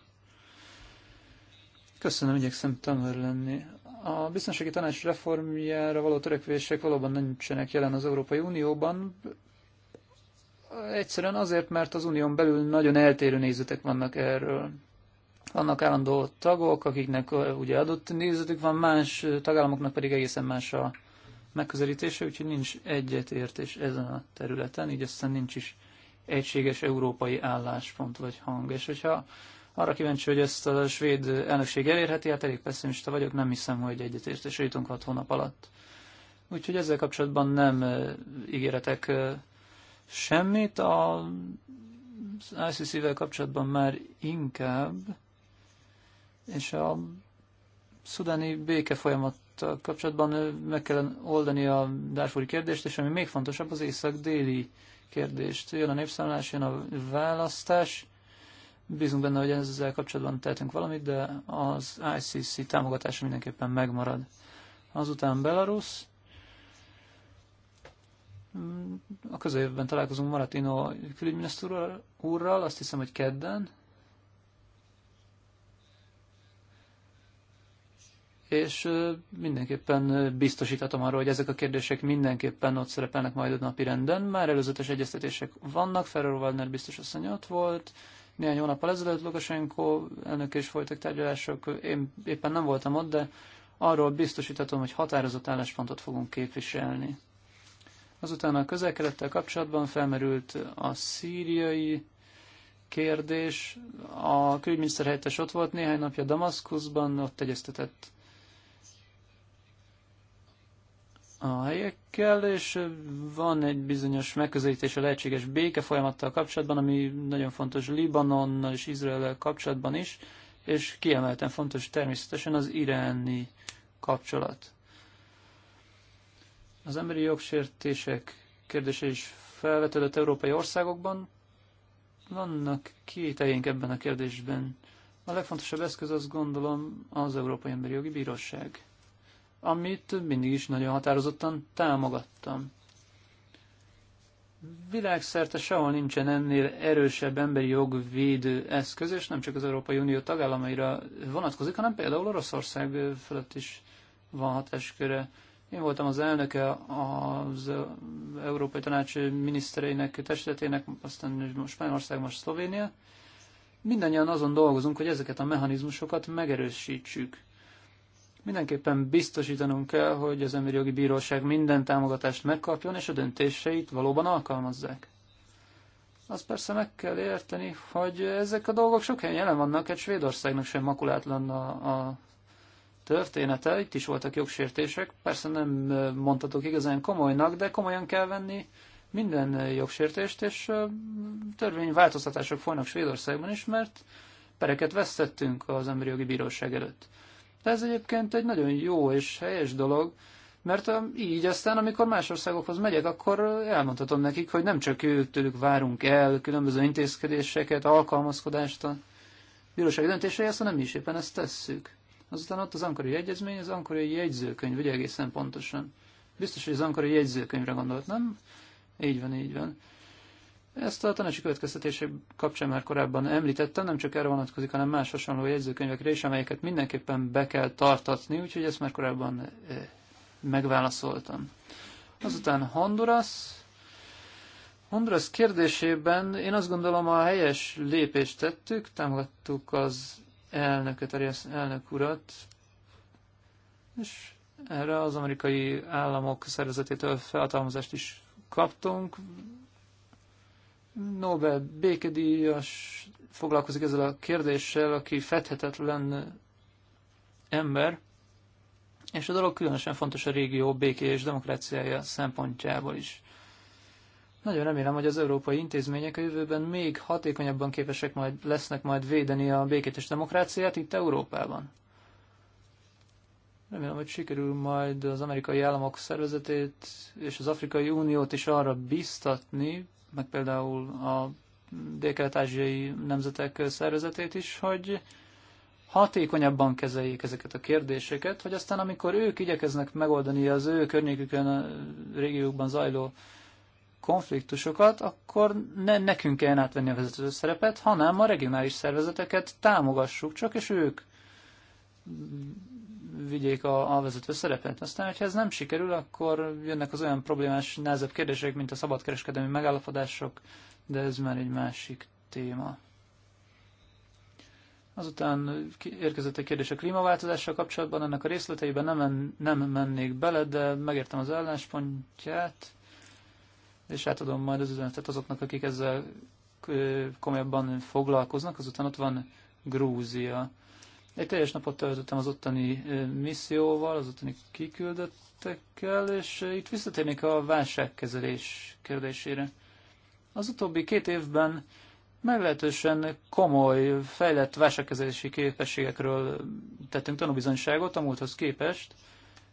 Köszönöm, igyekszem tanulni lenni a biztonsági tanács reformjára való törekvések valóban nincsenek jelen az Európai Unióban, egyszerűen azért, mert az unión belül nagyon eltérő nézetek vannak erről. Vannak állandó tagok, akiknek ugye adott nézetük van, más tagállamoknak pedig egészen más a megközelítése, úgyhogy nincs egyetértés ezen a területen, így aztán nincs is egységes európai álláspont vagy hang. És hogyha arra kíváncsi, hogy ezt a svéd elnökség elérheti, hát elég pessimista vagyok, nem hiszem, hogy egyetértésre jutunk hat hónap alatt. Úgyhogy ezzel kapcsolatban nem ígéretek semmit, a ICC-vel kapcsolatban már inkább, és a szudáni béke folyamattal kapcsolatban meg kell oldani a Darfuri kérdést, és ami még fontosabb, az észak-déli kérdést. Jön a népszámlás, jön a választás, Bízunk benne, hogy ezzel kapcsolatban tehetünk valamit, de az ICC támogatása mindenképpen megmarad. Azután Belarus. A közeljövőben találkozunk Maratino külügyminiszter úrral, azt hiszem, hogy kedden. És mindenképpen biztosítatom arról, hogy ezek a kérdések mindenképpen ott szerepelnek majd a napi renden. Már előzetes egyeztetések vannak, Ferrer Waldner biztos asszony ott volt, néhány hónappal ezelőtt Lukasenko elnök és folytak tárgyalások, én éppen nem voltam ott, de arról biztosítatom, hogy határozott álláspontot fogunk képviselni. Azután a közelkelettel kapcsolatban felmerült a szíriai kérdés. A külügyminiszter helyettes ott volt néhány napja Damaszkuszban, ott egyeztetett a helyekkel, és van egy bizonyos megközelítés a lehetséges béke folyamattal kapcsolatban, ami nagyon fontos Libanonnal és izrael kapcsolatban is, és kiemelten fontos természetesen az iráni kapcsolat. Az emberi jogsértések kérdése is felvetődött európai országokban. Vannak kételjénk ebben a kérdésben. A legfontosabb eszköz azt gondolom az Európai Emberi Jogi Bíróság amit mindig is nagyon határozottan támogattam. Világszerte sehol nincsen ennél erősebb emberi jogvédő eszköz, és nem csak az Európai Unió tagállamaira vonatkozik, hanem például Oroszország fölött is van hatásköre. Én voltam az elnöke az Európai Tanács minisztereinek testületének, aztán most Spanyolország, most Szlovénia. Mindannyian azon dolgozunk, hogy ezeket a mechanizmusokat megerősítsük. Mindenképpen biztosítanunk kell, hogy az Emberi Jogi Bíróság minden támogatást megkapjon, és a döntéseit valóban alkalmazzák. Azt persze meg kell érteni, hogy ezek a dolgok sok helyen jelen vannak, egy Svédországnak sem makulátlan a, a története, itt is voltak jogsértések, persze nem mondhatok igazán komolynak, de komolyan kell venni minden jogsértést, és törvényváltoztatások folynak Svédországban is, mert pereket vesztettünk az Emberi Jogi Bíróság előtt. De ez egyébként egy nagyon jó és helyes dolog, mert um, így aztán, amikor más országokhoz megyek, akkor uh, elmondhatom nekik, hogy nem csak őktőlük várunk el különböző intézkedéseket, alkalmazkodást a bírósági döntésre, ezt nem is éppen ezt tesszük. Azután ott az ankari egyezmény, az ankari jegyzőkönyv, ugye egészen pontosan. Biztos, hogy az ankari jegyzőkönyvre gondolt, nem? Így van, így van. Ezt a tanácsi következtetések kapcsán már korábban említettem, nem csak erre vonatkozik, hanem más hasonló jegyzőkönyvekre is, amelyeket mindenképpen be kell tartatni, úgyhogy ezt már korábban e, megválaszoltam. Azután Honduras. Honduras kérdésében én azt gondolom a helyes lépést tettük, támogattuk az az elnök urat, és erre az amerikai államok szervezetétől felhatalmazást is kaptunk, Nobel békedíjas foglalkozik ezzel a kérdéssel, aki fedhetetlen ember, és a dolog különösen fontos a régió béké és demokráciája szempontjából is. Nagyon remélem, hogy az európai intézmények a jövőben még hatékonyabban képesek majd, lesznek majd védeni a békét és demokráciát itt Európában. Remélem, hogy sikerül majd az amerikai államok szervezetét és az Afrikai Uniót is arra biztatni, meg például a dél-kelet-ázsiai nemzetek szervezetét is, hogy hatékonyabban kezeljék ezeket a kérdéseket, hogy aztán amikor ők igyekeznek megoldani az ő környékükön, a régiókban zajló konfliktusokat, akkor ne nekünk kell átvenni a vezető szerepet, hanem a regionális szervezeteket támogassuk csak, és ők vigyék a, a vezető szerepet. Aztán, hogyha ez nem sikerül, akkor jönnek az olyan problémás, nehezebb kérdések, mint a szabadkereskedelmi megállapodások, de ez már egy másik téma. Azután érkezett egy kérdés a klímaváltozással kapcsolatban, ennek a részleteiben nem, men, nem mennék bele, de megértem az álláspontját, és átadom majd az üzenetet azoknak, akik ezzel komolyabban foglalkoznak. Azután ott van Grúzia. Egy teljes napot töltöttem az ottani misszióval, az ottani kiküldöttekkel, és itt visszatérnék a válságkezelés kérdésére. Az utóbbi két évben meglehetősen komoly, fejlett válságkezelési képességekről tettünk tanúbizonyságot a múlthoz képest.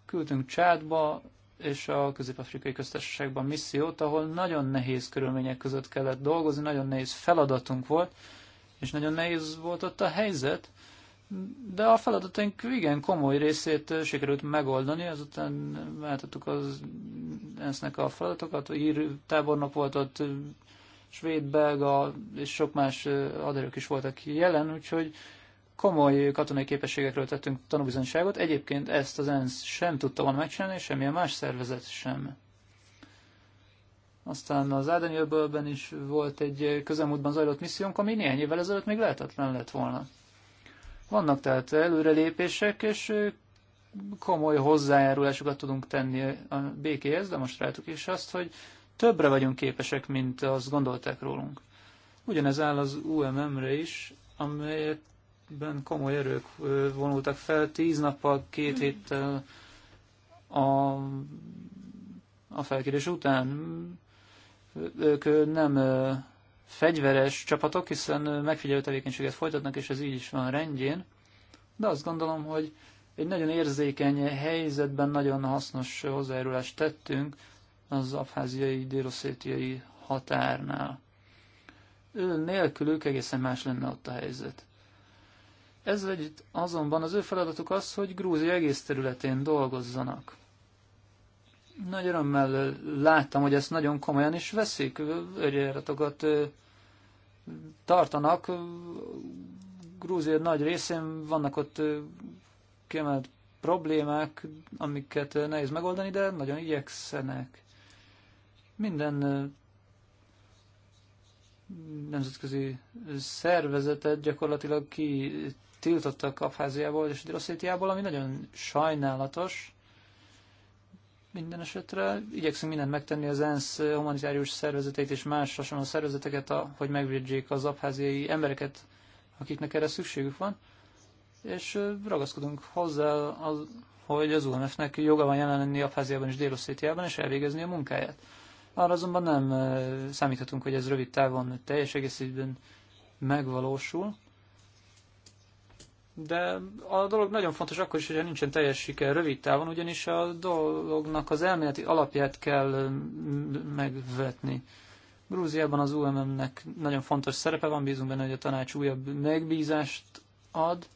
Küldtünk Csádba és a Közép-Afrikai Köztársaságban missziót, ahol nagyon nehéz körülmények között kellett dolgozni, nagyon nehéz feladatunk volt, és nagyon nehéz volt ott a helyzet, de a feladatunk igen komoly részét sikerült megoldani, azután mehetettük az ensz a feladatokat, ír tábornok volt ott, svéd, belga és sok más aderők is voltak jelen, úgyhogy komoly katonai képességekről tettünk tanúbizonyságot. Egyébként ezt az ENSZ sem tudta volna megcsinálni, semmilyen más szervezet sem. Aztán az Ádenjöbölben is volt egy közelmúltban zajlott missziónk, ami néhány évvel ezelőtt még lehetetlen lett volna. Vannak tehát előrelépések, és komoly hozzájárulásokat tudunk tenni a békéhez, demonstráltuk is azt, hogy többre vagyunk képesek, mint azt gondolták rólunk. Ugyanez áll az UMM-re is, amelyben komoly erők vonultak fel tíz nappal, két héttel a, a felkérés után. Ők nem fegyveres csapatok, hiszen megfigyelő tevékenységet folytatnak, és ez így is van rendjén. De azt gondolom, hogy egy nagyon érzékeny helyzetben nagyon hasznos hozzájárulást tettünk az abháziai, déloszétiai határnál. Ő nélkülük egészen más lenne ott a helyzet. Ez egy azonban az ő feladatuk az, hogy Grúzia egész területén dolgozzanak nagy örömmel láttam, hogy ezt nagyon komolyan is veszik, örjáratokat tartanak. Grúzia nagy részén vannak ott kiemelt problémák, amiket nehéz megoldani, de nagyon igyekszenek. Minden nemzetközi szervezetet gyakorlatilag ki tiltottak Abháziából és Drosszétiából, ami nagyon sajnálatos minden esetre. Igyekszünk mindent megtenni az ENSZ humanitárius szervezeteit és más hasonló szervezeteket, hogy megvédjék az abháziai embereket, akiknek erre szükségük van. És ragaszkodunk hozzá, az, hogy az umf nek joga van jelen lenni Abháziában és Délosszétiában, és elvégezni a munkáját. Arra azonban nem számíthatunk, hogy ez rövid távon teljes egészében megvalósul. De a dolog nagyon fontos akkor is, hogyha nincsen teljes siker rövid távon, ugyanis a dolognak az elméleti alapját kell mm, megvetni. Grúziában az UMM-nek nagyon fontos szerepe van, bízunk benne, hogy a tanács újabb megbízást ad,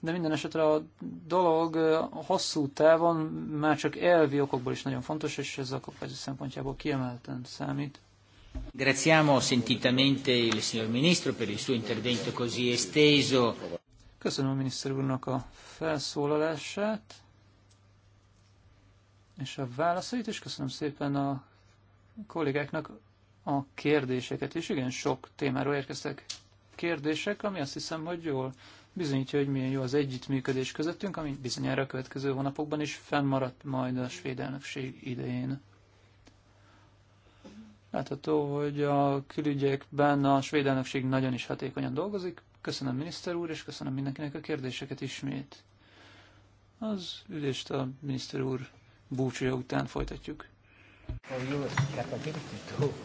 de minden esetre a dolog hosszú távon már csak elvi okokból is nagyon fontos, és ez a kapcsolat szempontjából kiemelten számít. Graziamo sentitamente il signor Ministro per il suo intervento così esteso. Köszönöm a miniszter úrnak a felszólalását és a válaszait, és köszönöm szépen a kollégáknak a kérdéseket is. Igen, sok témáról érkeztek kérdések, ami azt hiszem, hogy jól bizonyítja, hogy milyen jó az együttműködés közöttünk, ami bizonyára a következő hónapokban is fennmaradt majd a svéd elnökség idején. Látható, hogy a külügyekben a svéd elnökség nagyon is hatékonyan dolgozik, Köszönöm miniszter úr, és köszönöm mindenkinek a kérdéseket ismét. Az ülést a miniszter úr búcsúja után folytatjuk. For capability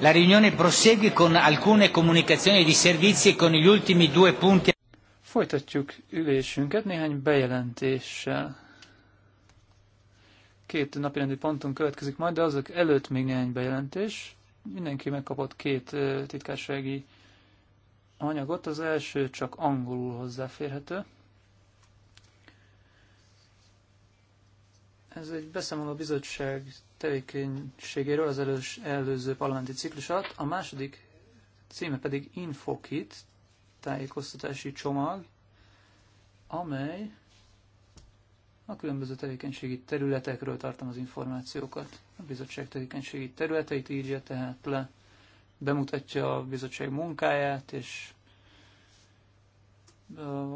La riunione prosegue con alcune comunicazioni di servizi con gli ultimi due punti. Folytatjuk ülésünket néhány bejelentéssel. Két napirendi ponton következik majd, de azok előtt még néhány bejelentés. Mindenki megkapott két titkársági anyagot, az első csak angolul hozzáférhető. Ez egy beszámoló bizottság tevékenységéről az elős, előző parlamenti alatt, a második címe pedig Infokit, tájékoztatási csomag, amely a különböző tevékenységi területekről tartom az információkat. A bizottság tevékenységi területeit írja tehát le, bemutatja a bizottság munkáját, és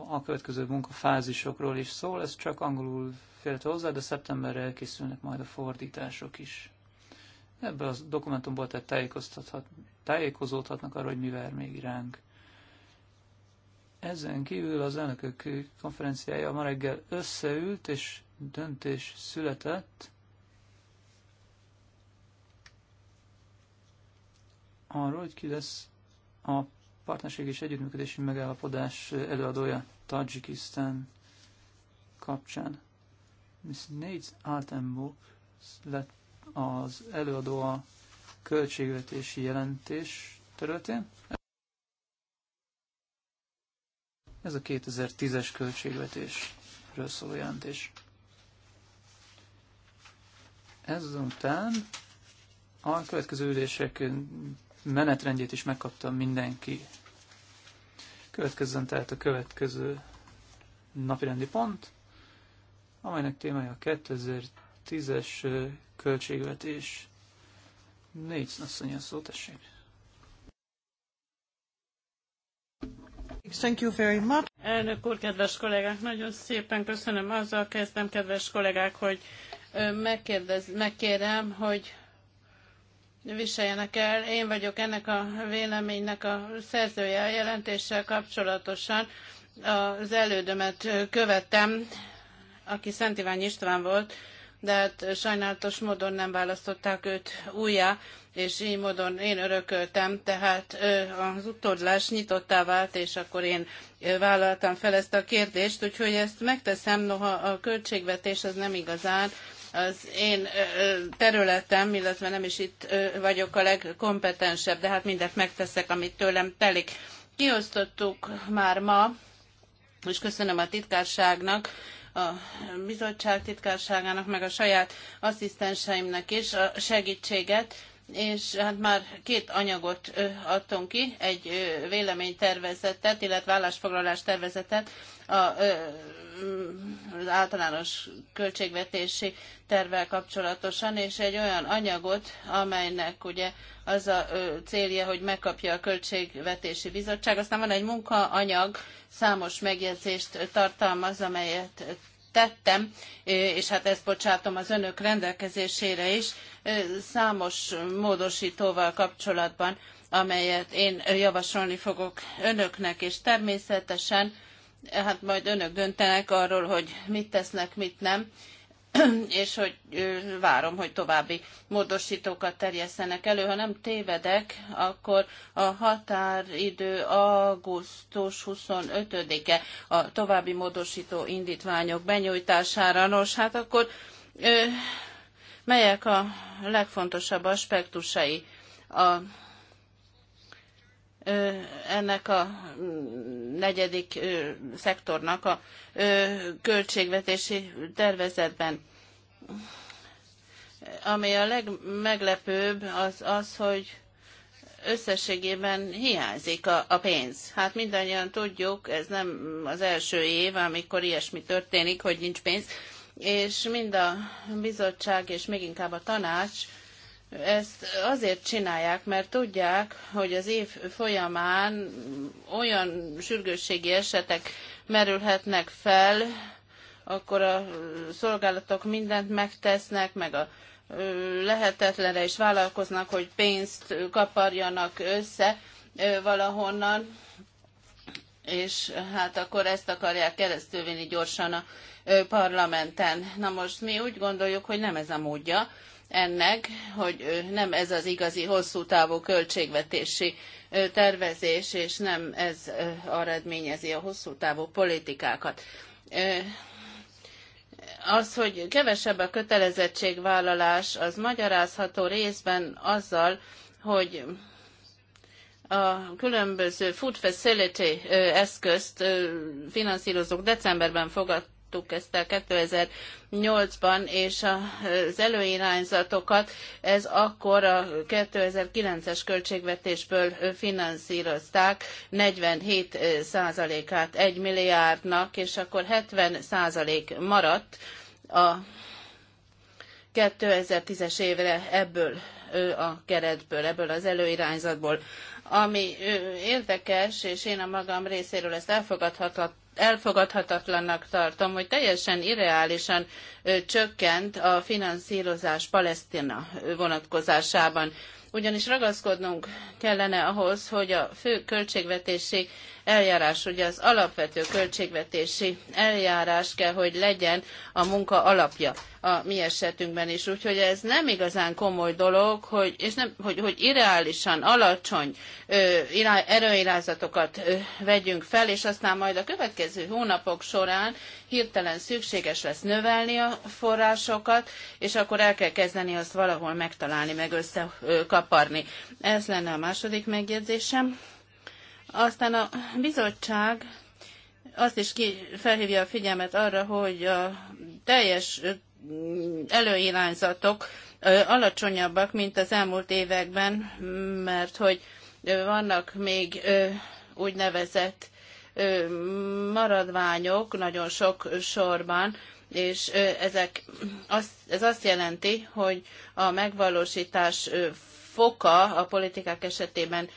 a következő munkafázisokról is szól, ez csak angolul félte hozzá, de szeptemberre elkészülnek majd a fordítások is. Ebből a dokumentumból tehát tájékozódhatnak arra, hogy mi vár még ránk. Ezen kívül az elnökök konferenciája ma reggel összeült, és döntés született arról, hogy ki lesz a partnerség és együttműködési megállapodás előadója Tajikisztán kapcsán. Miss Nate Altenbuk lett az előadó a költségvetési jelentés területén. Ez a 2010-es költségvetésről szóló jelentés. Ezután a következő ülések menetrendjét is megkapta mindenki. Következzen tehát a következő napirendi pont, amelynek témája a 2010-es költségvetés. Négy asszony a szó, tessék. Thank you very much. Elnök úr, kedves kollégák, nagyon szépen köszönöm. Azzal kezdem, kedves kollégák, hogy megkérdez, megkérem, hogy viseljenek el. Én vagyok ennek a véleménynek a szerzője a jelentéssel kapcsolatosan. Az elődömet követtem, aki Szent Ivány István volt, de hát sajnálatos módon nem választották őt újjá, és így módon én örököltem, tehát az utódlás nyitottá vált, és akkor én vállaltam fel ezt a kérdést, úgyhogy ezt megteszem, noha a költségvetés az nem igazán az én területem, illetve nem is itt vagyok a legkompetensebb, de hát mindent megteszek, amit tőlem telik. Kiosztottuk már ma, és köszönöm a titkárságnak, a bizottság titkárságának, meg a saját asszisztenseimnek is a segítséget, és hát már két anyagot adtunk ki, egy véleménytervezetet, illetve állásfoglalás tervezetet a, mm, az általános költségvetési tervvel kapcsolatosan, és egy olyan anyagot, amelynek ugye az a célja, hogy megkapja a Költségvetési Bizottság. Aztán van egy munkaanyag, számos megjegyzést tartalmaz, amelyet tettem, és hát ezt bocsátom az önök rendelkezésére is, számos módosítóval kapcsolatban, amelyet én javasolni fogok önöknek, és természetesen hát majd önök döntenek arról, hogy mit tesznek, mit nem és hogy várom, hogy további módosítókat terjesztenek elő. Ha nem tévedek, akkor a határidő augusztus 25-e a további módosító indítványok benyújtására. Nos, hát akkor melyek a legfontosabb aspektusai a ennek a negyedik szektornak a költségvetési tervezetben. Ami a legmeglepőbb az az, hogy összességében hiányzik a, a pénz. Hát mindannyian tudjuk, ez nem az első év, amikor ilyesmi történik, hogy nincs pénz, és mind a bizottság és még inkább a tanács ezt azért csinálják, mert tudják, hogy az év folyamán olyan sürgősségi esetek merülhetnek fel, akkor a szolgálatok mindent megtesznek, meg a lehetetlenre is vállalkoznak, hogy pénzt kaparjanak össze valahonnan, és hát akkor ezt akarják keresztülvinni gyorsan a parlamenten. Na most mi úgy gondoljuk, hogy nem ez a módja ennek, hogy nem ez az igazi hosszú távú költségvetési tervezés, és nem ez eredményezi a hosszú távú politikákat. Az, hogy kevesebb a kötelezettségvállalás, az magyarázható részben azzal, hogy a különböző food facility eszközt finanszírozók decemberben fogadták fogadtuk ezt el 2008-ban, és az előirányzatokat ez akkor a 2009-es költségvetésből finanszírozták 47 százalékát 1 milliárdnak, és akkor 70 százalék maradt a 2010-es évre ebből a keretből, ebből az előirányzatból. Ami érdekes, és én a magam részéről ezt elfogadhatat, elfogadhatatlannak tartom, hogy teljesen irreálisan csökkent a finanszírozás Palesztina vonatkozásában ugyanis ragaszkodnunk kellene ahhoz, hogy a fő költségvetési eljárás, ugye az alapvető költségvetési eljárás kell, hogy legyen a munka alapja a mi esetünkben is. Úgyhogy ez nem igazán komoly dolog, hogy, és nem, hogy, hogy irreálisan, alacsony ö, irá, erőirázatokat ö, vegyünk fel, és aztán majd a következő hónapok során hirtelen szükséges lesz növelni a forrásokat, és akkor el kell kezdeni azt valahol megtalálni, meg összekaparni. Ez lenne a második megjegyzésem. Aztán a bizottság azt is ki felhívja a figyelmet arra, hogy a teljes előirányzatok alacsonyabbak, mint az elmúlt években, mert hogy vannak még úgynevezett maradványok nagyon sok sorban, és ezek, ez azt jelenti, hogy a megvalósítás foka a politikák esetében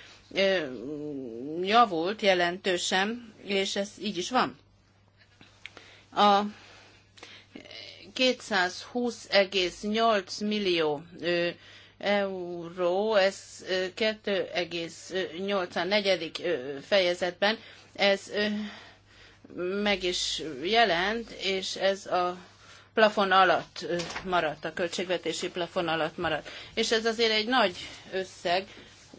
javult jelentősen, és ez így is van. A 220,8 millió euró, ez 2,8 a negyedik fejezetben, ez meg is jelent, és ez a plafon alatt maradt, a költségvetési plafon alatt maradt. És ez azért egy nagy összeg,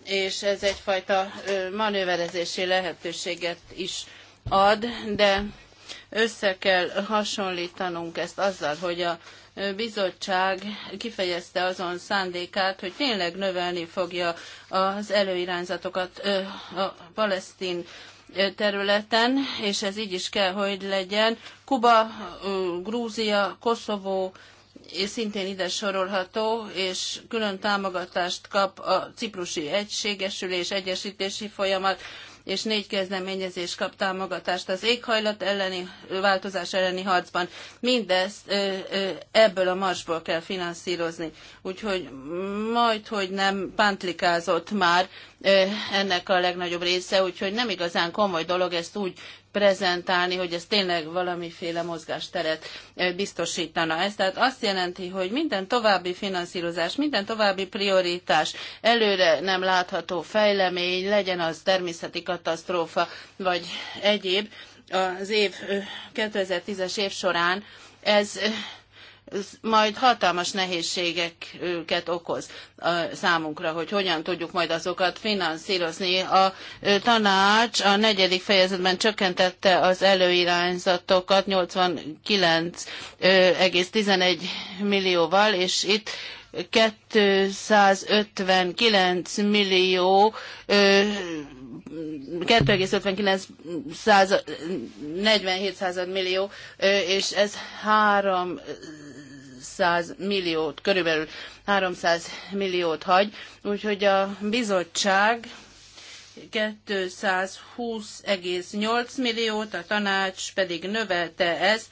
és ez egyfajta manőverezési lehetőséget is ad, de össze kell hasonlítanunk ezt azzal, hogy a bizottság kifejezte azon szándékát, hogy tényleg növelni fogja az előirányzatokat a palesztin területen, és ez így is kell, hogy legyen. Kuba, Grúzia, Koszovó, és szintén ide sorolható, és külön támogatást kap a ciprusi egységesülés, egyesítési folyamat, és négy kezdeményezés kap támogatást az éghajlat elleni, változás elleni harcban. Mindezt ebből a marsból kell finanszírozni. Úgyhogy majd, hogy nem pántlikázott már ennek a legnagyobb része, úgyhogy nem igazán komoly dolog ezt úgy prezentálni, hogy ez tényleg valamiféle mozgásteret biztosítana. Ez tehát azt jelenti, hogy minden további finanszírozás, minden további prioritás, előre nem látható fejlemény, legyen az természeti katasztrófa vagy egyéb, az év 2010-es év során ez majd hatalmas nehézségeket okoz számunkra, hogy hogyan tudjuk majd azokat finanszírozni. A tanács a negyedik fejezetben csökkentette az előirányzatokat 89,11 millióval, és itt 259 millió 2,59 47 millió, és ez 3 300 milliót, körülbelül 300 milliót hagy, úgyhogy a bizottság 220,8 milliót, a tanács pedig növelte ezt,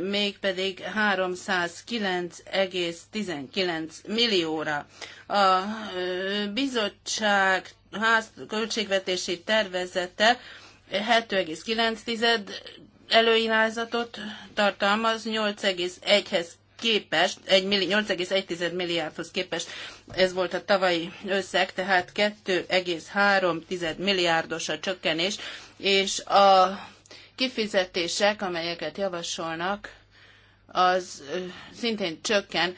mégpedig 309,19 millióra. A bizottság ház költségvetési tervezete 7,9 előirányzatot tartalmaz, 8,1-hez képest, 8,1 milliárdhoz képest ez volt a tavalyi összeg, tehát 2,3 milliárdos a csökkenés, és a kifizetések, amelyeket javasolnak, az szintén csökken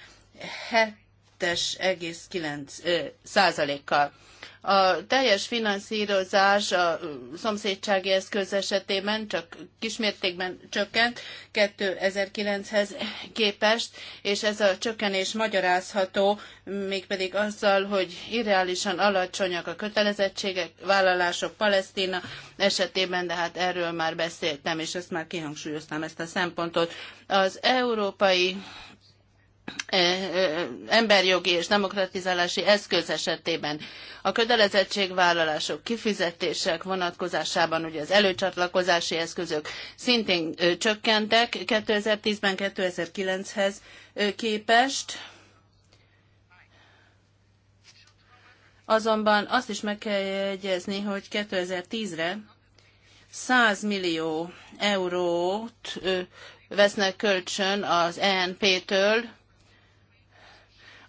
7,9 százalékkal. A teljes finanszírozás a szomszédsági eszköz esetében csak kismértékben csökkent 2009-hez képest, és ez a csökkenés magyarázható, mégpedig azzal, hogy irreálisan alacsonyak a kötelezettségek, vállalások Palesztina esetében, de hát erről már beszéltem, és ezt már kihangsúlyoztam ezt a szempontot. Az Európai emberjogi és demokratizálási eszköz esetében a kötelezettségvállalások kifizetések vonatkozásában ugye az előcsatlakozási eszközök szintén csökkentek 2010-ben 2009-hez képest. Azonban azt is meg kell jegyezni, hogy 2010-re 100 millió eurót vesznek kölcsön az ENP-től,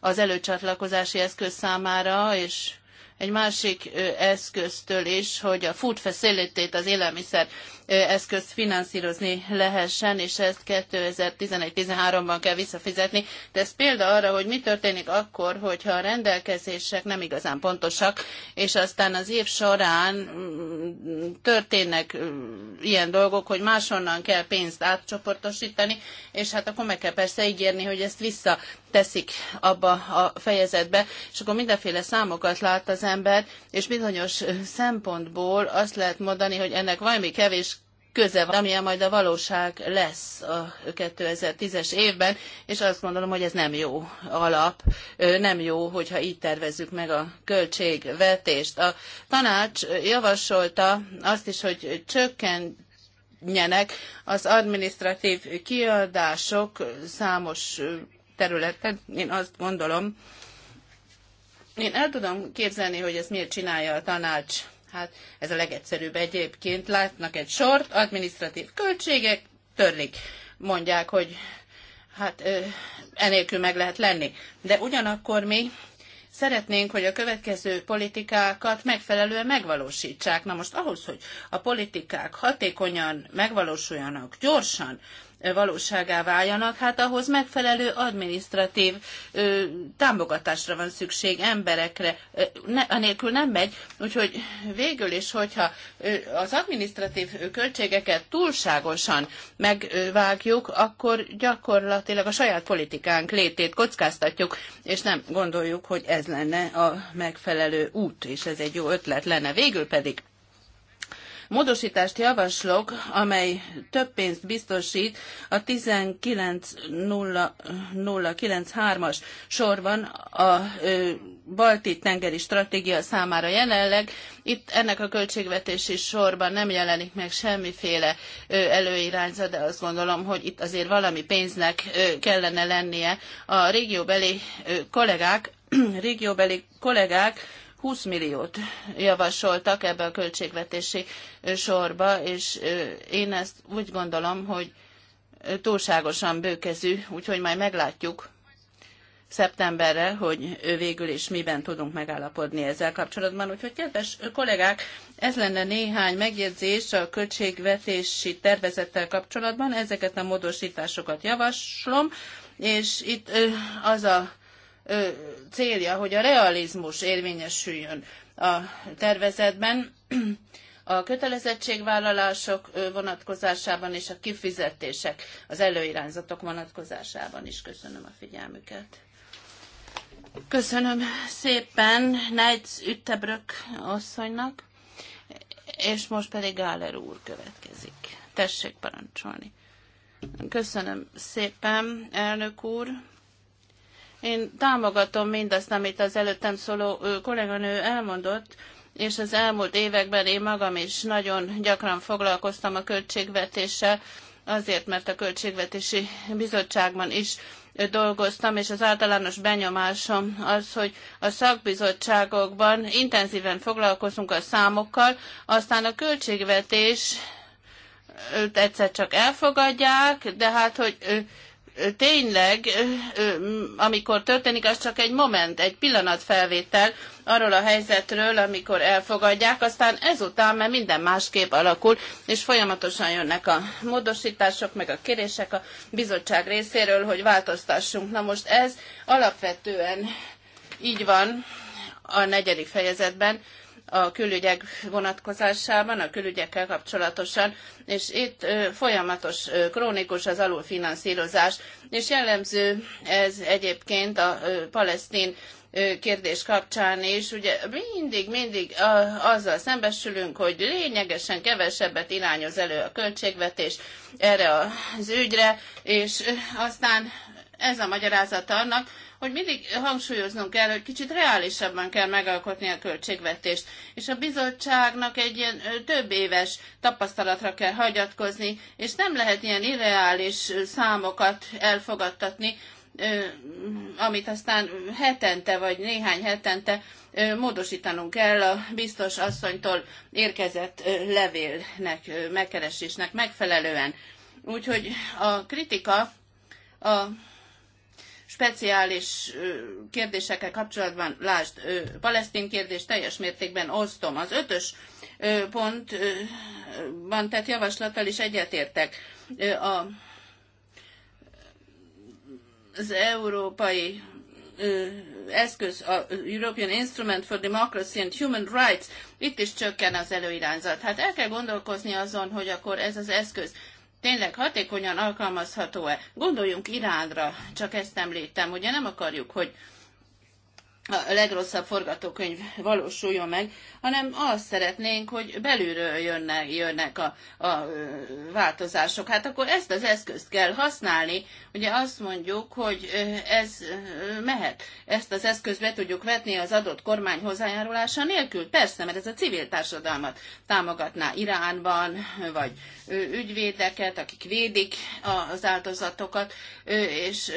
az előcsatlakozási eszköz számára, és egy másik eszköztől is, hogy a food facility az élelmiszer eszközt finanszírozni lehessen, és ezt 2011-13-ban kell visszafizetni. De ez példa arra, hogy mi történik akkor, hogyha a rendelkezések nem igazán pontosak, és aztán az év során mm, történnek ilyen dolgok, hogy máshonnan kell pénzt átcsoportosítani, és hát akkor meg kell persze ígérni, hogy ezt vissza teszik abba a fejezetbe, és akkor mindenféle számokat lát az ember, és bizonyos szempontból azt lehet mondani, hogy ennek valami kevés köze van, amilyen majd a valóság lesz a 2010-es évben, és azt gondolom, hogy ez nem jó alap, nem jó, hogyha így tervezzük meg a költségvetést. A tanács javasolta azt is, hogy csökkenjenek az administratív kiadások számos területen. Én azt gondolom, én el tudom képzelni, hogy ezt miért csinálja a tanács Hát ez a legegyszerűbb egyébként. Látnak egy sort, administratív költségek, törlik. Mondják, hogy hát enélkül meg lehet lenni. De ugyanakkor mi Szeretnénk, hogy a következő politikákat megfelelően megvalósítsák. Na most ahhoz, hogy a politikák hatékonyan megvalósuljanak, gyorsan, valóságá váljanak, hát ahhoz megfelelő adminisztratív ö, támogatásra van szükség emberekre. ne, anélkül nem megy, úgyhogy végül is, hogyha az adminisztratív költségeket túlságosan megvágjuk, akkor gyakorlatilag a saját politikánk létét kockáztatjuk, és nem gondoljuk, hogy ez lenne a megfelelő út, és ez egy jó ötlet lenne. Végül pedig módosítást javaslok, amely több pénzt biztosít a 19.0093-as sorban a balti tengeri stratégia számára jelenleg. Itt ennek a költségvetési sorban nem jelenik meg semmiféle előirányzat, de azt gondolom, hogy itt azért valami pénznek kellene lennie. A régióbeli kollégák, régióbeli kollégák 20 milliót javasoltak ebbe a költségvetési sorba, és én ezt úgy gondolom, hogy túlságosan bőkezű, úgyhogy majd meglátjuk szeptemberre, hogy végül is miben tudunk megállapodni ezzel kapcsolatban. Úgyhogy, kedves kollégák, ez lenne néhány megjegyzés a költségvetési tervezettel kapcsolatban. Ezeket a módosításokat javaslom, és itt az a célja, hogy a realizmus érvényesüljön a tervezetben, a kötelezettségvállalások vonatkozásában és a kifizetések az előirányzatok vonatkozásában is. Köszönöm a figyelmüket. Köszönöm szépen Nejc Üttebrök asszonynak, és most pedig Gáler úr következik. Tessék parancsolni. Köszönöm szépen, elnök úr. Én támogatom mindazt, amit az előttem szóló kolléganő elmondott, és az elmúlt években én magam is nagyon gyakran foglalkoztam a költségvetéssel, azért, mert a Költségvetési Bizottságban is dolgoztam, és az általános benyomásom az, hogy a szakbizottságokban intenzíven foglalkozunk a számokkal, aztán a költségvetés egyszer csak elfogadják, de hát, hogy tényleg, amikor történik, az csak egy moment, egy pillanat felvétel arról a helyzetről, amikor elfogadják, aztán ezután, mert minden másképp alakul, és folyamatosan jönnek a módosítások, meg a kérések a bizottság részéről, hogy változtassunk. Na most ez alapvetően így van a negyedik fejezetben, a külügyek vonatkozásában, a külügyekkel kapcsolatosan, és itt folyamatos, krónikus az alulfinanszírozás, és jellemző ez egyébként a palesztin kérdés kapcsán, és ugye mindig, mindig azzal szembesülünk, hogy lényegesen kevesebbet irányoz elő a költségvetés erre az ügyre, és aztán ez a magyarázat annak, hogy mindig hangsúlyoznunk kell, hogy kicsit reálisabban kell megalkotni a költségvetést, és a bizottságnak egy ilyen több éves tapasztalatra kell hagyatkozni, és nem lehet ilyen irreális számokat elfogadtatni, amit aztán hetente vagy néhány hetente módosítanunk kell a biztos asszonytól érkezett levélnek, megkeresésnek megfelelően. Úgyhogy a kritika a speciális kérdésekkel kapcsolatban, lásd, palesztin kérdés, teljes mértékben osztom. Az ötös pontban tett javaslattal is egyetértek. A, az európai eszköz, a European Instrument for Democracy and Human Rights, itt is csökken az előirányzat. Hát el kell gondolkozni azon, hogy akkor ez az eszköz tényleg hatékonyan alkalmazható-e? Gondoljunk Iránra, csak ezt említem, ugye nem akarjuk, hogy a legrosszabb forgatókönyv valósuljon meg, hanem azt szeretnénk, hogy belülről jönnek, jönnek a, a változások. Hát akkor ezt az eszközt kell használni. Ugye azt mondjuk, hogy ez mehet. Ezt az eszközt be tudjuk vetni az adott kormány hozzájárulása nélkül. Persze, mert ez a civil társadalmat támogatná Iránban, vagy ügyvédeket, akik védik az áldozatokat, és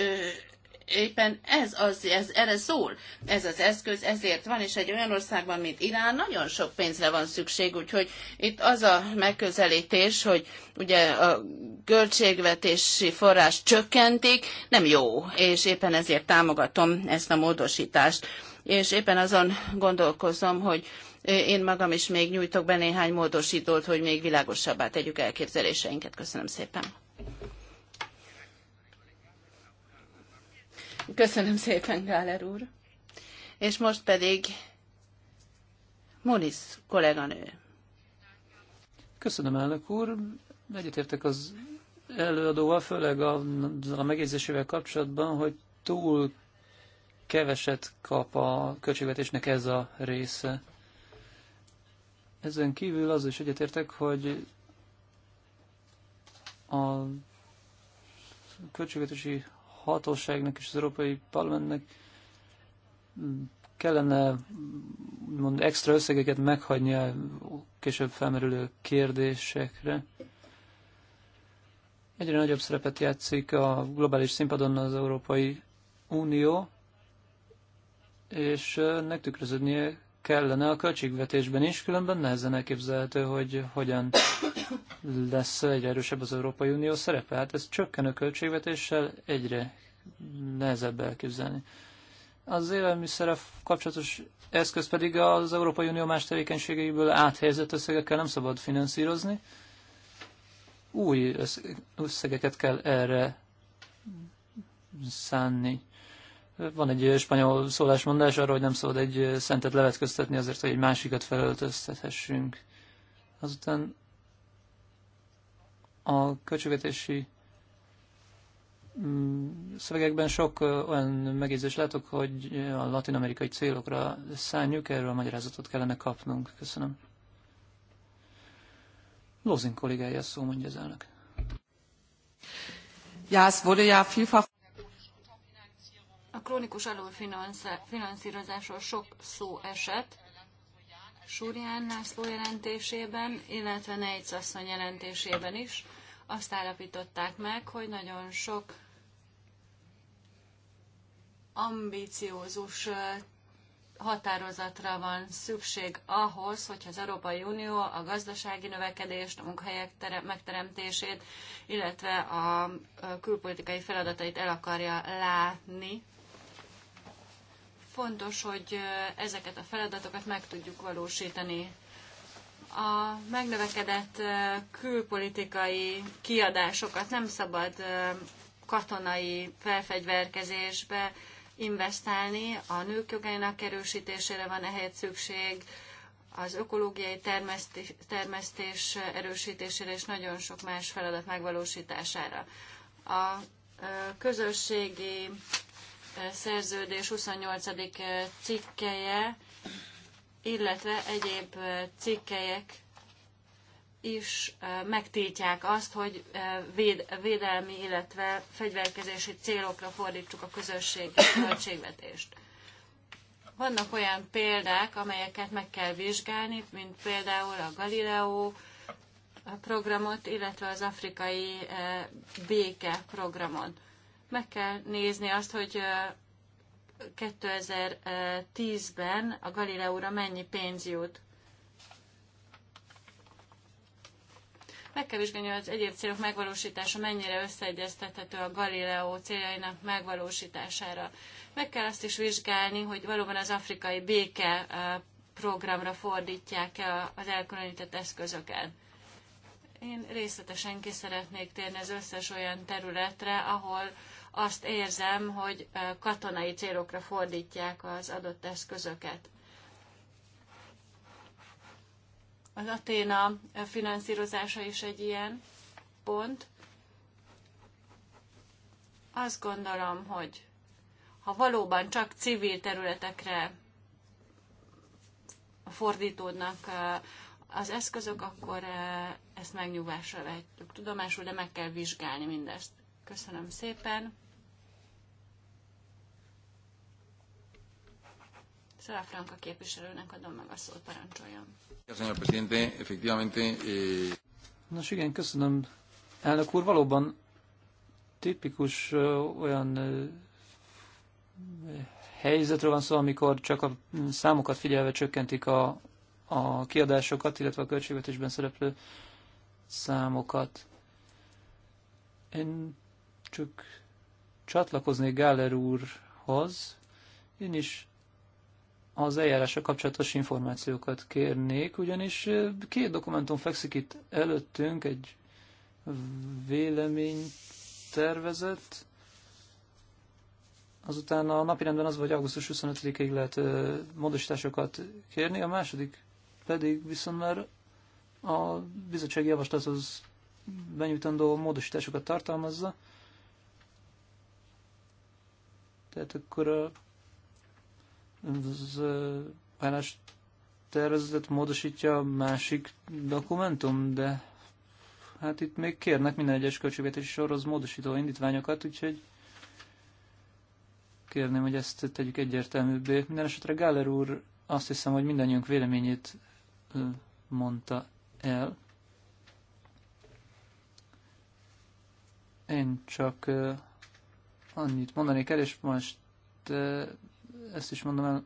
éppen ez, az, ez erre szól, ez az eszköz, ezért van, és egy olyan országban, mint Irán, nagyon sok pénzre van szükség, úgyhogy itt az a megközelítés, hogy ugye a költségvetési forrás csökkentik, nem jó, és éppen ezért támogatom ezt a módosítást. És éppen azon gondolkozom, hogy én magam is még nyújtok be néhány módosítót, hogy még világosabbá tegyük elképzeléseinket. Köszönöm szépen. Köszönöm szépen, Gáler úr. És most pedig Moniz kolléganő. Köszönöm, elnök úr. Egyetértek az előadóval, főleg a, a megjegyzésével kapcsolatban, hogy túl keveset kap a költségvetésnek ez a része. Ezen kívül az is egyetértek, hogy a költségvetési hatóságnak és az Európai Parlamentnek mm, kellene mond, extra összegeket meghagyni a később felmerülő kérdésekre. Egyre nagyobb szerepet játszik a globális színpadon az Európai Unió, és ennek tükröződnie kellene a költségvetésben is, különben nehezen elképzelhető, hogy hogyan lesz egyre erősebb az Európai Unió szerepe. Hát ez csökkenő költségvetéssel egyre nehezebb elképzelni. Az élelmiszerre kapcsolatos eszköz pedig az Európai Unió más tevékenységeiből áthelyezett összegekkel nem szabad finanszírozni. Új összegeket kell erre szánni. Van egy spanyol szólásmondás arra, hogy nem szabad egy szentet levetköztetni azért, hogy egy másikat felöltöztethessünk. Azután a költségvetési mm, szövegekben sok olyan megjegyzés látok, hogy a latin-amerikai célokra szálljuk, erről a magyarázatot kellene kapnunk. Köszönöm. Lozin kollégája szó mondja az elnök. Ja, es wurde ja vielfach... A krónikus alulfinanszírozásról sok szó esett Súrián László jelentésében, illetve Nejc asszony jelentésében is. Azt állapították meg, hogy nagyon sok ambiciózus határozatra van szükség ahhoz, hogy az Európai Unió a gazdasági növekedést, a munkahelyek megteremtését, illetve a külpolitikai feladatait el akarja látni Fontos, hogy ezeket a feladatokat meg tudjuk valósítani. A megnövekedett külpolitikai kiadásokat nem szabad katonai felfegyverkezésbe investálni, a nők jogainak erősítésére van ehelyett szükség, az ökológiai termesztés, termesztés erősítésére és nagyon sok más feladat megvalósítására. A közösségi szerződés 28. Eh, cikkeje, illetve egyéb eh, cikkelyek is eh, megtiltják azt, hogy védelmi, illetve fegyverkezési célokra fordítsuk a közösségi költségvetést. Vannak olyan példák, amelyeket meg kell vizsgálni, mint például a Galileo programot, illetve az afrikai béke programot. Meg kell nézni azt, hogy 2010-ben a Galileóra mennyi pénz jut. Meg kell vizsgálni, hogy az egyéb célok megvalósítása mennyire összeegyeztethető a Galileo céljainak megvalósítására. Meg kell azt is vizsgálni, hogy valóban az afrikai béke programra fordítják-e az elkülönített eszközöket. Én részletesen ki szeretnék térni az összes olyan területre, ahol azt érzem, hogy katonai célokra fordítják az adott eszközöket. Az Aténa finanszírozása is egy ilyen pont. Azt gondolom, hogy ha valóban csak civil területekre fordítódnak az eszközök, akkor ezt megnyugvásra vehetjük tudomásul, de meg kell vizsgálni mindezt. Köszönöm szépen. Szóval Franka képviselőnek adom meg a szót, parancsoljon. Eh, Nos igen, köszönöm. Elnök úr, valóban tipikus olyan helyzetről van szó, amikor csak a számokat figyelve csökkentik a, a kiadásokat, illetve a költségvetésben szereplő számokat. Én csak csatlakoznék Gáler úrhoz. Én is az eljárásra kapcsolatos információkat kérnék, ugyanis két dokumentum fekszik itt előttünk, egy véleménytervezet, azután a napirendben az, hogy augusztus 25-ig lehet módosításokat kérni, a második pedig viszont már a bizottsági javaslathoz benyújtandó módosításokat tartalmazza, Tehát akkor a, az pályás tervezetet módosítja a másik dokumentum, de hát itt még kérnek minden egyes költségvetési sorhoz módosító indítványokat, úgyhogy kérném, hogy ezt tegyük egyértelműbbé. Minden esetre Gáler úr azt hiszem, hogy mindannyiunk véleményét mondta el. Én csak annyit mondani kell, és most eh, ezt is mondom el,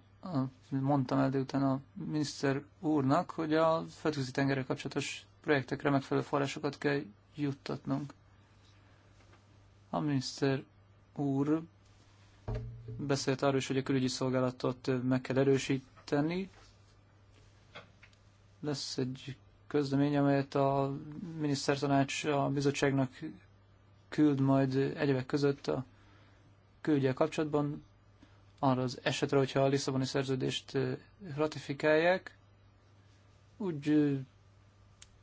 mondtam el, de utána a miniszter úrnak, hogy a földközi tengerrel kapcsolatos projektekre megfelelő forrásokat kell juttatnunk. A miniszter úr beszélt arról is, hogy a külügyi szolgálatot meg kell erősíteni. Lesz egy közlemény, amelyet a minisztertanács a bizottságnak küld majd egyebek között a külügyel kapcsolatban arra az esetre, hogyha a Lisszaboni szerződést ratifikálják, úgy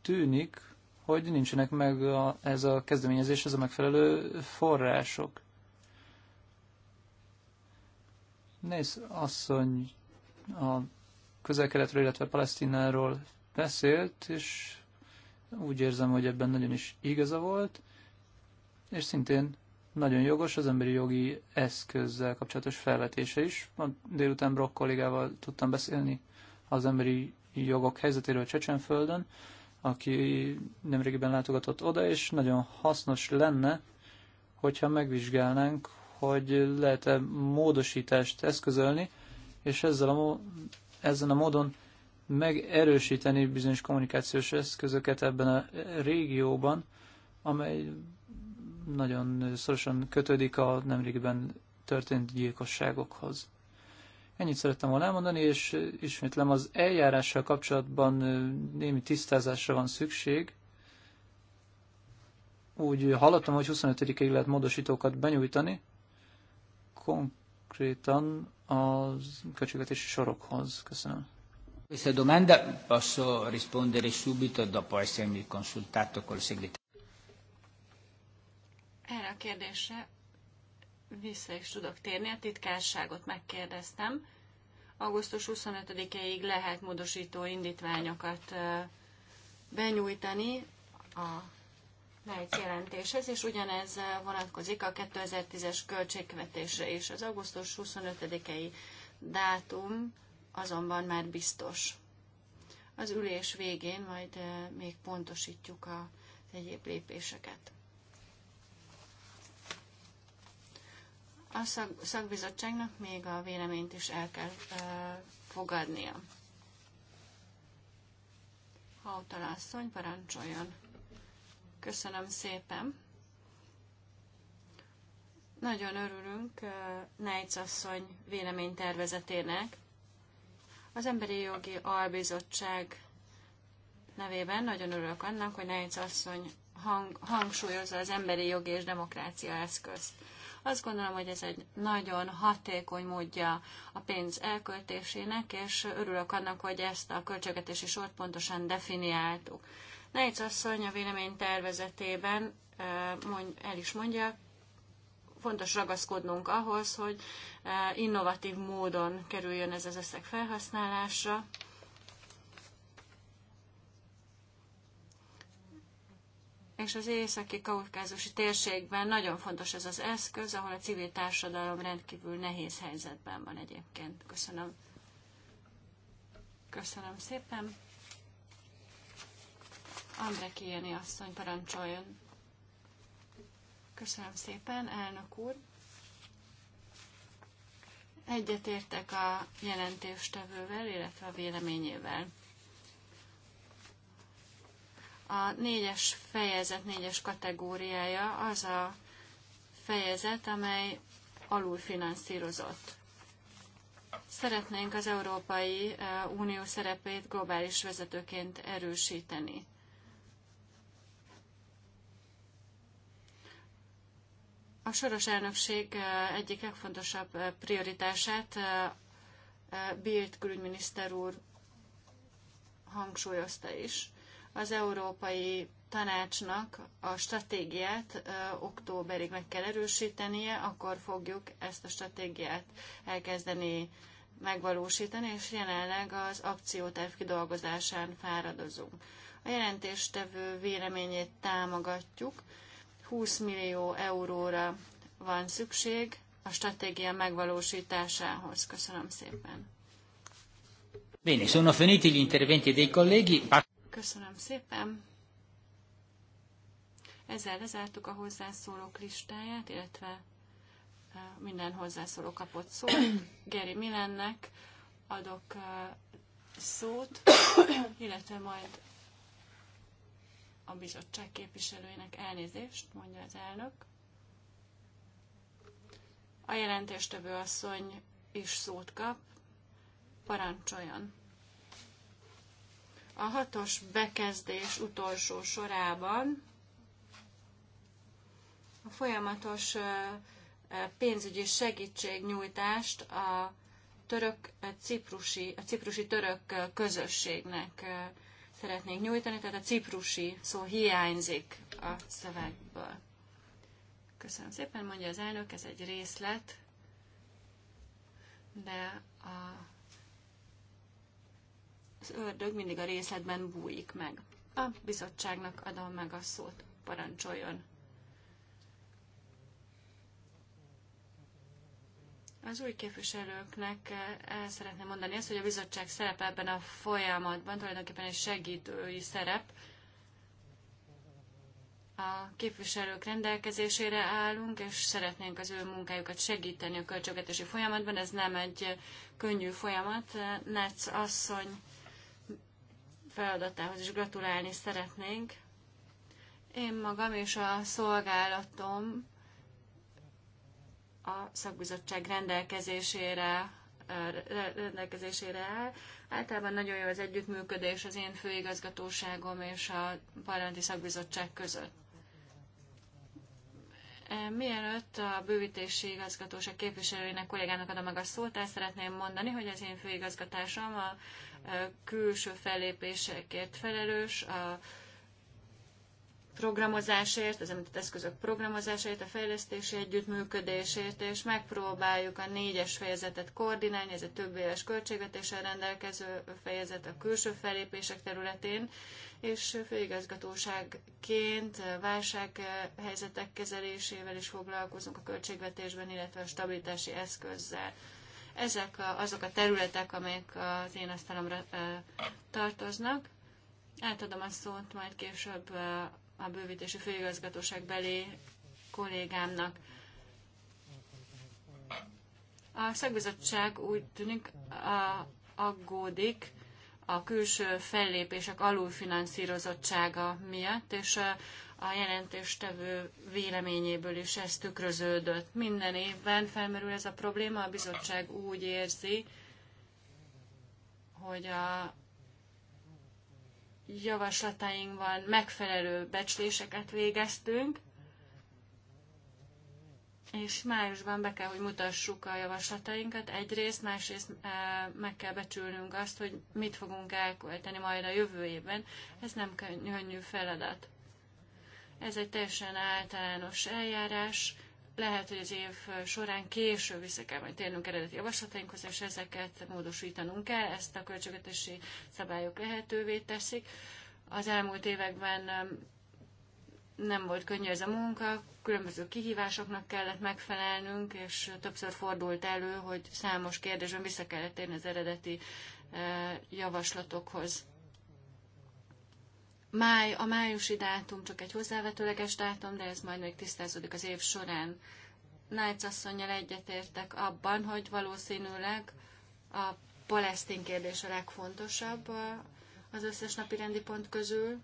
tűnik, hogy nincsenek meg a, ez a kezdeményezés, ez a megfelelő források. Nézd, asszony a közel-keletről, illetve Palesztináról beszélt, és úgy érzem, hogy ebben nagyon is igaza volt, és szintén nagyon jogos az emberi jogi eszközzel kapcsolatos felvetése is. A délután Brock kollégával tudtam beszélni az emberi jogok helyzetéről Csecsenföldön, aki nemrégiben látogatott oda, és nagyon hasznos lenne, hogyha megvizsgálnánk, hogy lehet-e módosítást eszközölni, és ezzel a, ezen a módon megerősíteni bizonyos kommunikációs eszközöket ebben a régióban, amely nagyon szorosan kötődik a nemrégiben történt gyilkosságokhoz. Ennyit szerettem volna elmondani, és ismétlem, az eljárással kapcsolatban némi tisztázásra van szükség. Úgy hallottam, hogy 25-ig lehet módosítókat benyújtani, konkrétan a költségvetési sorokhoz. Köszönöm. Questa domanda posso rispondere subito dopo essermi consultato col segretario. Erre a kérdésre vissza is tudok térni. A titkárságot megkérdeztem. Augusztus 25-ig lehet módosító indítványokat benyújtani a Lejc jelentéshez, és ugyanez vonatkozik a 2010-es költségvetésre is. Az augusztus 25-i dátum azonban már biztos. Az ülés végén majd még pontosítjuk az egyéb lépéseket. a szak, szakbizottságnak még a véleményt is el kell e, fogadnia. Hautala asszony, parancsoljon. Köszönöm szépen. Nagyon örülünk e, Nejc asszony véleménytervezetének. Az Emberi Jogi Albizottság nevében nagyon örülök annak, hogy Nejc asszony hang, hangsúlyozza az emberi jogi és demokrácia eszközt. Azt gondolom, hogy ez egy nagyon hatékony módja a pénz elköltésének, és örülök annak, hogy ezt a költségetési sort pontosan definiáltuk. Nejc asszony a vélemény tervezetében el is mondja, fontos ragaszkodnunk ahhoz, hogy innovatív módon kerüljön ez az összeg felhasználásra. és az északi kaukázusi térségben nagyon fontos ez az eszköz, ahol a civil társadalom rendkívül nehéz helyzetben van egyébként. Köszönöm. Köszönöm szépen. Andre Kieni asszony parancsoljon. Köszönöm szépen, elnök úr. Egyetértek a jelentéstevővel, illetve a véleményével. A négyes fejezet, négyes kategóriája az a fejezet, amely alulfinanszírozott. Szeretnénk az Európai eh, Unió szerepét globális vezetőként erősíteni. A soros elnökség eh, egyik legfontosabb eh, prioritását bírt külügyminiszter úr hangsúlyozta is az Európai Tanácsnak a stratégiát októberig meg kell erősítenie, akkor fogjuk ezt a stratégiát elkezdeni megvalósítani, és jelenleg az akcióterv kidolgozásán fáradozunk. A jelentéstevő véleményét támogatjuk. 20 millió euróra van szükség a stratégia megvalósításához. Köszönöm szépen. Bene, sono finiti gli interventi dei colleghi. Köszönöm szépen. Ezzel lezártuk a hozzászólók listáját, illetve minden hozzászóló kapott szót. Geri Milennek adok szót, illetve majd a bizottság képviselőinek elnézést, mondja az elnök. A jelentéstevő asszony is szót kap, parancsoljon. A hatos bekezdés utolsó sorában a folyamatos pénzügyi segítségnyújtást a török ciprusi, a ciprusi török közösségnek szeretnénk nyújtani, tehát a ciprusi szó hiányzik a szövegből. Köszönöm szépen, mondja az elnök, ez egy részlet, de a az ördög mindig a részletben bújik meg. A bizottságnak adom meg a szót, parancsoljon. Az új képviselőknek el szeretném mondani azt, hogy a bizottság szerepe ebben a folyamatban tulajdonképpen egy segítői szerep. A képviselők rendelkezésére állunk, és szeretnénk az ő munkájukat segíteni a költségvetési folyamatban. Ez nem egy könnyű folyamat. Netsz asszony feladatához is gratulálni szeretnénk. Én magam és a szolgálatom a szakbizottság rendelkezésére rendelkezésére áll. Általában nagyon jó az együttműködés az én főigazgatóságom és a parlamenti szakbizottság között. Mielőtt a bővítési igazgatóság képviselőinek kollégának adom meg a szót, el szeretném mondani, hogy az én főigazgatásom a külső fellépésekért felelős, a programozásért, az említett eszközök programozásért, a fejlesztési együttműködésért, és megpróbáljuk a négyes fejezetet koordinálni, ez a több éves költségvetéssel rendelkező fejezet a külső fellépések területén, és főigazgatóságként válsághelyzetek kezelésével is foglalkozunk a költségvetésben, illetve a stabilitási eszközzel. Ezek a, azok a területek, amelyek az én asztalomra tartoznak. Átadom a szót majd később a bővítési főigazgatóság belé kollégámnak. A szakbizottság úgy tűnik a, aggódik a külső fellépések alulfinanszírozottsága miatt, és a, a jelentéstevő véleményéből is ez tükröződött. Minden évben felmerül ez a probléma, a bizottság úgy érzi, hogy a javaslataink van, megfelelő becsléseket végeztünk, és májusban be kell, hogy mutassuk a javaslatainkat egyrészt, másrészt eh, meg kell becsülnünk azt, hogy mit fogunk elkölteni majd a jövő évben. Ez nem könnyű feladat. Ez egy teljesen általános eljárás, lehet, hogy az év során később vissza kell majd térnünk eredeti javaslatainkhoz, és ezeket módosítanunk kell, ezt a költségvetési szabályok lehetővé teszik. Az elmúlt években um, nem volt könnyű ez a munka, különböző kihívásoknak kellett megfelelnünk, és többször fordult elő, hogy számos kérdésben vissza kellett térni az eredeti eh, javaslatokhoz. Máj, a májusi dátum csak egy hozzávetőleges dátum, de ez majd még tisztázódik az év során. Nájc asszonynal egyetértek abban, hogy valószínűleg a palesztin kérdés a legfontosabb az összes napi rendi pont közül.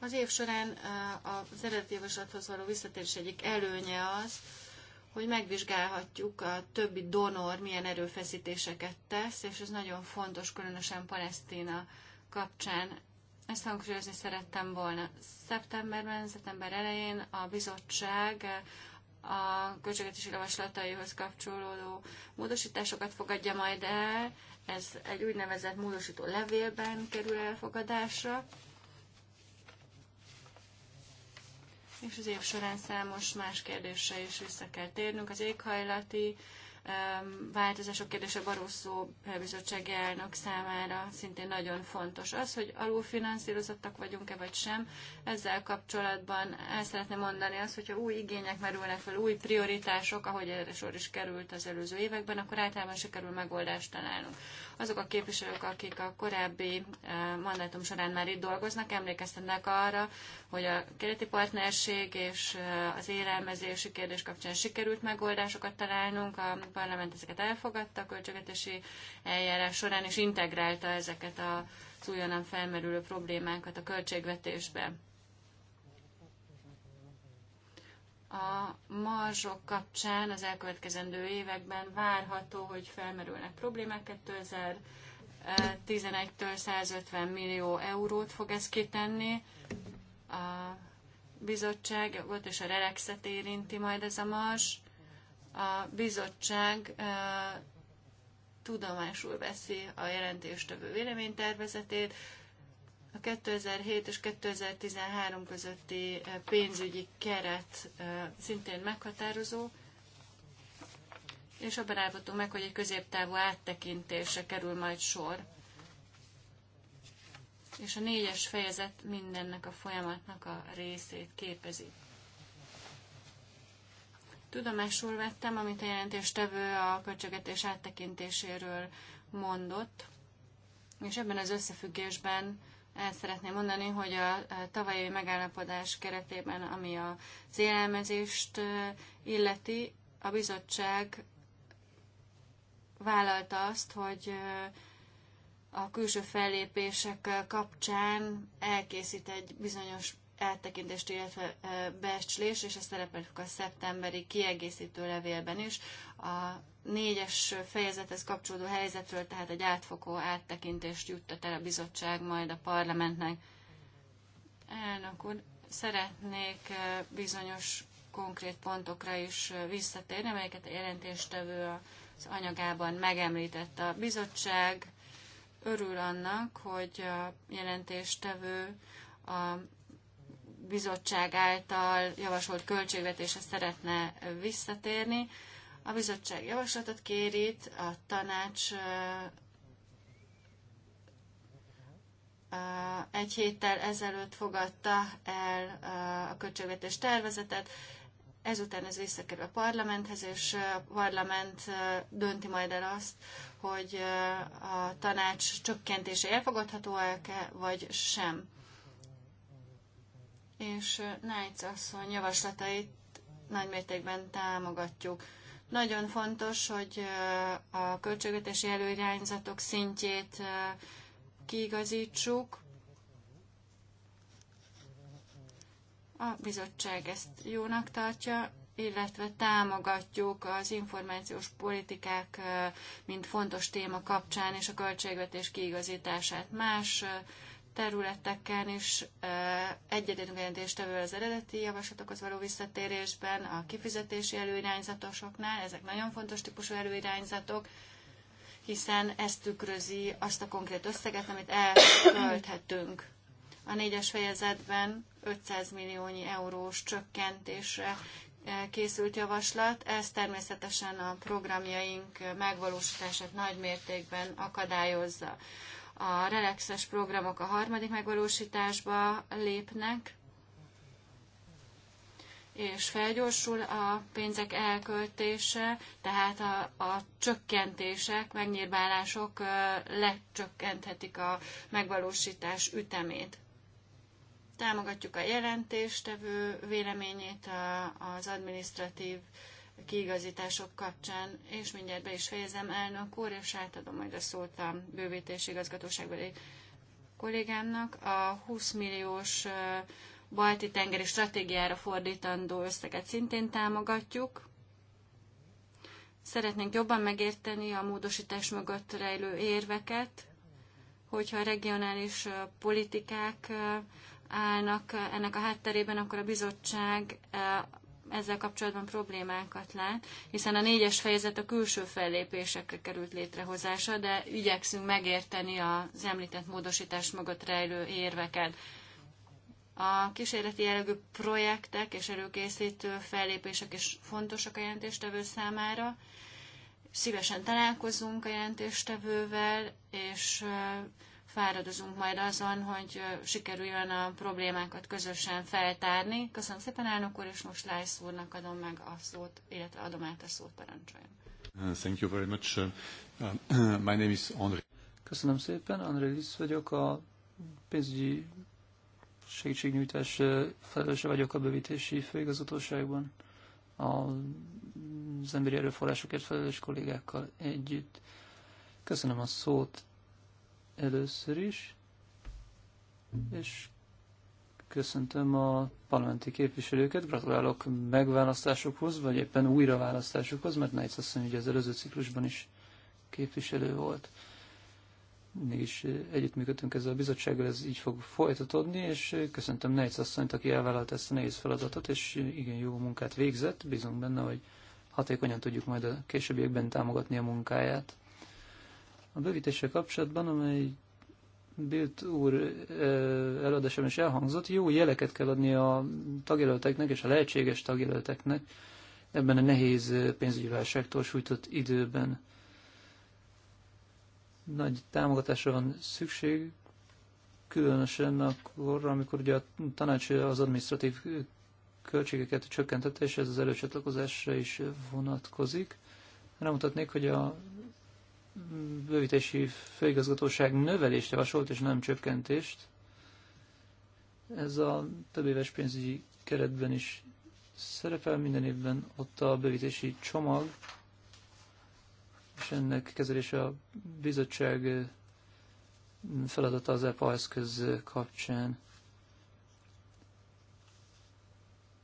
Az év során az eredeti javaslathoz való visszatérés egyik előnye az, hogy megvizsgálhatjuk a többi donor milyen erőfeszítéseket tesz, és ez nagyon fontos, különösen Palesztina kapcsán. Ezt hangsúlyozni szerettem volna. Szeptemberben, szeptember elején a bizottság a költségvetési javaslataihoz kapcsolódó módosításokat fogadja majd el. Ez egy úgynevezett módosító levélben kerül elfogadásra. És az év során számos más kérdésre is vissza kell térnünk. Az éghajlati változások kérdése Barosszó eh, bizottsági elnök számára szintén nagyon fontos. Az, hogy alulfinanszírozottak vagyunk-e vagy sem, ezzel kapcsolatban el szeretné mondani azt, hogyha új igények merülnek fel, új prioritások, ahogy erre sor is került az előző években, akkor általában sikerül megoldást találnunk. Azok a képviselők, akik a korábbi eh, mandátum során már itt dolgoznak, emlékeztetnek arra, hogy a keleti partnerség és eh, az élelmezési kérdés kapcsán sikerült megoldásokat találnunk a Parlament ezeket elfogadta a költségvetési eljárás során, és integrálta ezeket az újonnan felmerülő problémákat a költségvetésbe. A marzsok kapcsán az elkövetkezendő években várható, hogy felmerülnek problémák 2011-től 150 millió eurót fog ez kitenni. A bizottságot és a relaxet érinti majd ez a mars a bizottság tudomásul veszi a jelentéstevő véleménytervezetét, a 2007 és 2013 közötti pénzügyi keret szintén meghatározó, és abban állapotunk meg, hogy egy középtávú áttekintése kerül majd sor. És a négyes fejezet mindennek a folyamatnak a részét képezi. Tudomásul vettem, amit a jelentéstevő a költségvetés áttekintéséről mondott, és ebben az összefüggésben el szeretném mondani, hogy a tavalyi megállapodás keretében, ami a élelmezést illeti, a bizottság vállalta azt, hogy a külső fellépések kapcsán elkészít egy bizonyos áttekintést, illetve becslés, és ez szerepeltük a szeptemberi kiegészítő levélben is. A négyes fejezethez kapcsolódó helyzetről, tehát egy átfogó áttekintést juttat el a bizottság majd a parlamentnek. Elnök úr, szeretnék bizonyos konkrét pontokra is visszatérni, amelyeket a jelentéstevő az anyagában megemlített a bizottság. Örül annak, hogy a jelentéstevő a bizottság által javasolt költségvetése szeretne visszatérni. A bizottság javaslatot kérít, a tanács egy héttel ezelőtt fogadta el a költségvetés tervezetet, ezután ez visszakerül a parlamenthez, és a parlament dönti majd el azt, hogy a tanács csökkentése elfogadható-e, vagy sem és Nájc asszony javaslatait nagymértékben támogatjuk. Nagyon fontos, hogy a költségvetési előirányzatok szintjét kiigazítsuk. A bizottság ezt jónak tartja, illetve támogatjuk az információs politikák, mint fontos téma kapcsán és a költségvetés kiigazítását. Más területeken is egyedülünk jelentéstevő az eredeti javaslatokhoz való visszatérésben, a kifizetési előirányzatosoknál, ezek nagyon fontos típusú előirányzatok, hiszen ez tükrözi azt a konkrét összeget, amit elkölthetünk. A négyes fejezetben 500 milliónyi eurós csökkentésre készült javaslat. Ez természetesen a programjaink megvalósítását nagy mértékben akadályozza a relaxes programok a harmadik megvalósításba lépnek, és felgyorsul a pénzek elköltése, tehát a, a csökkentések, megnyírbálások lecsökkenthetik a megvalósítás ütemét. Támogatjuk a jelentéstevő véleményét az administratív kiigazítások kapcsán, és mindjárt be is fejezem, elnök úr, és átadom majd a szót a bővítési igazgatóságbeli kollégámnak. A 20 milliós balti tengeri stratégiára fordítandó összeget szintén támogatjuk. Szeretnénk jobban megérteni a módosítás mögött rejlő érveket, hogyha a regionális politikák állnak ennek a hátterében, akkor a bizottság ezzel kapcsolatban problémákat lát, hiszen a négyes fejezet a külső fellépésekre került létrehozása, de igyekszünk megérteni az említett módosítás mögött rejlő érveket. A kísérleti jellegű projektek és előkészítő fellépések is fontosak a jelentéstevő számára. Szívesen találkozunk a jelentéstevővel, és fáradozunk majd azon, hogy sikerüljön a problémákat közösen feltárni. Köszönöm szépen, elnök úr, és most Lájsz úrnak adom meg a szót, illetve adom át a szót, parancsoljon. Uh, thank you very much. Uh, uh, my name is André. Köszönöm szépen, André Lisz vagyok, a pénzügyi segítségnyújtás felelőse vagyok a bővítési főigazgatóságban az emberi erőforrásokért felelős kollégákkal együtt. Köszönöm a szót először is, és köszöntöm a parlamenti képviselőket, gratulálok megválasztásukhoz, vagy éppen újraválasztásukhoz, mert Neitz asszony ugye az előző ciklusban is képviselő volt. Mindig is eh, együttműködtünk ezzel a bizottsággal, ez így fog folytatódni, és eh, köszöntöm Neitz asszonyt, aki elvállalt ezt a nehéz feladatot, és igen jó munkát végzett, bízunk benne, hogy hatékonyan tudjuk majd a későbbiekben támogatni a munkáját. A bővítéssel kapcsolatban, amely Bilt úr előadásában is elhangzott, jó jeleket kell adni a tagjelölteknek és a lehetséges tagjelölteknek ebben a nehéz pénzügyi válságtól sújtott időben. Nagy támogatásra van szükség, különösen akkor, amikor ugye a tanács az administratív költségeket csökkentette, és ez az előcsatlakozásra is vonatkozik. Remutatnék, hogy a bővítési főigazgatóság növelést javasolt, és nem csökkentést. Ez a több éves pénzügyi keretben is szerepel minden évben ott a bővítési csomag, és ennek kezelése a bizottság feladata az EPA eszköz kapcsán.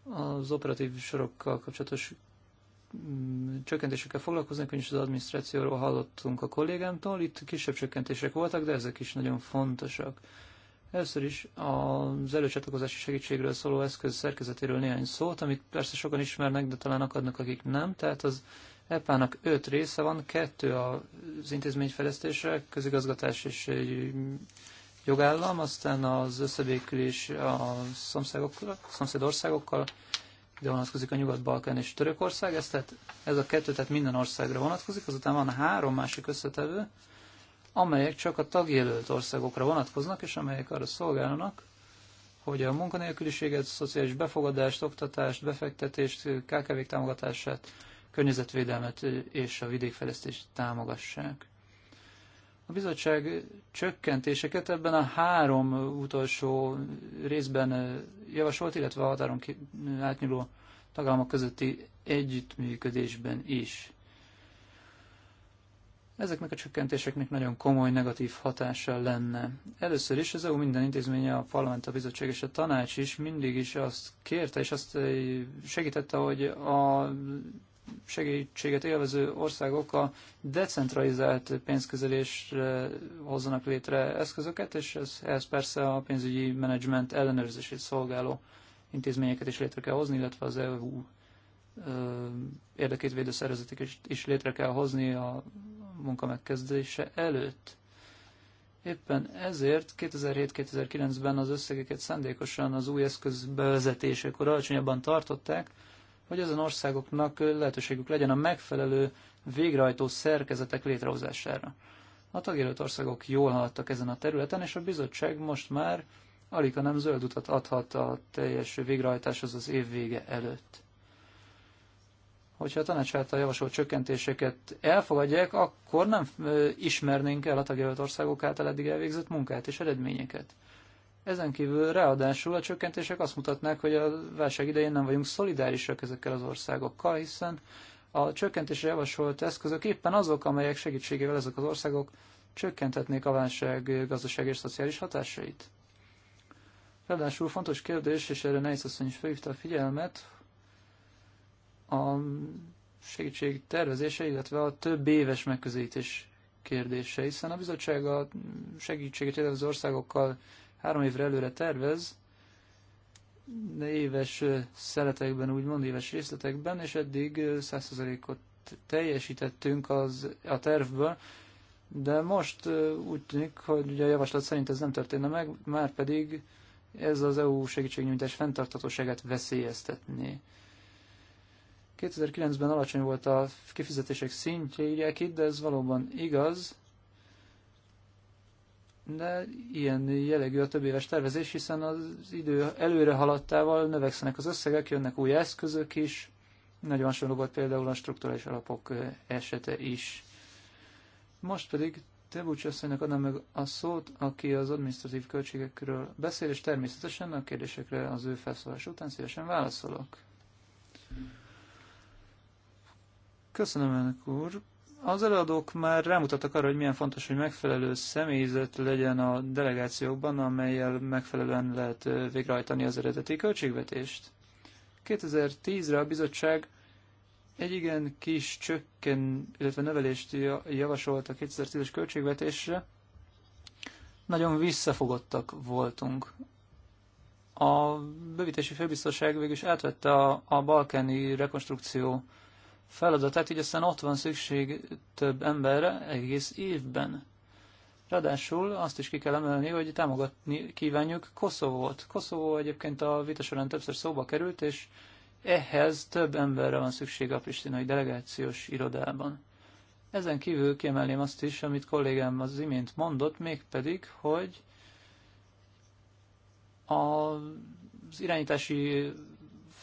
Az operatív sorokkal kapcsolatos csökkentésekkel foglalkoznak, és az adminisztrációról hallottunk a kollégámtól. Itt kisebb csökkentések voltak, de ezek is nagyon fontosak. Először is az előcsatlakozási segítségről szóló eszköz szerkezetéről néhány szót, amit persze sokan ismernek, de talán akadnak, akik nem. Tehát az EPA-nak öt része van, kettő az intézményfejlesztésre, közigazgatás és jogállam, aztán az összebékülés a szomszédokkal, szomszédországokkal, ide vonatkozik a Nyugat-Balkán és Törökország, ez, tehát, ez a kettő tehát minden országra vonatkozik, azután van három másik összetevő, amelyek csak a tagjelölt országokra vonatkoznak, és amelyek arra szolgálnak, hogy a munkanélküliséget, szociális befogadást, oktatást, befektetést, kkv támogatását, környezetvédelmet és a vidékfejlesztést támogassák. A bizottság csökkentéseket ebben a három utolsó részben javasolt, illetve a határon átnyúló tagállamok közötti együttműködésben is. Ezeknek a csökkentéseknek nagyon komoly negatív hatása lenne. Először is az EU minden intézménye, a parlament, a bizottság és a tanács is mindig is azt kérte, és azt segítette, hogy a segítséget élvező országok a decentralizált pénzkezelésre hozzanak létre eszközöket, és ez, ez persze a pénzügyi menedzsment ellenőrzését szolgáló intézményeket is létre kell hozni, illetve az EU érdekét védő szervezetek is, is létre kell hozni a munka megkezdése előtt. Éppen ezért 2007-2009-ben az összegeket szándékosan az új eszköz bevezetésekor alacsonyabban tartották, hogy ezen országoknak lehetőségük legyen a megfelelő végrehajtó szerkezetek létrehozására. A tagjelölt országok jól haladtak ezen a területen, és a bizottság most már alig, nem zöld utat adhat a teljes végrehajtáshoz az év vége előtt. Hogyha a tanács által javasolt csökkentéseket elfogadják, akkor nem ismernénk el a tagjelölt országok által eddig elvégzett munkát és eredményeket. Ezen kívül ráadásul a csökkentések azt mutatnák, hogy a válság idején nem vagyunk szolidárisak ezekkel az országokkal, hiszen a csökkentésre javasolt eszközök éppen azok, amelyek segítségével ezek az országok csökkenthetnék a válság gazdasági és szociális hatásait. Ráadásul fontos kérdés, és erre Neitz asszony is felhívta a figyelmet, a segítség tervezése, illetve a több éves megközelítés kérdése, hiszen a bizottság a segítséget az országokkal három évre előre tervez, éves szeletekben, úgymond éves részletekben, és eddig 100%-ot teljesítettünk az, a tervből, de most úgy tűnik, hogy ugye a javaslat szerint ez nem történne meg, már pedig ez az EU segítségnyújtás fenntartatóságát veszélyeztetné. 2009-ben alacsony volt a kifizetések szintje, írják itt, de ez valóban igaz de ilyen jellegű a több éves tervezés, hiszen az idő előre haladtával növekszenek az összegek, jönnek új eszközök is, nagyon hasonló volt például a struktúrális alapok esete is. Most pedig te asszonynak adnám meg a szót, aki az administratív költségekről beszél, és természetesen a kérdésekre az ő felszólás után szívesen válaszolok. Köszönöm, elnök úr. Az előadók már rámutattak arra, hogy milyen fontos, hogy megfelelő személyzet legyen a delegációkban, amelyel megfelelően lehet végrehajtani az eredeti költségvetést. 2010-re a bizottság egy igen kis csökken, illetve növelést javasolt a 2010-es költségvetésre. Nagyon visszafogottak voltunk. A bővítési főbiztosság végül is átvette a, a balkáni rekonstrukció feladatát, így aztán ott van szükség több emberre egész évben. Ráadásul azt is ki kell emelni, hogy támogatni kívánjuk Koszovót. Koszovó egyébként a vita során többször szóba került, és ehhez több emberre van szükség a pristinai delegációs irodában. Ezen kívül kiemelném azt is, amit kollégám az imént mondott, mégpedig, hogy az irányítási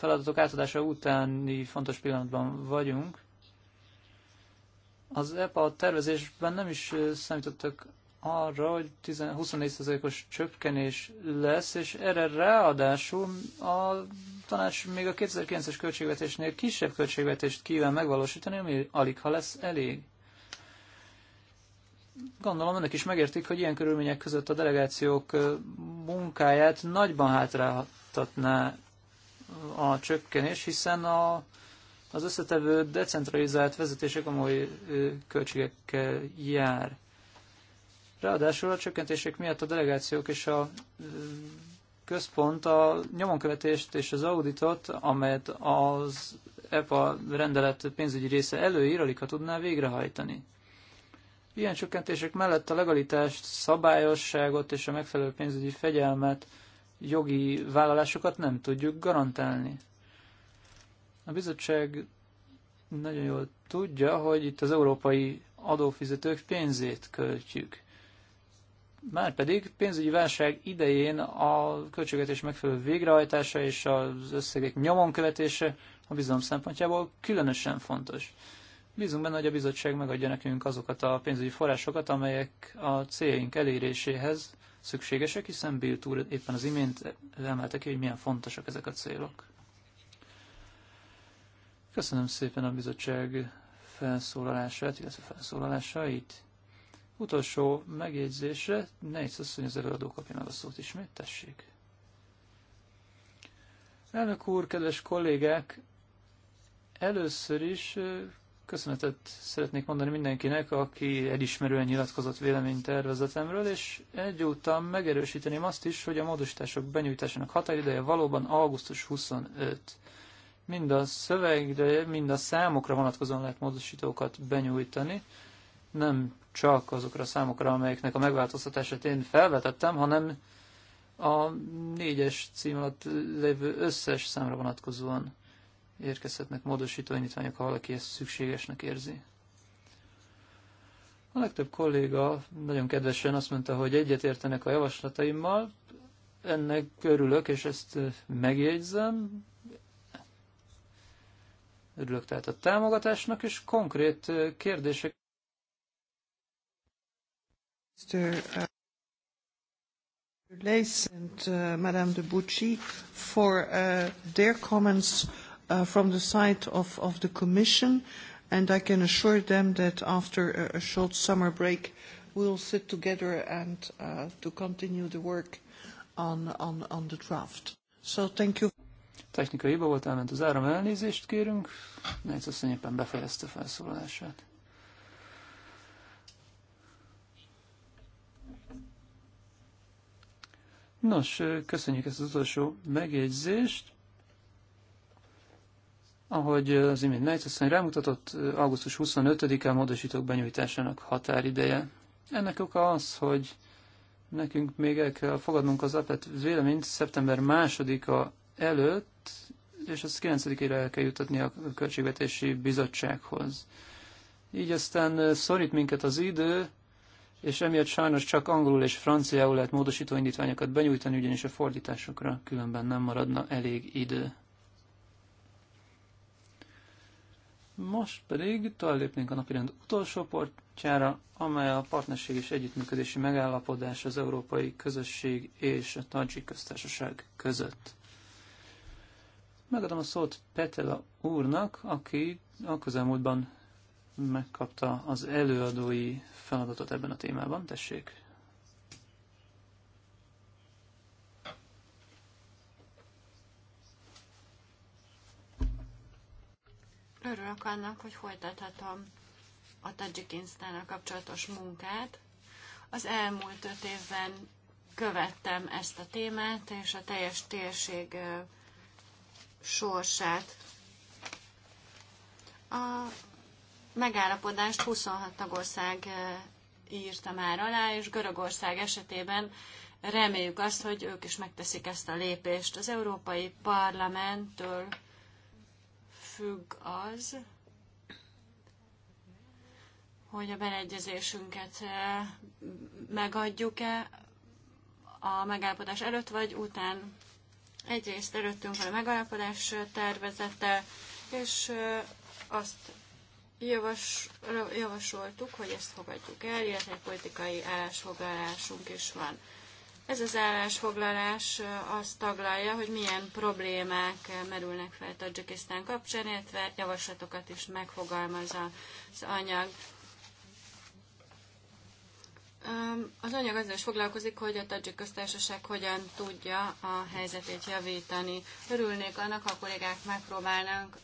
feladatok átadása utáni fontos pillanatban vagyunk. Az EPA tervezésben nem is számítottak arra, hogy 24%-os csökkenés lesz, és erre ráadásul a tanács még a 2009-es költségvetésnél kisebb költségvetést kíván megvalósítani, ami alig ha lesz elég. Gondolom önök is megértik, hogy ilyen körülmények között a delegációk munkáját nagyban hátráltatná a csökkenés, hiszen a, az összetevő decentralizált vezetése komoly költségekkel jár. Ráadásul a csökkentések miatt a delegációk és a központ a nyomonkövetést és az auditot, amelyet az EPA rendelet pénzügyi része előír, alig ha tudná végrehajtani. Ilyen csökkentések mellett a legalitást, szabályosságot és a megfelelő pénzügyi fegyelmet jogi vállalásokat nem tudjuk garantálni. A bizottság nagyon jól tudja, hogy itt az európai adófizetők pénzét költjük. Márpedig pénzügyi válság idején a költségvetés megfelelő végrehajtása és az összegek nyomon követése a bizalom szempontjából különösen fontos. Bízunk benne, hogy a bizottság megadja nekünk azokat a pénzügyi forrásokat, amelyek a céljaink eléréséhez szükségesek, hiszen Bill úr éppen az imént emelte ki, hogy milyen fontosak ezek a célok. Köszönöm szépen a bizottság felszólalását, illetve felszólalásait. Utolsó megjegyzésre, Nejc hogy az előadó kapja meg a szót ismét, tessék. Elnök úr, kedves kollégák, először is köszönetet szeretnék mondani mindenkinek, aki elismerően nyilatkozott véleménytervezetemről, és egyúttal megerősíteném azt is, hogy a módosítások benyújtásának határideje valóban augusztus 25. Mind a szövegre, mind a számokra vonatkozóan lehet módosítókat benyújtani, nem csak azokra a számokra, amelyeknek a megváltoztatását én felvetettem, hanem a négyes cím alatt lévő összes számra vonatkozóan érkezhetnek módosító indítványok, ha valaki ezt szükségesnek érzi. A legtöbb kolléga nagyon kedvesen azt mondta, hogy egyetértenek a javaslataimmal, ennek körülök, és ezt megjegyzem. Örülök tehát a támogatásnak, és konkrét kérdések. Mr. Uh, Lace and uh, Madame de Bucci for uh, their comments Uh, from the side of, of the Commission, and I can assure them that after a, a short summer break, we'll sit together and uh, to continue the work on, on, on the draft. So thank you. Technikai hiba volt, elment az áram, elnézést kérünk. Nejc asszony éppen befejezte felszólalását. Nos, köszönjük ezt az utolsó megjegyzést. Ahogy az imént Nejc asszony rámutatott, augusztus 25-e módosítók benyújtásának határideje. Ennek oka az, hogy nekünk még el kell fogadnunk az APET véleményt szeptember 2-a előtt, és az 9-ére el kell jutatni a Költségvetési Bizottsághoz. Így aztán szorít minket az idő, és emiatt sajnos csak angolul és franciául lehet módosító indítványokat benyújtani, ugyanis a fordításokra különben nem maradna elég idő. Most pedig tovább lépnénk a napirend utolsó portjára, amely a partnerség és együttműködési megállapodás az Európai Közösség és a Tajik Köztársaság között. Megadom a szót Petela úrnak, aki a közelmúltban megkapta az előadói feladatot ebben a témában. Tessék! Örülök annak, hogy folytathatom a Tajikisztánnal kapcsolatos munkát. Az elmúlt öt évben követtem ezt a témát, és a teljes térség sorsát. A megállapodást 26 tagország írta már alá, és Görögország esetében reméljük azt, hogy ők is megteszik ezt a lépést. Az Európai Parlamenttől függ az, hogy a beleegyezésünket eh, megadjuk-e a megállapodás előtt vagy után. Egyrészt előttünk van a megállapodás tervezete, és eh, azt javas, javasoltuk, hogy ezt fogadjuk el, illetve politikai állásfoglalásunk is van. Ez az állásfoglalás azt taglalja, hogy milyen problémák merülnek fel Tadzsikisztán kapcsán, illetve javaslatokat is megfogalmaz az anyag. Az anyag azzal is foglalkozik, hogy a Tadzsik köztársaság hogyan tudja a helyzetét javítani. Örülnék annak, ha a kollégák megpróbálnánk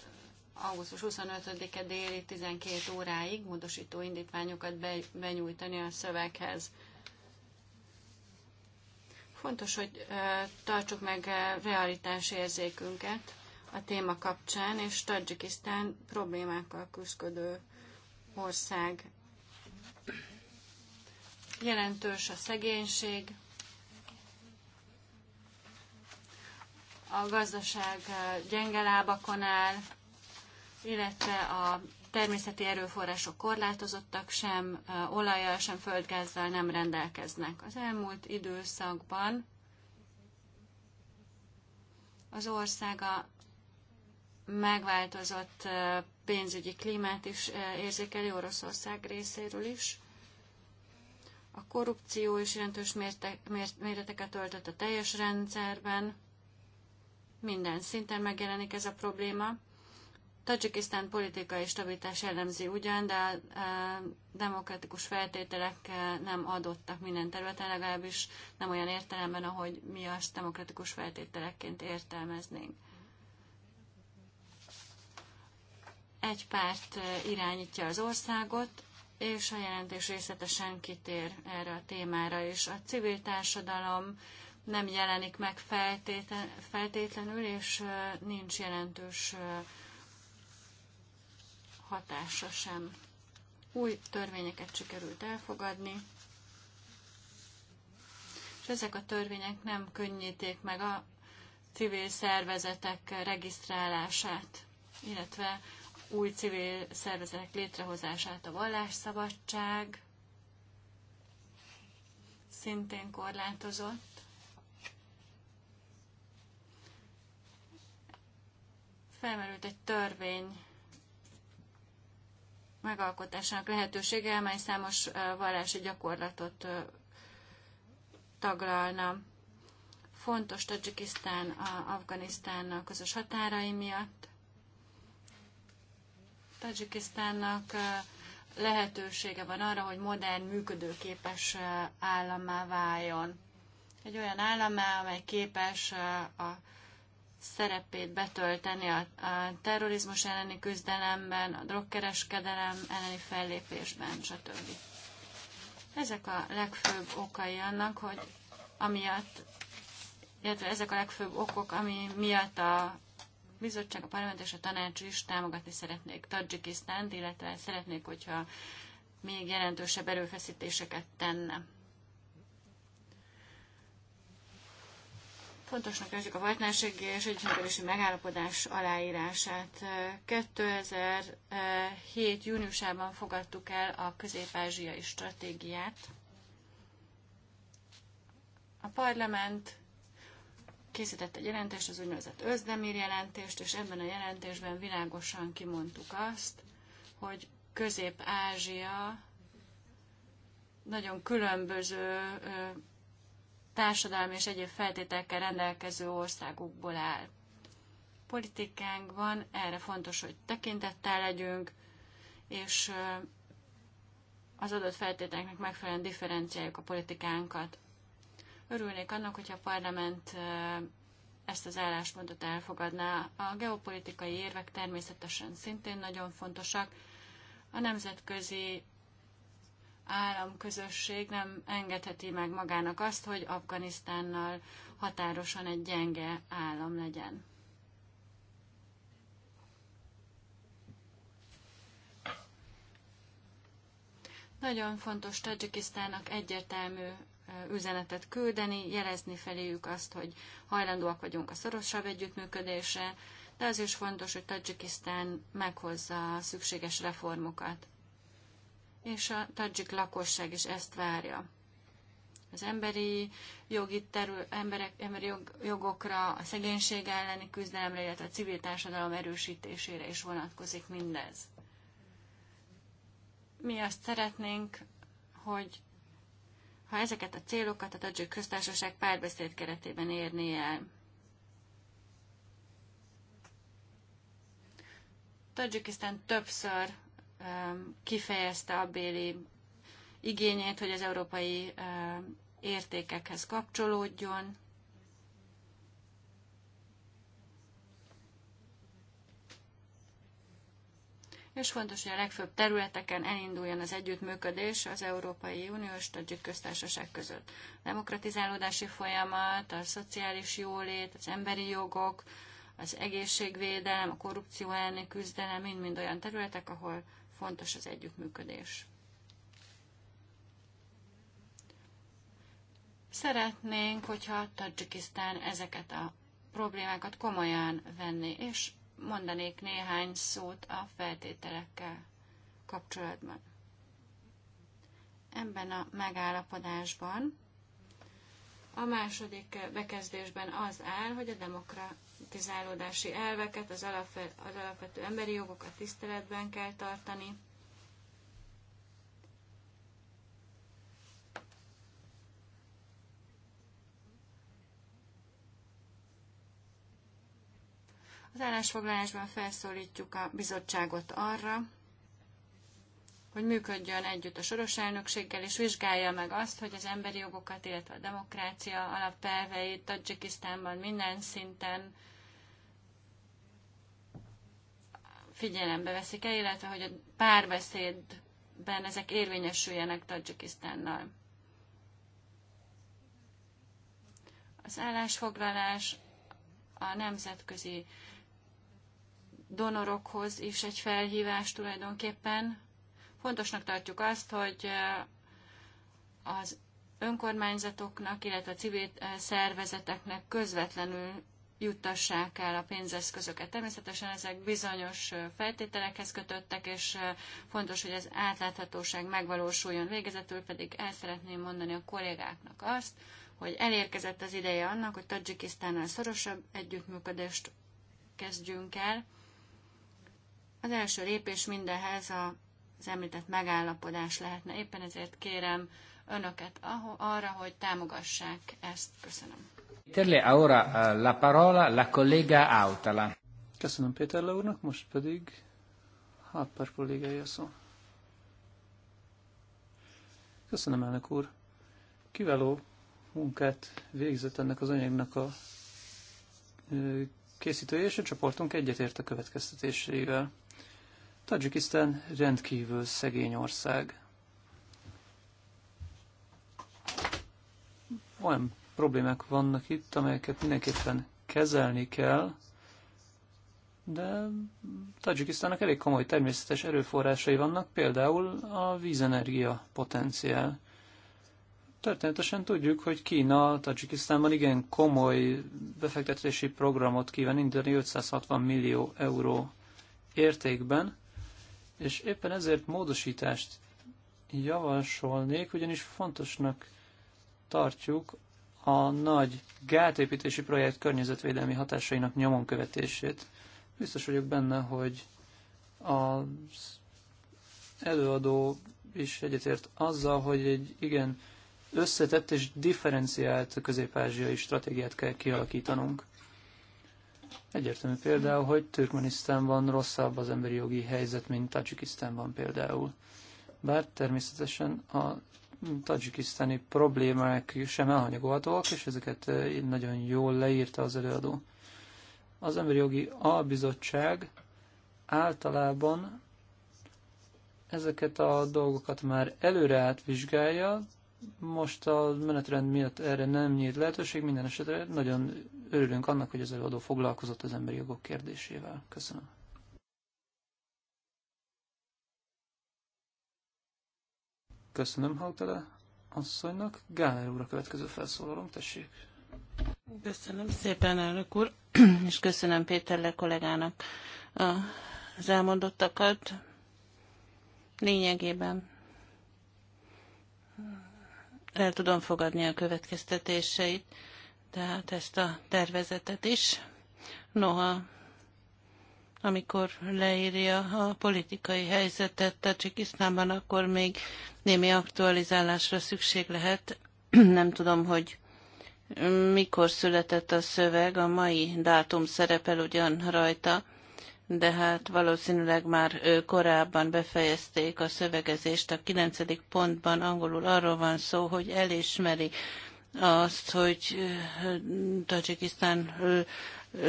augusztus 25-e déli 12 óráig módosító indítványokat benyújtani a szöveghez. Fontos, hogy tartsuk meg realitás érzékünket a téma kapcsán, és Tajikisztán problémákkal küzdködő ország. Jelentős a szegénység, a gazdaság gyenge lábakon áll, illetve a természeti erőforrások korlátozottak, sem olajjal, sem földgázzal nem rendelkeznek. Az elmúlt időszakban az országa megváltozott pénzügyi klímát is érzékeli Oroszország részéről is. A korrupció is jelentős méreteket öltött a teljes rendszerben. Minden szinten megjelenik ez a probléma. Tajikisztán politikai stabilitás jellemzi ugyan, de a demokratikus feltételek eh, nem adottak minden területen, legalábbis nem olyan értelemben, ahogy mi azt demokratikus feltételekként értelmeznénk. Egy párt eh, irányítja az országot, és a jelentés részletesen kitér erre a témára is. A civil társadalom nem jelenik meg feltétlenül, és eh, nincs jelentős hatása sem. Új törvényeket sikerült elfogadni, és ezek a törvények nem könnyíték meg a civil szervezetek regisztrálását, illetve új civil szervezetek létrehozását a vallásszabadság szintén korlátozott. Felmerült egy törvény megalkotásának lehetősége, amely számos vallási gyakorlatot taglalna. Fontos a Afganisztánnal közös határai miatt. Tadzsikisztánnak lehetősége van arra, hogy modern, működőképes állammá váljon. Egy olyan állammá, amely képes a szerepét betölteni a, a terrorizmus elleni küzdelemben, a drogkereskedelem elleni fellépésben, stb. Ezek a legfőbb okai annak, hogy amiatt, illetve ezek a legfőbb okok, ami miatt a bizottság, a parlament és a tanács is támogatni szeretnék Tadzsikisztánt, illetve szeretnék, hogyha még jelentősebb erőfeszítéseket tenne. Fontosnak tartjuk a partnerségi és együttműködési megállapodás aláírását. 2007. júniusában fogadtuk el a közép-ázsiai stratégiát. A parlament készített egy jelentést, az úgynevezett özdemír jelentést, és ebben a jelentésben világosan kimondtuk azt, hogy Közép-Ázsia nagyon különböző társadalmi és egyéb feltételekkel rendelkező országokból áll. politikánk van. erre fontos, hogy tekintettel legyünk, és az adott feltételeknek megfelelően differenciáljuk a politikánkat. Örülnék annak, hogyha a parlament ezt az álláspontot elfogadná. A geopolitikai érvek természetesen szintén nagyon fontosak. A nemzetközi államközösség nem engedheti meg magának azt, hogy Afganisztánnal határosan egy gyenge állam legyen. Nagyon fontos Tajikisztának egyértelmű üzenetet küldeni, jelezni feléjük azt, hogy hajlandóak vagyunk a szorosabb együttműködésre, de az is fontos, hogy Tajikisztán meghozza a szükséges reformokat és a tadzsik lakosság is ezt várja. Az emberi jogi terül, emberek, emberi jog, jogokra, a szegénység elleni küzdelemre, illetve a civil társadalom erősítésére is vonatkozik mindez. Mi azt szeretnénk, hogy ha ezeket a célokat a Tadzsik Köztársaság párbeszéd keretében érné el. Tadzsikisztán többször Um, kifejezte a béli igényét, hogy az európai um, értékekhez kapcsolódjon. És fontos, hogy a legfőbb területeken elinduljon az együttműködés az Európai Unió és köztársaság között. A demokratizálódási folyamat, a szociális jólét, az emberi jogok, az egészségvédelem, a korrupció elleni küzdelem, mind-mind olyan területek, ahol Fontos az együttműködés. Szeretnénk, hogyha Tajikisztán ezeket a problémákat komolyan venni, és mondanék néhány szót a feltételekkel kapcsolatban. Ebben a megállapodásban a második bekezdésben az áll, hogy a demokra- privatizálódási elveket, az, alapvet, az alapvető emberi jogokat tiszteletben kell tartani. Az állásfoglalásban felszólítjuk a bizottságot arra, hogy működjön együtt a soros elnökséggel, és vizsgálja meg azt, hogy az emberi jogokat, illetve a demokrácia alapelveit Tadzsikisztánban minden szinten figyelembe veszik el, illetve hogy a párbeszédben ezek érvényesüljenek Tadzsikisztánnal. Az állásfoglalás a nemzetközi donorokhoz is egy felhívás tulajdonképpen, Fontosnak tartjuk azt, hogy eh, az önkormányzatoknak, illetve a civil eh, szervezeteknek közvetlenül juttassák el a pénzeszközöket. Természetesen ezek bizonyos eh, feltételekhez kötöttek, és fontos, hogy az átláthatóság megvalósuljon. Végezetül pedig el szeretném mondani a kollégáknak azt, hogy elérkezett az ideje annak, hogy Tadzsikisztánnal szorosabb együttműködést kezdjünk el. Az első lépés mindenhez a az említett megállapodás lehetne. Éppen ezért kérem önöket arra, hogy támogassák ezt. Köszönöm. Terle ahora eh, la parola la collega Autala. Köszönöm Péterle úrnak, most pedig Harper kollégája szó. Köszönöm, elnök úr. Kiváló munkát végzett ennek az anyagnak a készítője, és a csoportunk egyetért a következtetésével. Tajikisztán rendkívül szegény ország. Olyan problémák vannak itt, amelyeket mindenképpen kezelni kell, de Tajikisztának elég komoly természetes erőforrásai vannak, például a vízenergia potenciál. Történetesen tudjuk, hogy Kína Tajikisztánban igen komoly befektetési programot kíván indítani 560 millió euró értékben, és éppen ezért módosítást javasolnék, ugyanis fontosnak tartjuk a nagy gátépítési projekt környezetvédelmi hatásainak nyomon követését. Biztos vagyok benne, hogy az előadó is egyetért azzal, hogy egy igen összetett és differenciált közép-ázsiai stratégiát kell kialakítanunk. Egyértelmű például, hogy Türkmenisztánban rosszabb az emberi jogi helyzet, mint Tajikisztánban például. Bár természetesen a tajikisztáni problémák sem elhanyagolhatóak, és ezeket eh, nagyon jól leírta az előadó. Az Emberi Jogi Albizottság általában ezeket a dolgokat már előre átvizsgálja, most a menetrend miatt erre nem nyílt lehetőség, minden esetre nagyon örülünk annak, hogy az előadó foglalkozott az emberi jogok kérdésével. Köszönöm. Köszönöm, Hautele asszonynak. Gáner úr a következő felszólalom, tessék. Köszönöm szépen, elnök úr, és köszönöm le kollégának az elmondottakat. Lényegében el tudom fogadni a következtetéseit tehát ezt a tervezetet is. Noha, amikor leírja a politikai helyzetet Tacsikisztánban, akkor még némi aktualizálásra szükség lehet. Nem tudom, hogy mikor született a szöveg, a mai dátum szerepel ugyan rajta, de hát valószínűleg már korábban befejezték a szövegezést. A kilencedik pontban angolul arról van szó, hogy elismeri azt, hogy Tajikisztán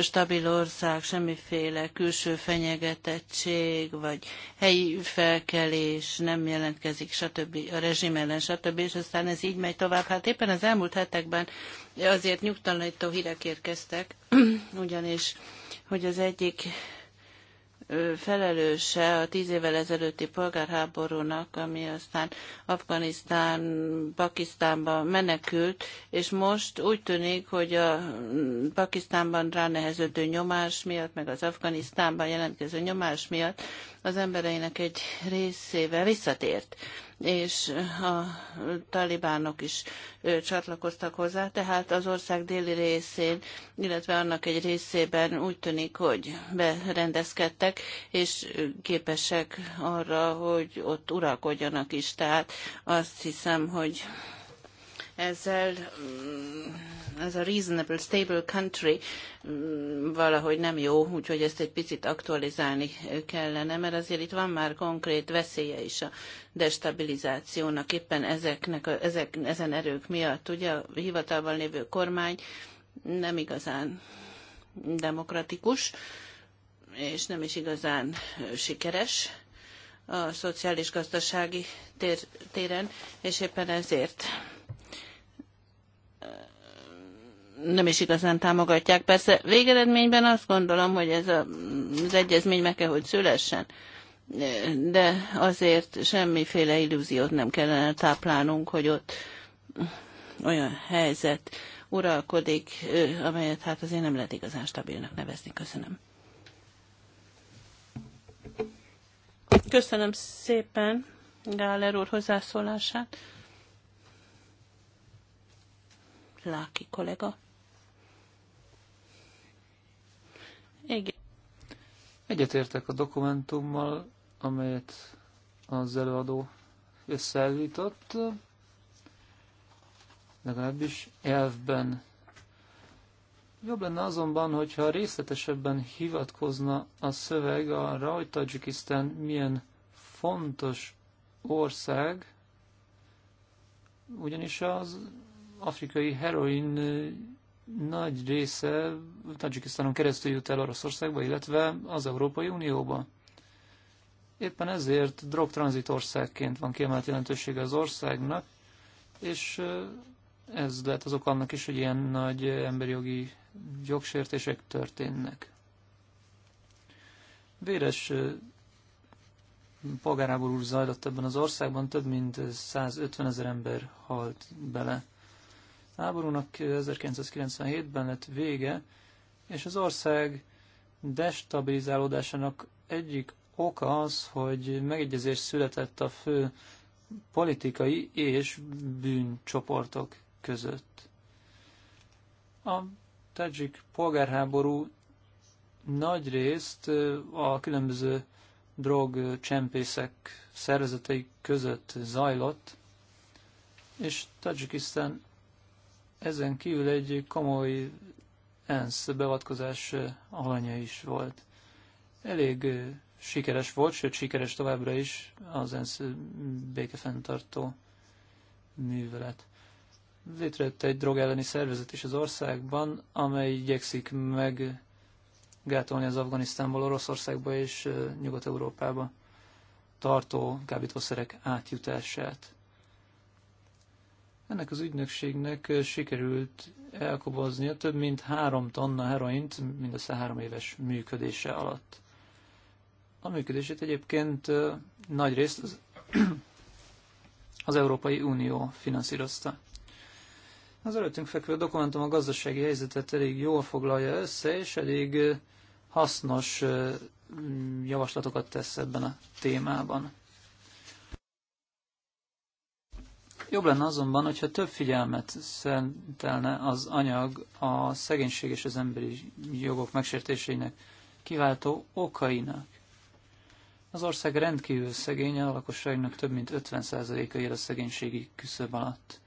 stabil ország, semmiféle külső fenyegetettség, vagy helyi felkelés nem jelentkezik, stb. a rezsim ellen, stb. És aztán ez így megy tovább. Hát éppen az elmúlt hetekben azért nyugtalanító hírek érkeztek, ugyanis, hogy az egyik felelőse a tíz évvel ezelőtti polgárháborúnak, ami aztán Afganisztán, Pakisztánba menekült, és most úgy tűnik, hogy a Pakisztánban ráneheződő nyomás miatt, meg az Afganisztánban jelentkező nyomás miatt az embereinek egy részével visszatért és a talibánok is csatlakoztak hozzá, tehát az ország déli részén, illetve annak egy részében úgy tűnik, hogy berendezkedtek, és képesek arra, hogy ott uralkodjanak is. Tehát azt hiszem, hogy ezzel mm, ez a reasonable, stable country mm, valahogy nem jó, úgyhogy ezt egy picit aktualizálni kellene, mert azért itt van már konkrét veszélye is a destabilizációnak, éppen ezeknek a, ezek, ezen erők miatt. Ugye a hivatalban lévő kormány nem igazán demokratikus, és nem is igazán sikeres a szociális-gazdasági téren, és éppen ezért nem is igazán támogatják. Persze végeredményben azt gondolom, hogy ez a, az egyezmény meg kell, hogy szülessen, de azért semmiféle illúziót nem kellene táplálnunk, hogy ott olyan helyzet uralkodik, amelyet hát azért nem lehet igazán stabilnak nevezni. Köszönöm. Köszönöm szépen Gáler úr hozzászólását. Láki kollega. Egyetértek a dokumentummal, amelyet az előadó összeállított, legalábbis elvben. Jobb lenne azonban, hogyha részletesebben hivatkozna a szöveg arra, hogy Tajikisztán milyen fontos ország, ugyanis az afrikai heroin nagy része Tajikisztánon keresztül jut el Oroszországba, illetve az Európai Unióba. Éppen ezért drogtranzit országként van kiemelt jelentősége az országnak, és ez lehet az annak is, hogy ilyen nagy emberi jogi jogsértések történnek. Véres polgárháború zajlott ebben az országban, több mint 150 ezer ember halt bele háborúnak 1997-ben lett vége, és az ország destabilizálódásának egyik oka az, hogy megegyezés született a fő politikai és bűncsoportok között. A tajik polgárháború nagy részt a különböző drogcsempészek szervezetei között zajlott, és Tajikisztán ezen kívül egy komoly ENSZ beavatkozás eh, alanya is volt. Elég eh, sikeres volt, sőt sikeres továbbra is az ENSZ eh, békefenntartó művelet. Létrejött egy drog elleni szervezet is az országban, amely igyekszik meg gátolni az Afganisztánból, Oroszországba és Nyugat-Európába tartó kábítószerek átjutását. Ennek az ügynökségnek sikerült elkoboznia több mint három tonna heroint mindössze három éves működése alatt. A működését egyébként nagy részt az, az Európai Unió finanszírozta. Az előttünk fekvő dokumentum a gazdasági helyzetet elég jól foglalja össze, és elég hasznos javaslatokat tesz ebben a témában. Jobb lenne azonban, hogyha több figyelmet szentelne az anyag a szegénység és az emberi jogok megsértéseinek kiváltó okainak. Az ország rendkívül szegény, a lakosságnak több mint 50%-a él a szegénységi küszöb alatt.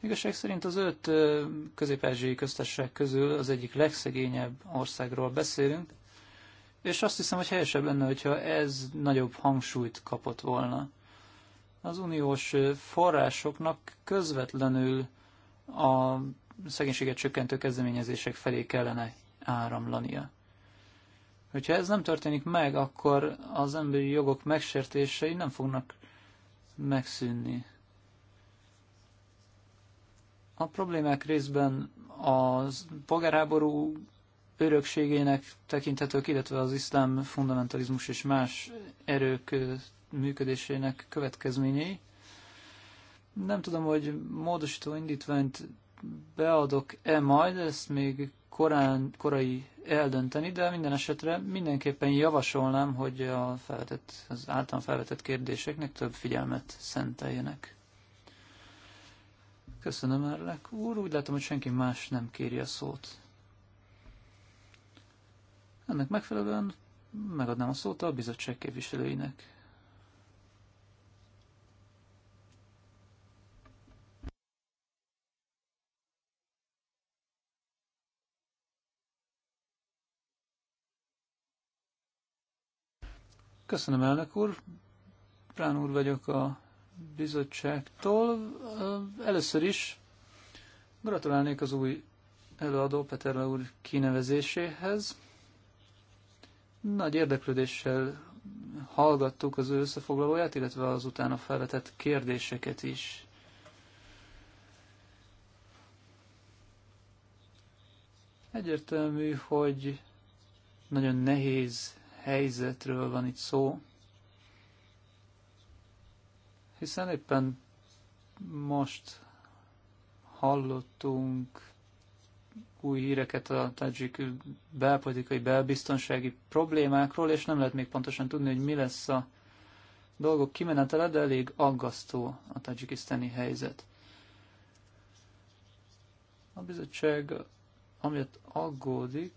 Igazság szerint az öt közép köztesség közül az egyik legszegényebb országról beszélünk, és azt hiszem, hogy helyesebb lenne, hogyha ez nagyobb hangsúlyt kapott volna az uniós forrásoknak közvetlenül a szegénységet csökkentő kezdeményezések felé kellene áramlania. Hogyha ez nem történik meg, akkor az emberi jogok megsértései nem fognak megszűnni. A problémák részben a polgárháború örökségének tekinthetők, illetve az iszlám fundamentalizmus és más erők működésének következményei. Nem tudom, hogy módosító indítványt beadok-e majd, ezt még korán, korai eldönteni, de minden esetre mindenképpen javasolnám, hogy a felvetett, az általán felvetett kérdéseknek több figyelmet szenteljenek. Köszönöm, Erlek úr. Úgy látom, hogy senki más nem kéri a szót. Ennek megfelelően megadnám a szót a bizottság képviselőinek. Köszönöm, elnök úr. Prán úr vagyok a bizottságtól. Először is gratulálnék az új előadó Peterle úr kinevezéséhez. Nagy érdeklődéssel hallgattuk az ő összefoglalóját, illetve az utána felvetett kérdéseket is. Egyértelmű, hogy nagyon nehéz helyzetről van itt szó, hiszen éppen most hallottunk új híreket a tajik belpolitikai, belbiztonsági problémákról, és nem lehet még pontosan tudni, hogy mi lesz a dolgok kimenetele, de elég aggasztó a tajikisztáni helyzet. A bizottság amiatt aggódik,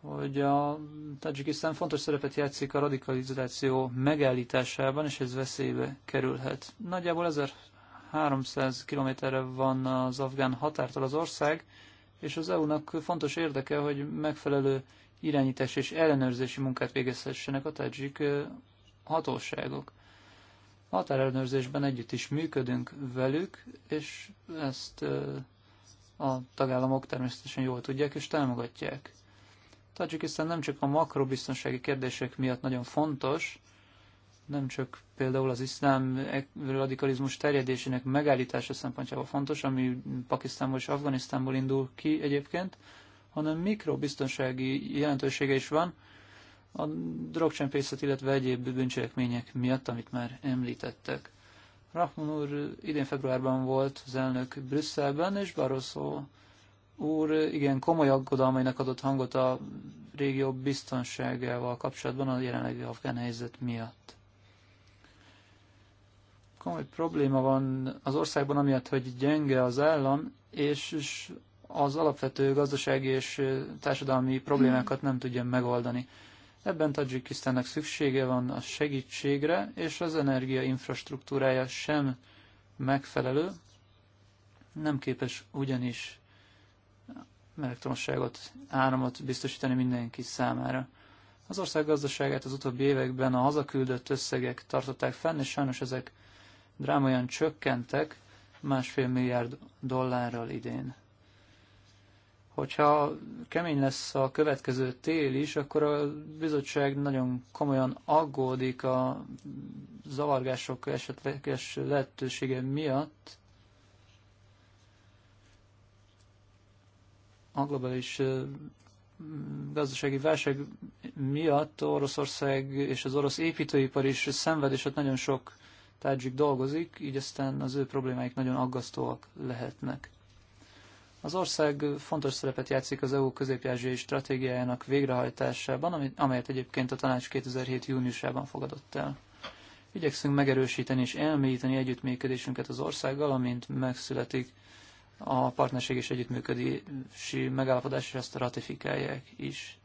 hogy a Tajikisztán fontos szerepet játszik a radikalizáció megállításában, és ez veszélybe kerülhet. Nagyjából 1300 kilométerre van az afgán határtól az ország, és az EU-nak fontos érdeke, hogy megfelelő irányítás és ellenőrzési munkát végezhessenek a tajik hatóságok. A határellenőrzésben együtt is működünk velük, és ezt a tagállamok természetesen jól tudják és támogatják. Tajikisztán nem csak a makrobiztonsági kérdések miatt nagyon fontos, nem csak például az iszlám radikalizmus terjedésének megállítása szempontjából fontos, ami Pakisztánból és Afganisztánból indul ki egyébként, hanem mikrobiztonsági jelentősége is van a drogcsempészet, illetve egyéb bűncselekmények miatt, amit már említettek. Rahman úr idén februárban volt az elnök Brüsszelben, és Barroso úr igen komoly aggodalmainak adott hangot a régió biztonságával kapcsolatban a jelenlegi afgán helyzet miatt komoly probléma van az országban, amiatt, hogy gyenge az állam, és az alapvető gazdasági és társadalmi problémákat nem tudja megoldani. Ebben Tajikisztánnak szüksége van a segítségre, és az energia infrastruktúrája sem megfelelő, nem képes ugyanis elektromosságot, áramot biztosítani mindenki számára. Az ország gazdaságát az utóbbi években a hazaküldött összegek tartották fenn, és sajnos ezek drámaian csökkentek másfél milliárd dollárral idén. Hogyha kemény lesz a következő tél is, akkor a bizottság nagyon komolyan aggódik a zavargások esetleges lehetősége miatt, a globális gazdasági válság miatt Oroszország és az orosz építőipar is szenved, és ott nagyon sok Tajik dolgozik, így aztán az ő problémáik nagyon aggasztóak lehetnek. Az ország fontos szerepet játszik az EU középjázsiai stratégiájának végrehajtásában, amelyet egyébként a tanács 2007. júniusában fogadott el. Igyekszünk megerősíteni és elmélyíteni együttműködésünket az országgal, amint megszületik a partnerség és együttműködési megállapodás, és ezt a ratifikálják is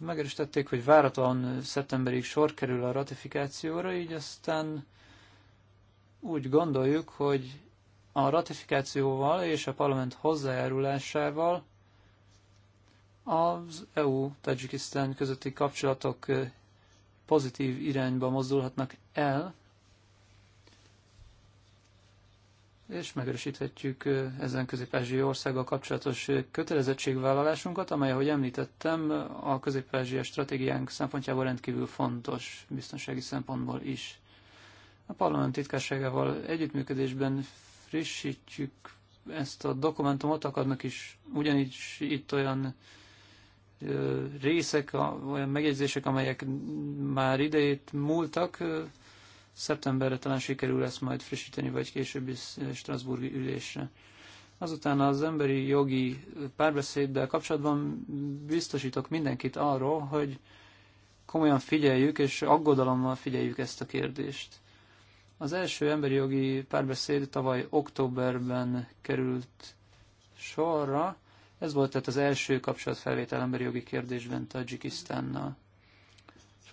megerősítették, hogy váratlan szeptemberig sor kerül a ratifikációra, így aztán úgy gondoljuk, hogy a ratifikációval és a parlament hozzájárulásával az EU-Tajikisztán közötti kapcsolatok pozitív irányba mozdulhatnak el, és megerősíthetjük ezen közép-ázsiai országgal kapcsolatos kötelezettségvállalásunkat, amely, ahogy említettem, a közép-ázsiai stratégiánk szempontjából rendkívül fontos biztonsági szempontból is. A parlament titkárságával együttműködésben frissítjük ezt a dokumentumot, akadnak is ugyanígy itt olyan részek, olyan megjegyzések, amelyek már idejét múltak, Szeptemberre talán sikerül ezt majd frissíteni, vagy későbbi eh, Strasburgi ülésre. Azután az emberi jogi párbeszéddel kapcsolatban biztosítok mindenkit arról, hogy komolyan figyeljük és aggodalommal figyeljük ezt a kérdést. Az első emberi jogi párbeszéd tavaly októberben került sorra. Ez volt tehát az első kapcsolatfelvétel emberi jogi kérdésben Tajikisztánnal.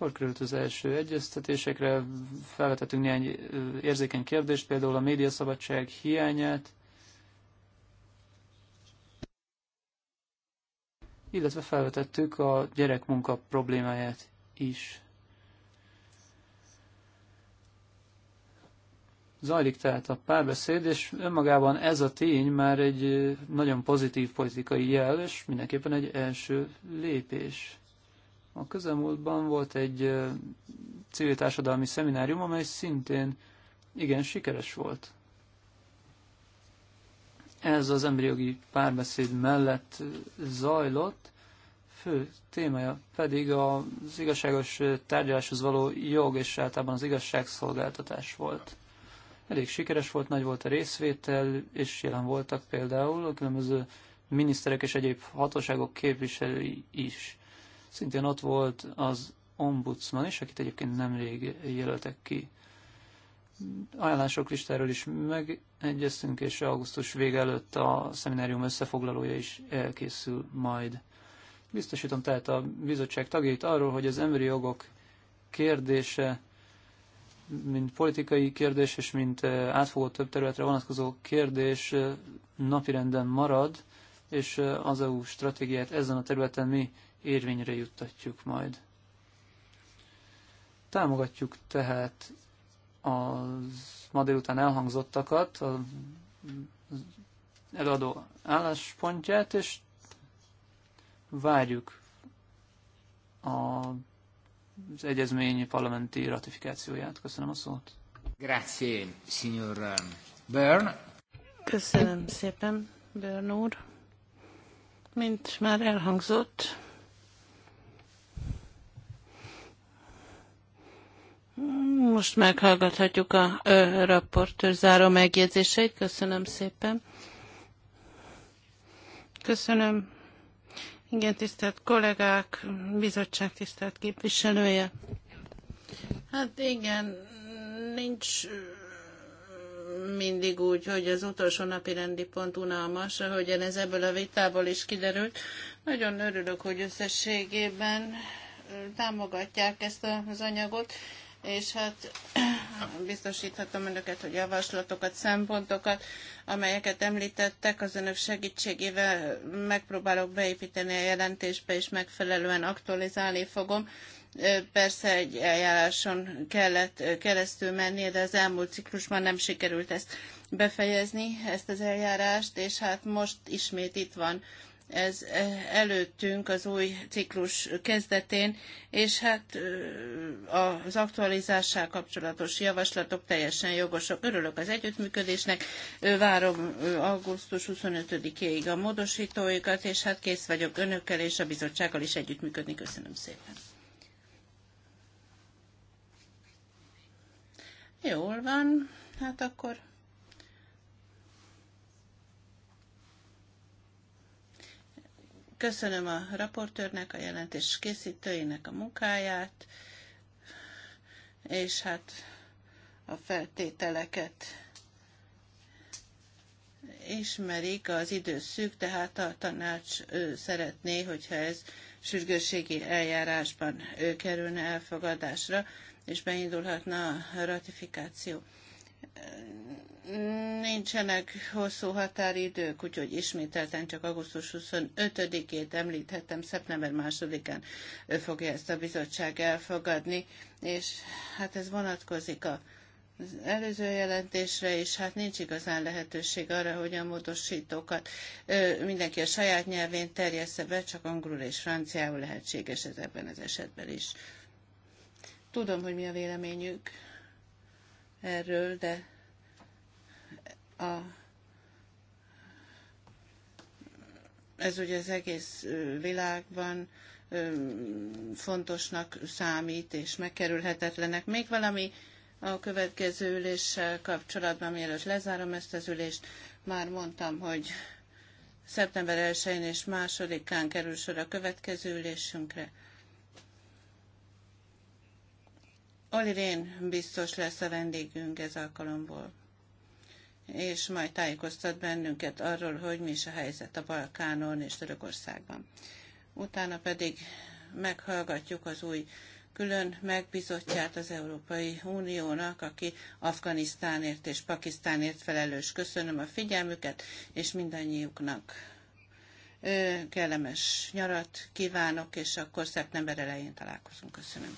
Sor került az első egyeztetésekre, felvetettünk néhány érzékeny kérdést, például a médiaszabadság hiányát, illetve felvetettük a gyerekmunka problémáját is. Zajlik tehát a párbeszéd, és önmagában ez a tény már egy nagyon pozitív politikai jel, és mindenképpen egy első lépés. A közelmúltban volt egy civil társadalmi szeminárium, amely szintén igen sikeres volt. Ez az embriogi párbeszéd mellett zajlott, fő témája pedig az igazságos tárgyaláshoz való jog és általában az igazságszolgáltatás volt. Elég sikeres volt, nagy volt a részvétel, és jelen voltak például a különböző miniszterek és egyéb hatóságok képviselői is. Szintén ott volt az ombudsman is, akit egyébként nemrég jelöltek ki. Ajánlások listáról is megegyeztünk, és augusztus vége előtt a szeminárium összefoglalója is elkészül majd. Biztosítom tehát a bizottság tagjait arról, hogy az emberi jogok kérdése, mint politikai kérdés, és mint eh, átfogó több területre vonatkozó kérdés eh, napirenden marad, és eh, az EU stratégiát ezen a területen mi érvényre juttatjuk majd. Támogatjuk tehát az ma délután elhangzottakat, az eladó álláspontját, és várjuk a, az egyezmény parlamenti ratifikációját. Köszönöm a szót. Grazie, signor um, Bern. Köszönöm szépen, Bern úr. Mint már elhangzott, Most meghallgathatjuk a ö, raportőr záró megjegyzéseit. Köszönöm szépen. Köszönöm. Igen, tisztelt kollégák, bizottság tisztelt képviselője. Hát igen, nincs mindig úgy, hogy az utolsó napi rendi pont unalmas, ahogyan ez ebből a vitából is kiderült. Nagyon örülök, hogy összességében támogatják ezt az anyagot, és hát biztosíthatom önöket, hogy javaslatokat, szempontokat, amelyeket említettek, az önök segítségével megpróbálok beépíteni a jelentésbe, és megfelelően aktualizálni fogom. Persze egy eljáráson kellett keresztül menni, de az elmúlt ciklusban nem sikerült ezt befejezni, ezt az eljárást, és hát most ismét itt van ez eh, előttünk az új ciklus kezdetén, és hát eh, az aktualizással kapcsolatos javaslatok teljesen jogosak. Örülök az együttműködésnek, várom augusztus 25 éig a módosítóikat, és hát kész vagyok önökkel és a bizottsággal is együttműködni. Köszönöm szépen. Jól van, hát akkor Köszönöm a raportőrnek, a jelentés készítőinek a munkáját, és hát a feltételeket ismerik, az időszűk, tehát a tanács szeretné, hogyha ez sürgősségi eljárásban kerülne elfogadásra, és beindulhatna a ratifikáció nincsenek hosszú határidők, úgyhogy ismételten csak augusztus 25-ét említhettem, szeptember 2-án fogja ezt a bizottság elfogadni, és hát ez vonatkozik a az előző jelentésre, is hát nincs igazán lehetőség arra, hogy a módosítókat ö, mindenki a saját nyelvén terjessze be, csak angolul és franciául lehetséges ez ebben az esetben is. Tudom, hogy mi a véleményük erről, de a ez ugye az egész világban fontosnak számít és megkerülhetetlenek. Még valami a következő üléssel kapcsolatban, mielőtt lezárom ezt az ülést, már mondtam, hogy szeptember 1-én és 2-án kerül sor a következő ülésünkre. Oli Rén biztos lesz a vendégünk ez alkalomból és majd tájékoztat bennünket arról, hogy mi is a helyzet a Balkánon és Törökországban. Utána pedig meghallgatjuk az új külön megbizotját az Európai Uniónak, aki Afganisztánért és Pakisztánért felelős. Köszönöm a figyelmüket, és mindannyiuknak kellemes nyarat kívánok, és akkor szeptember elején találkozunk. Köszönöm.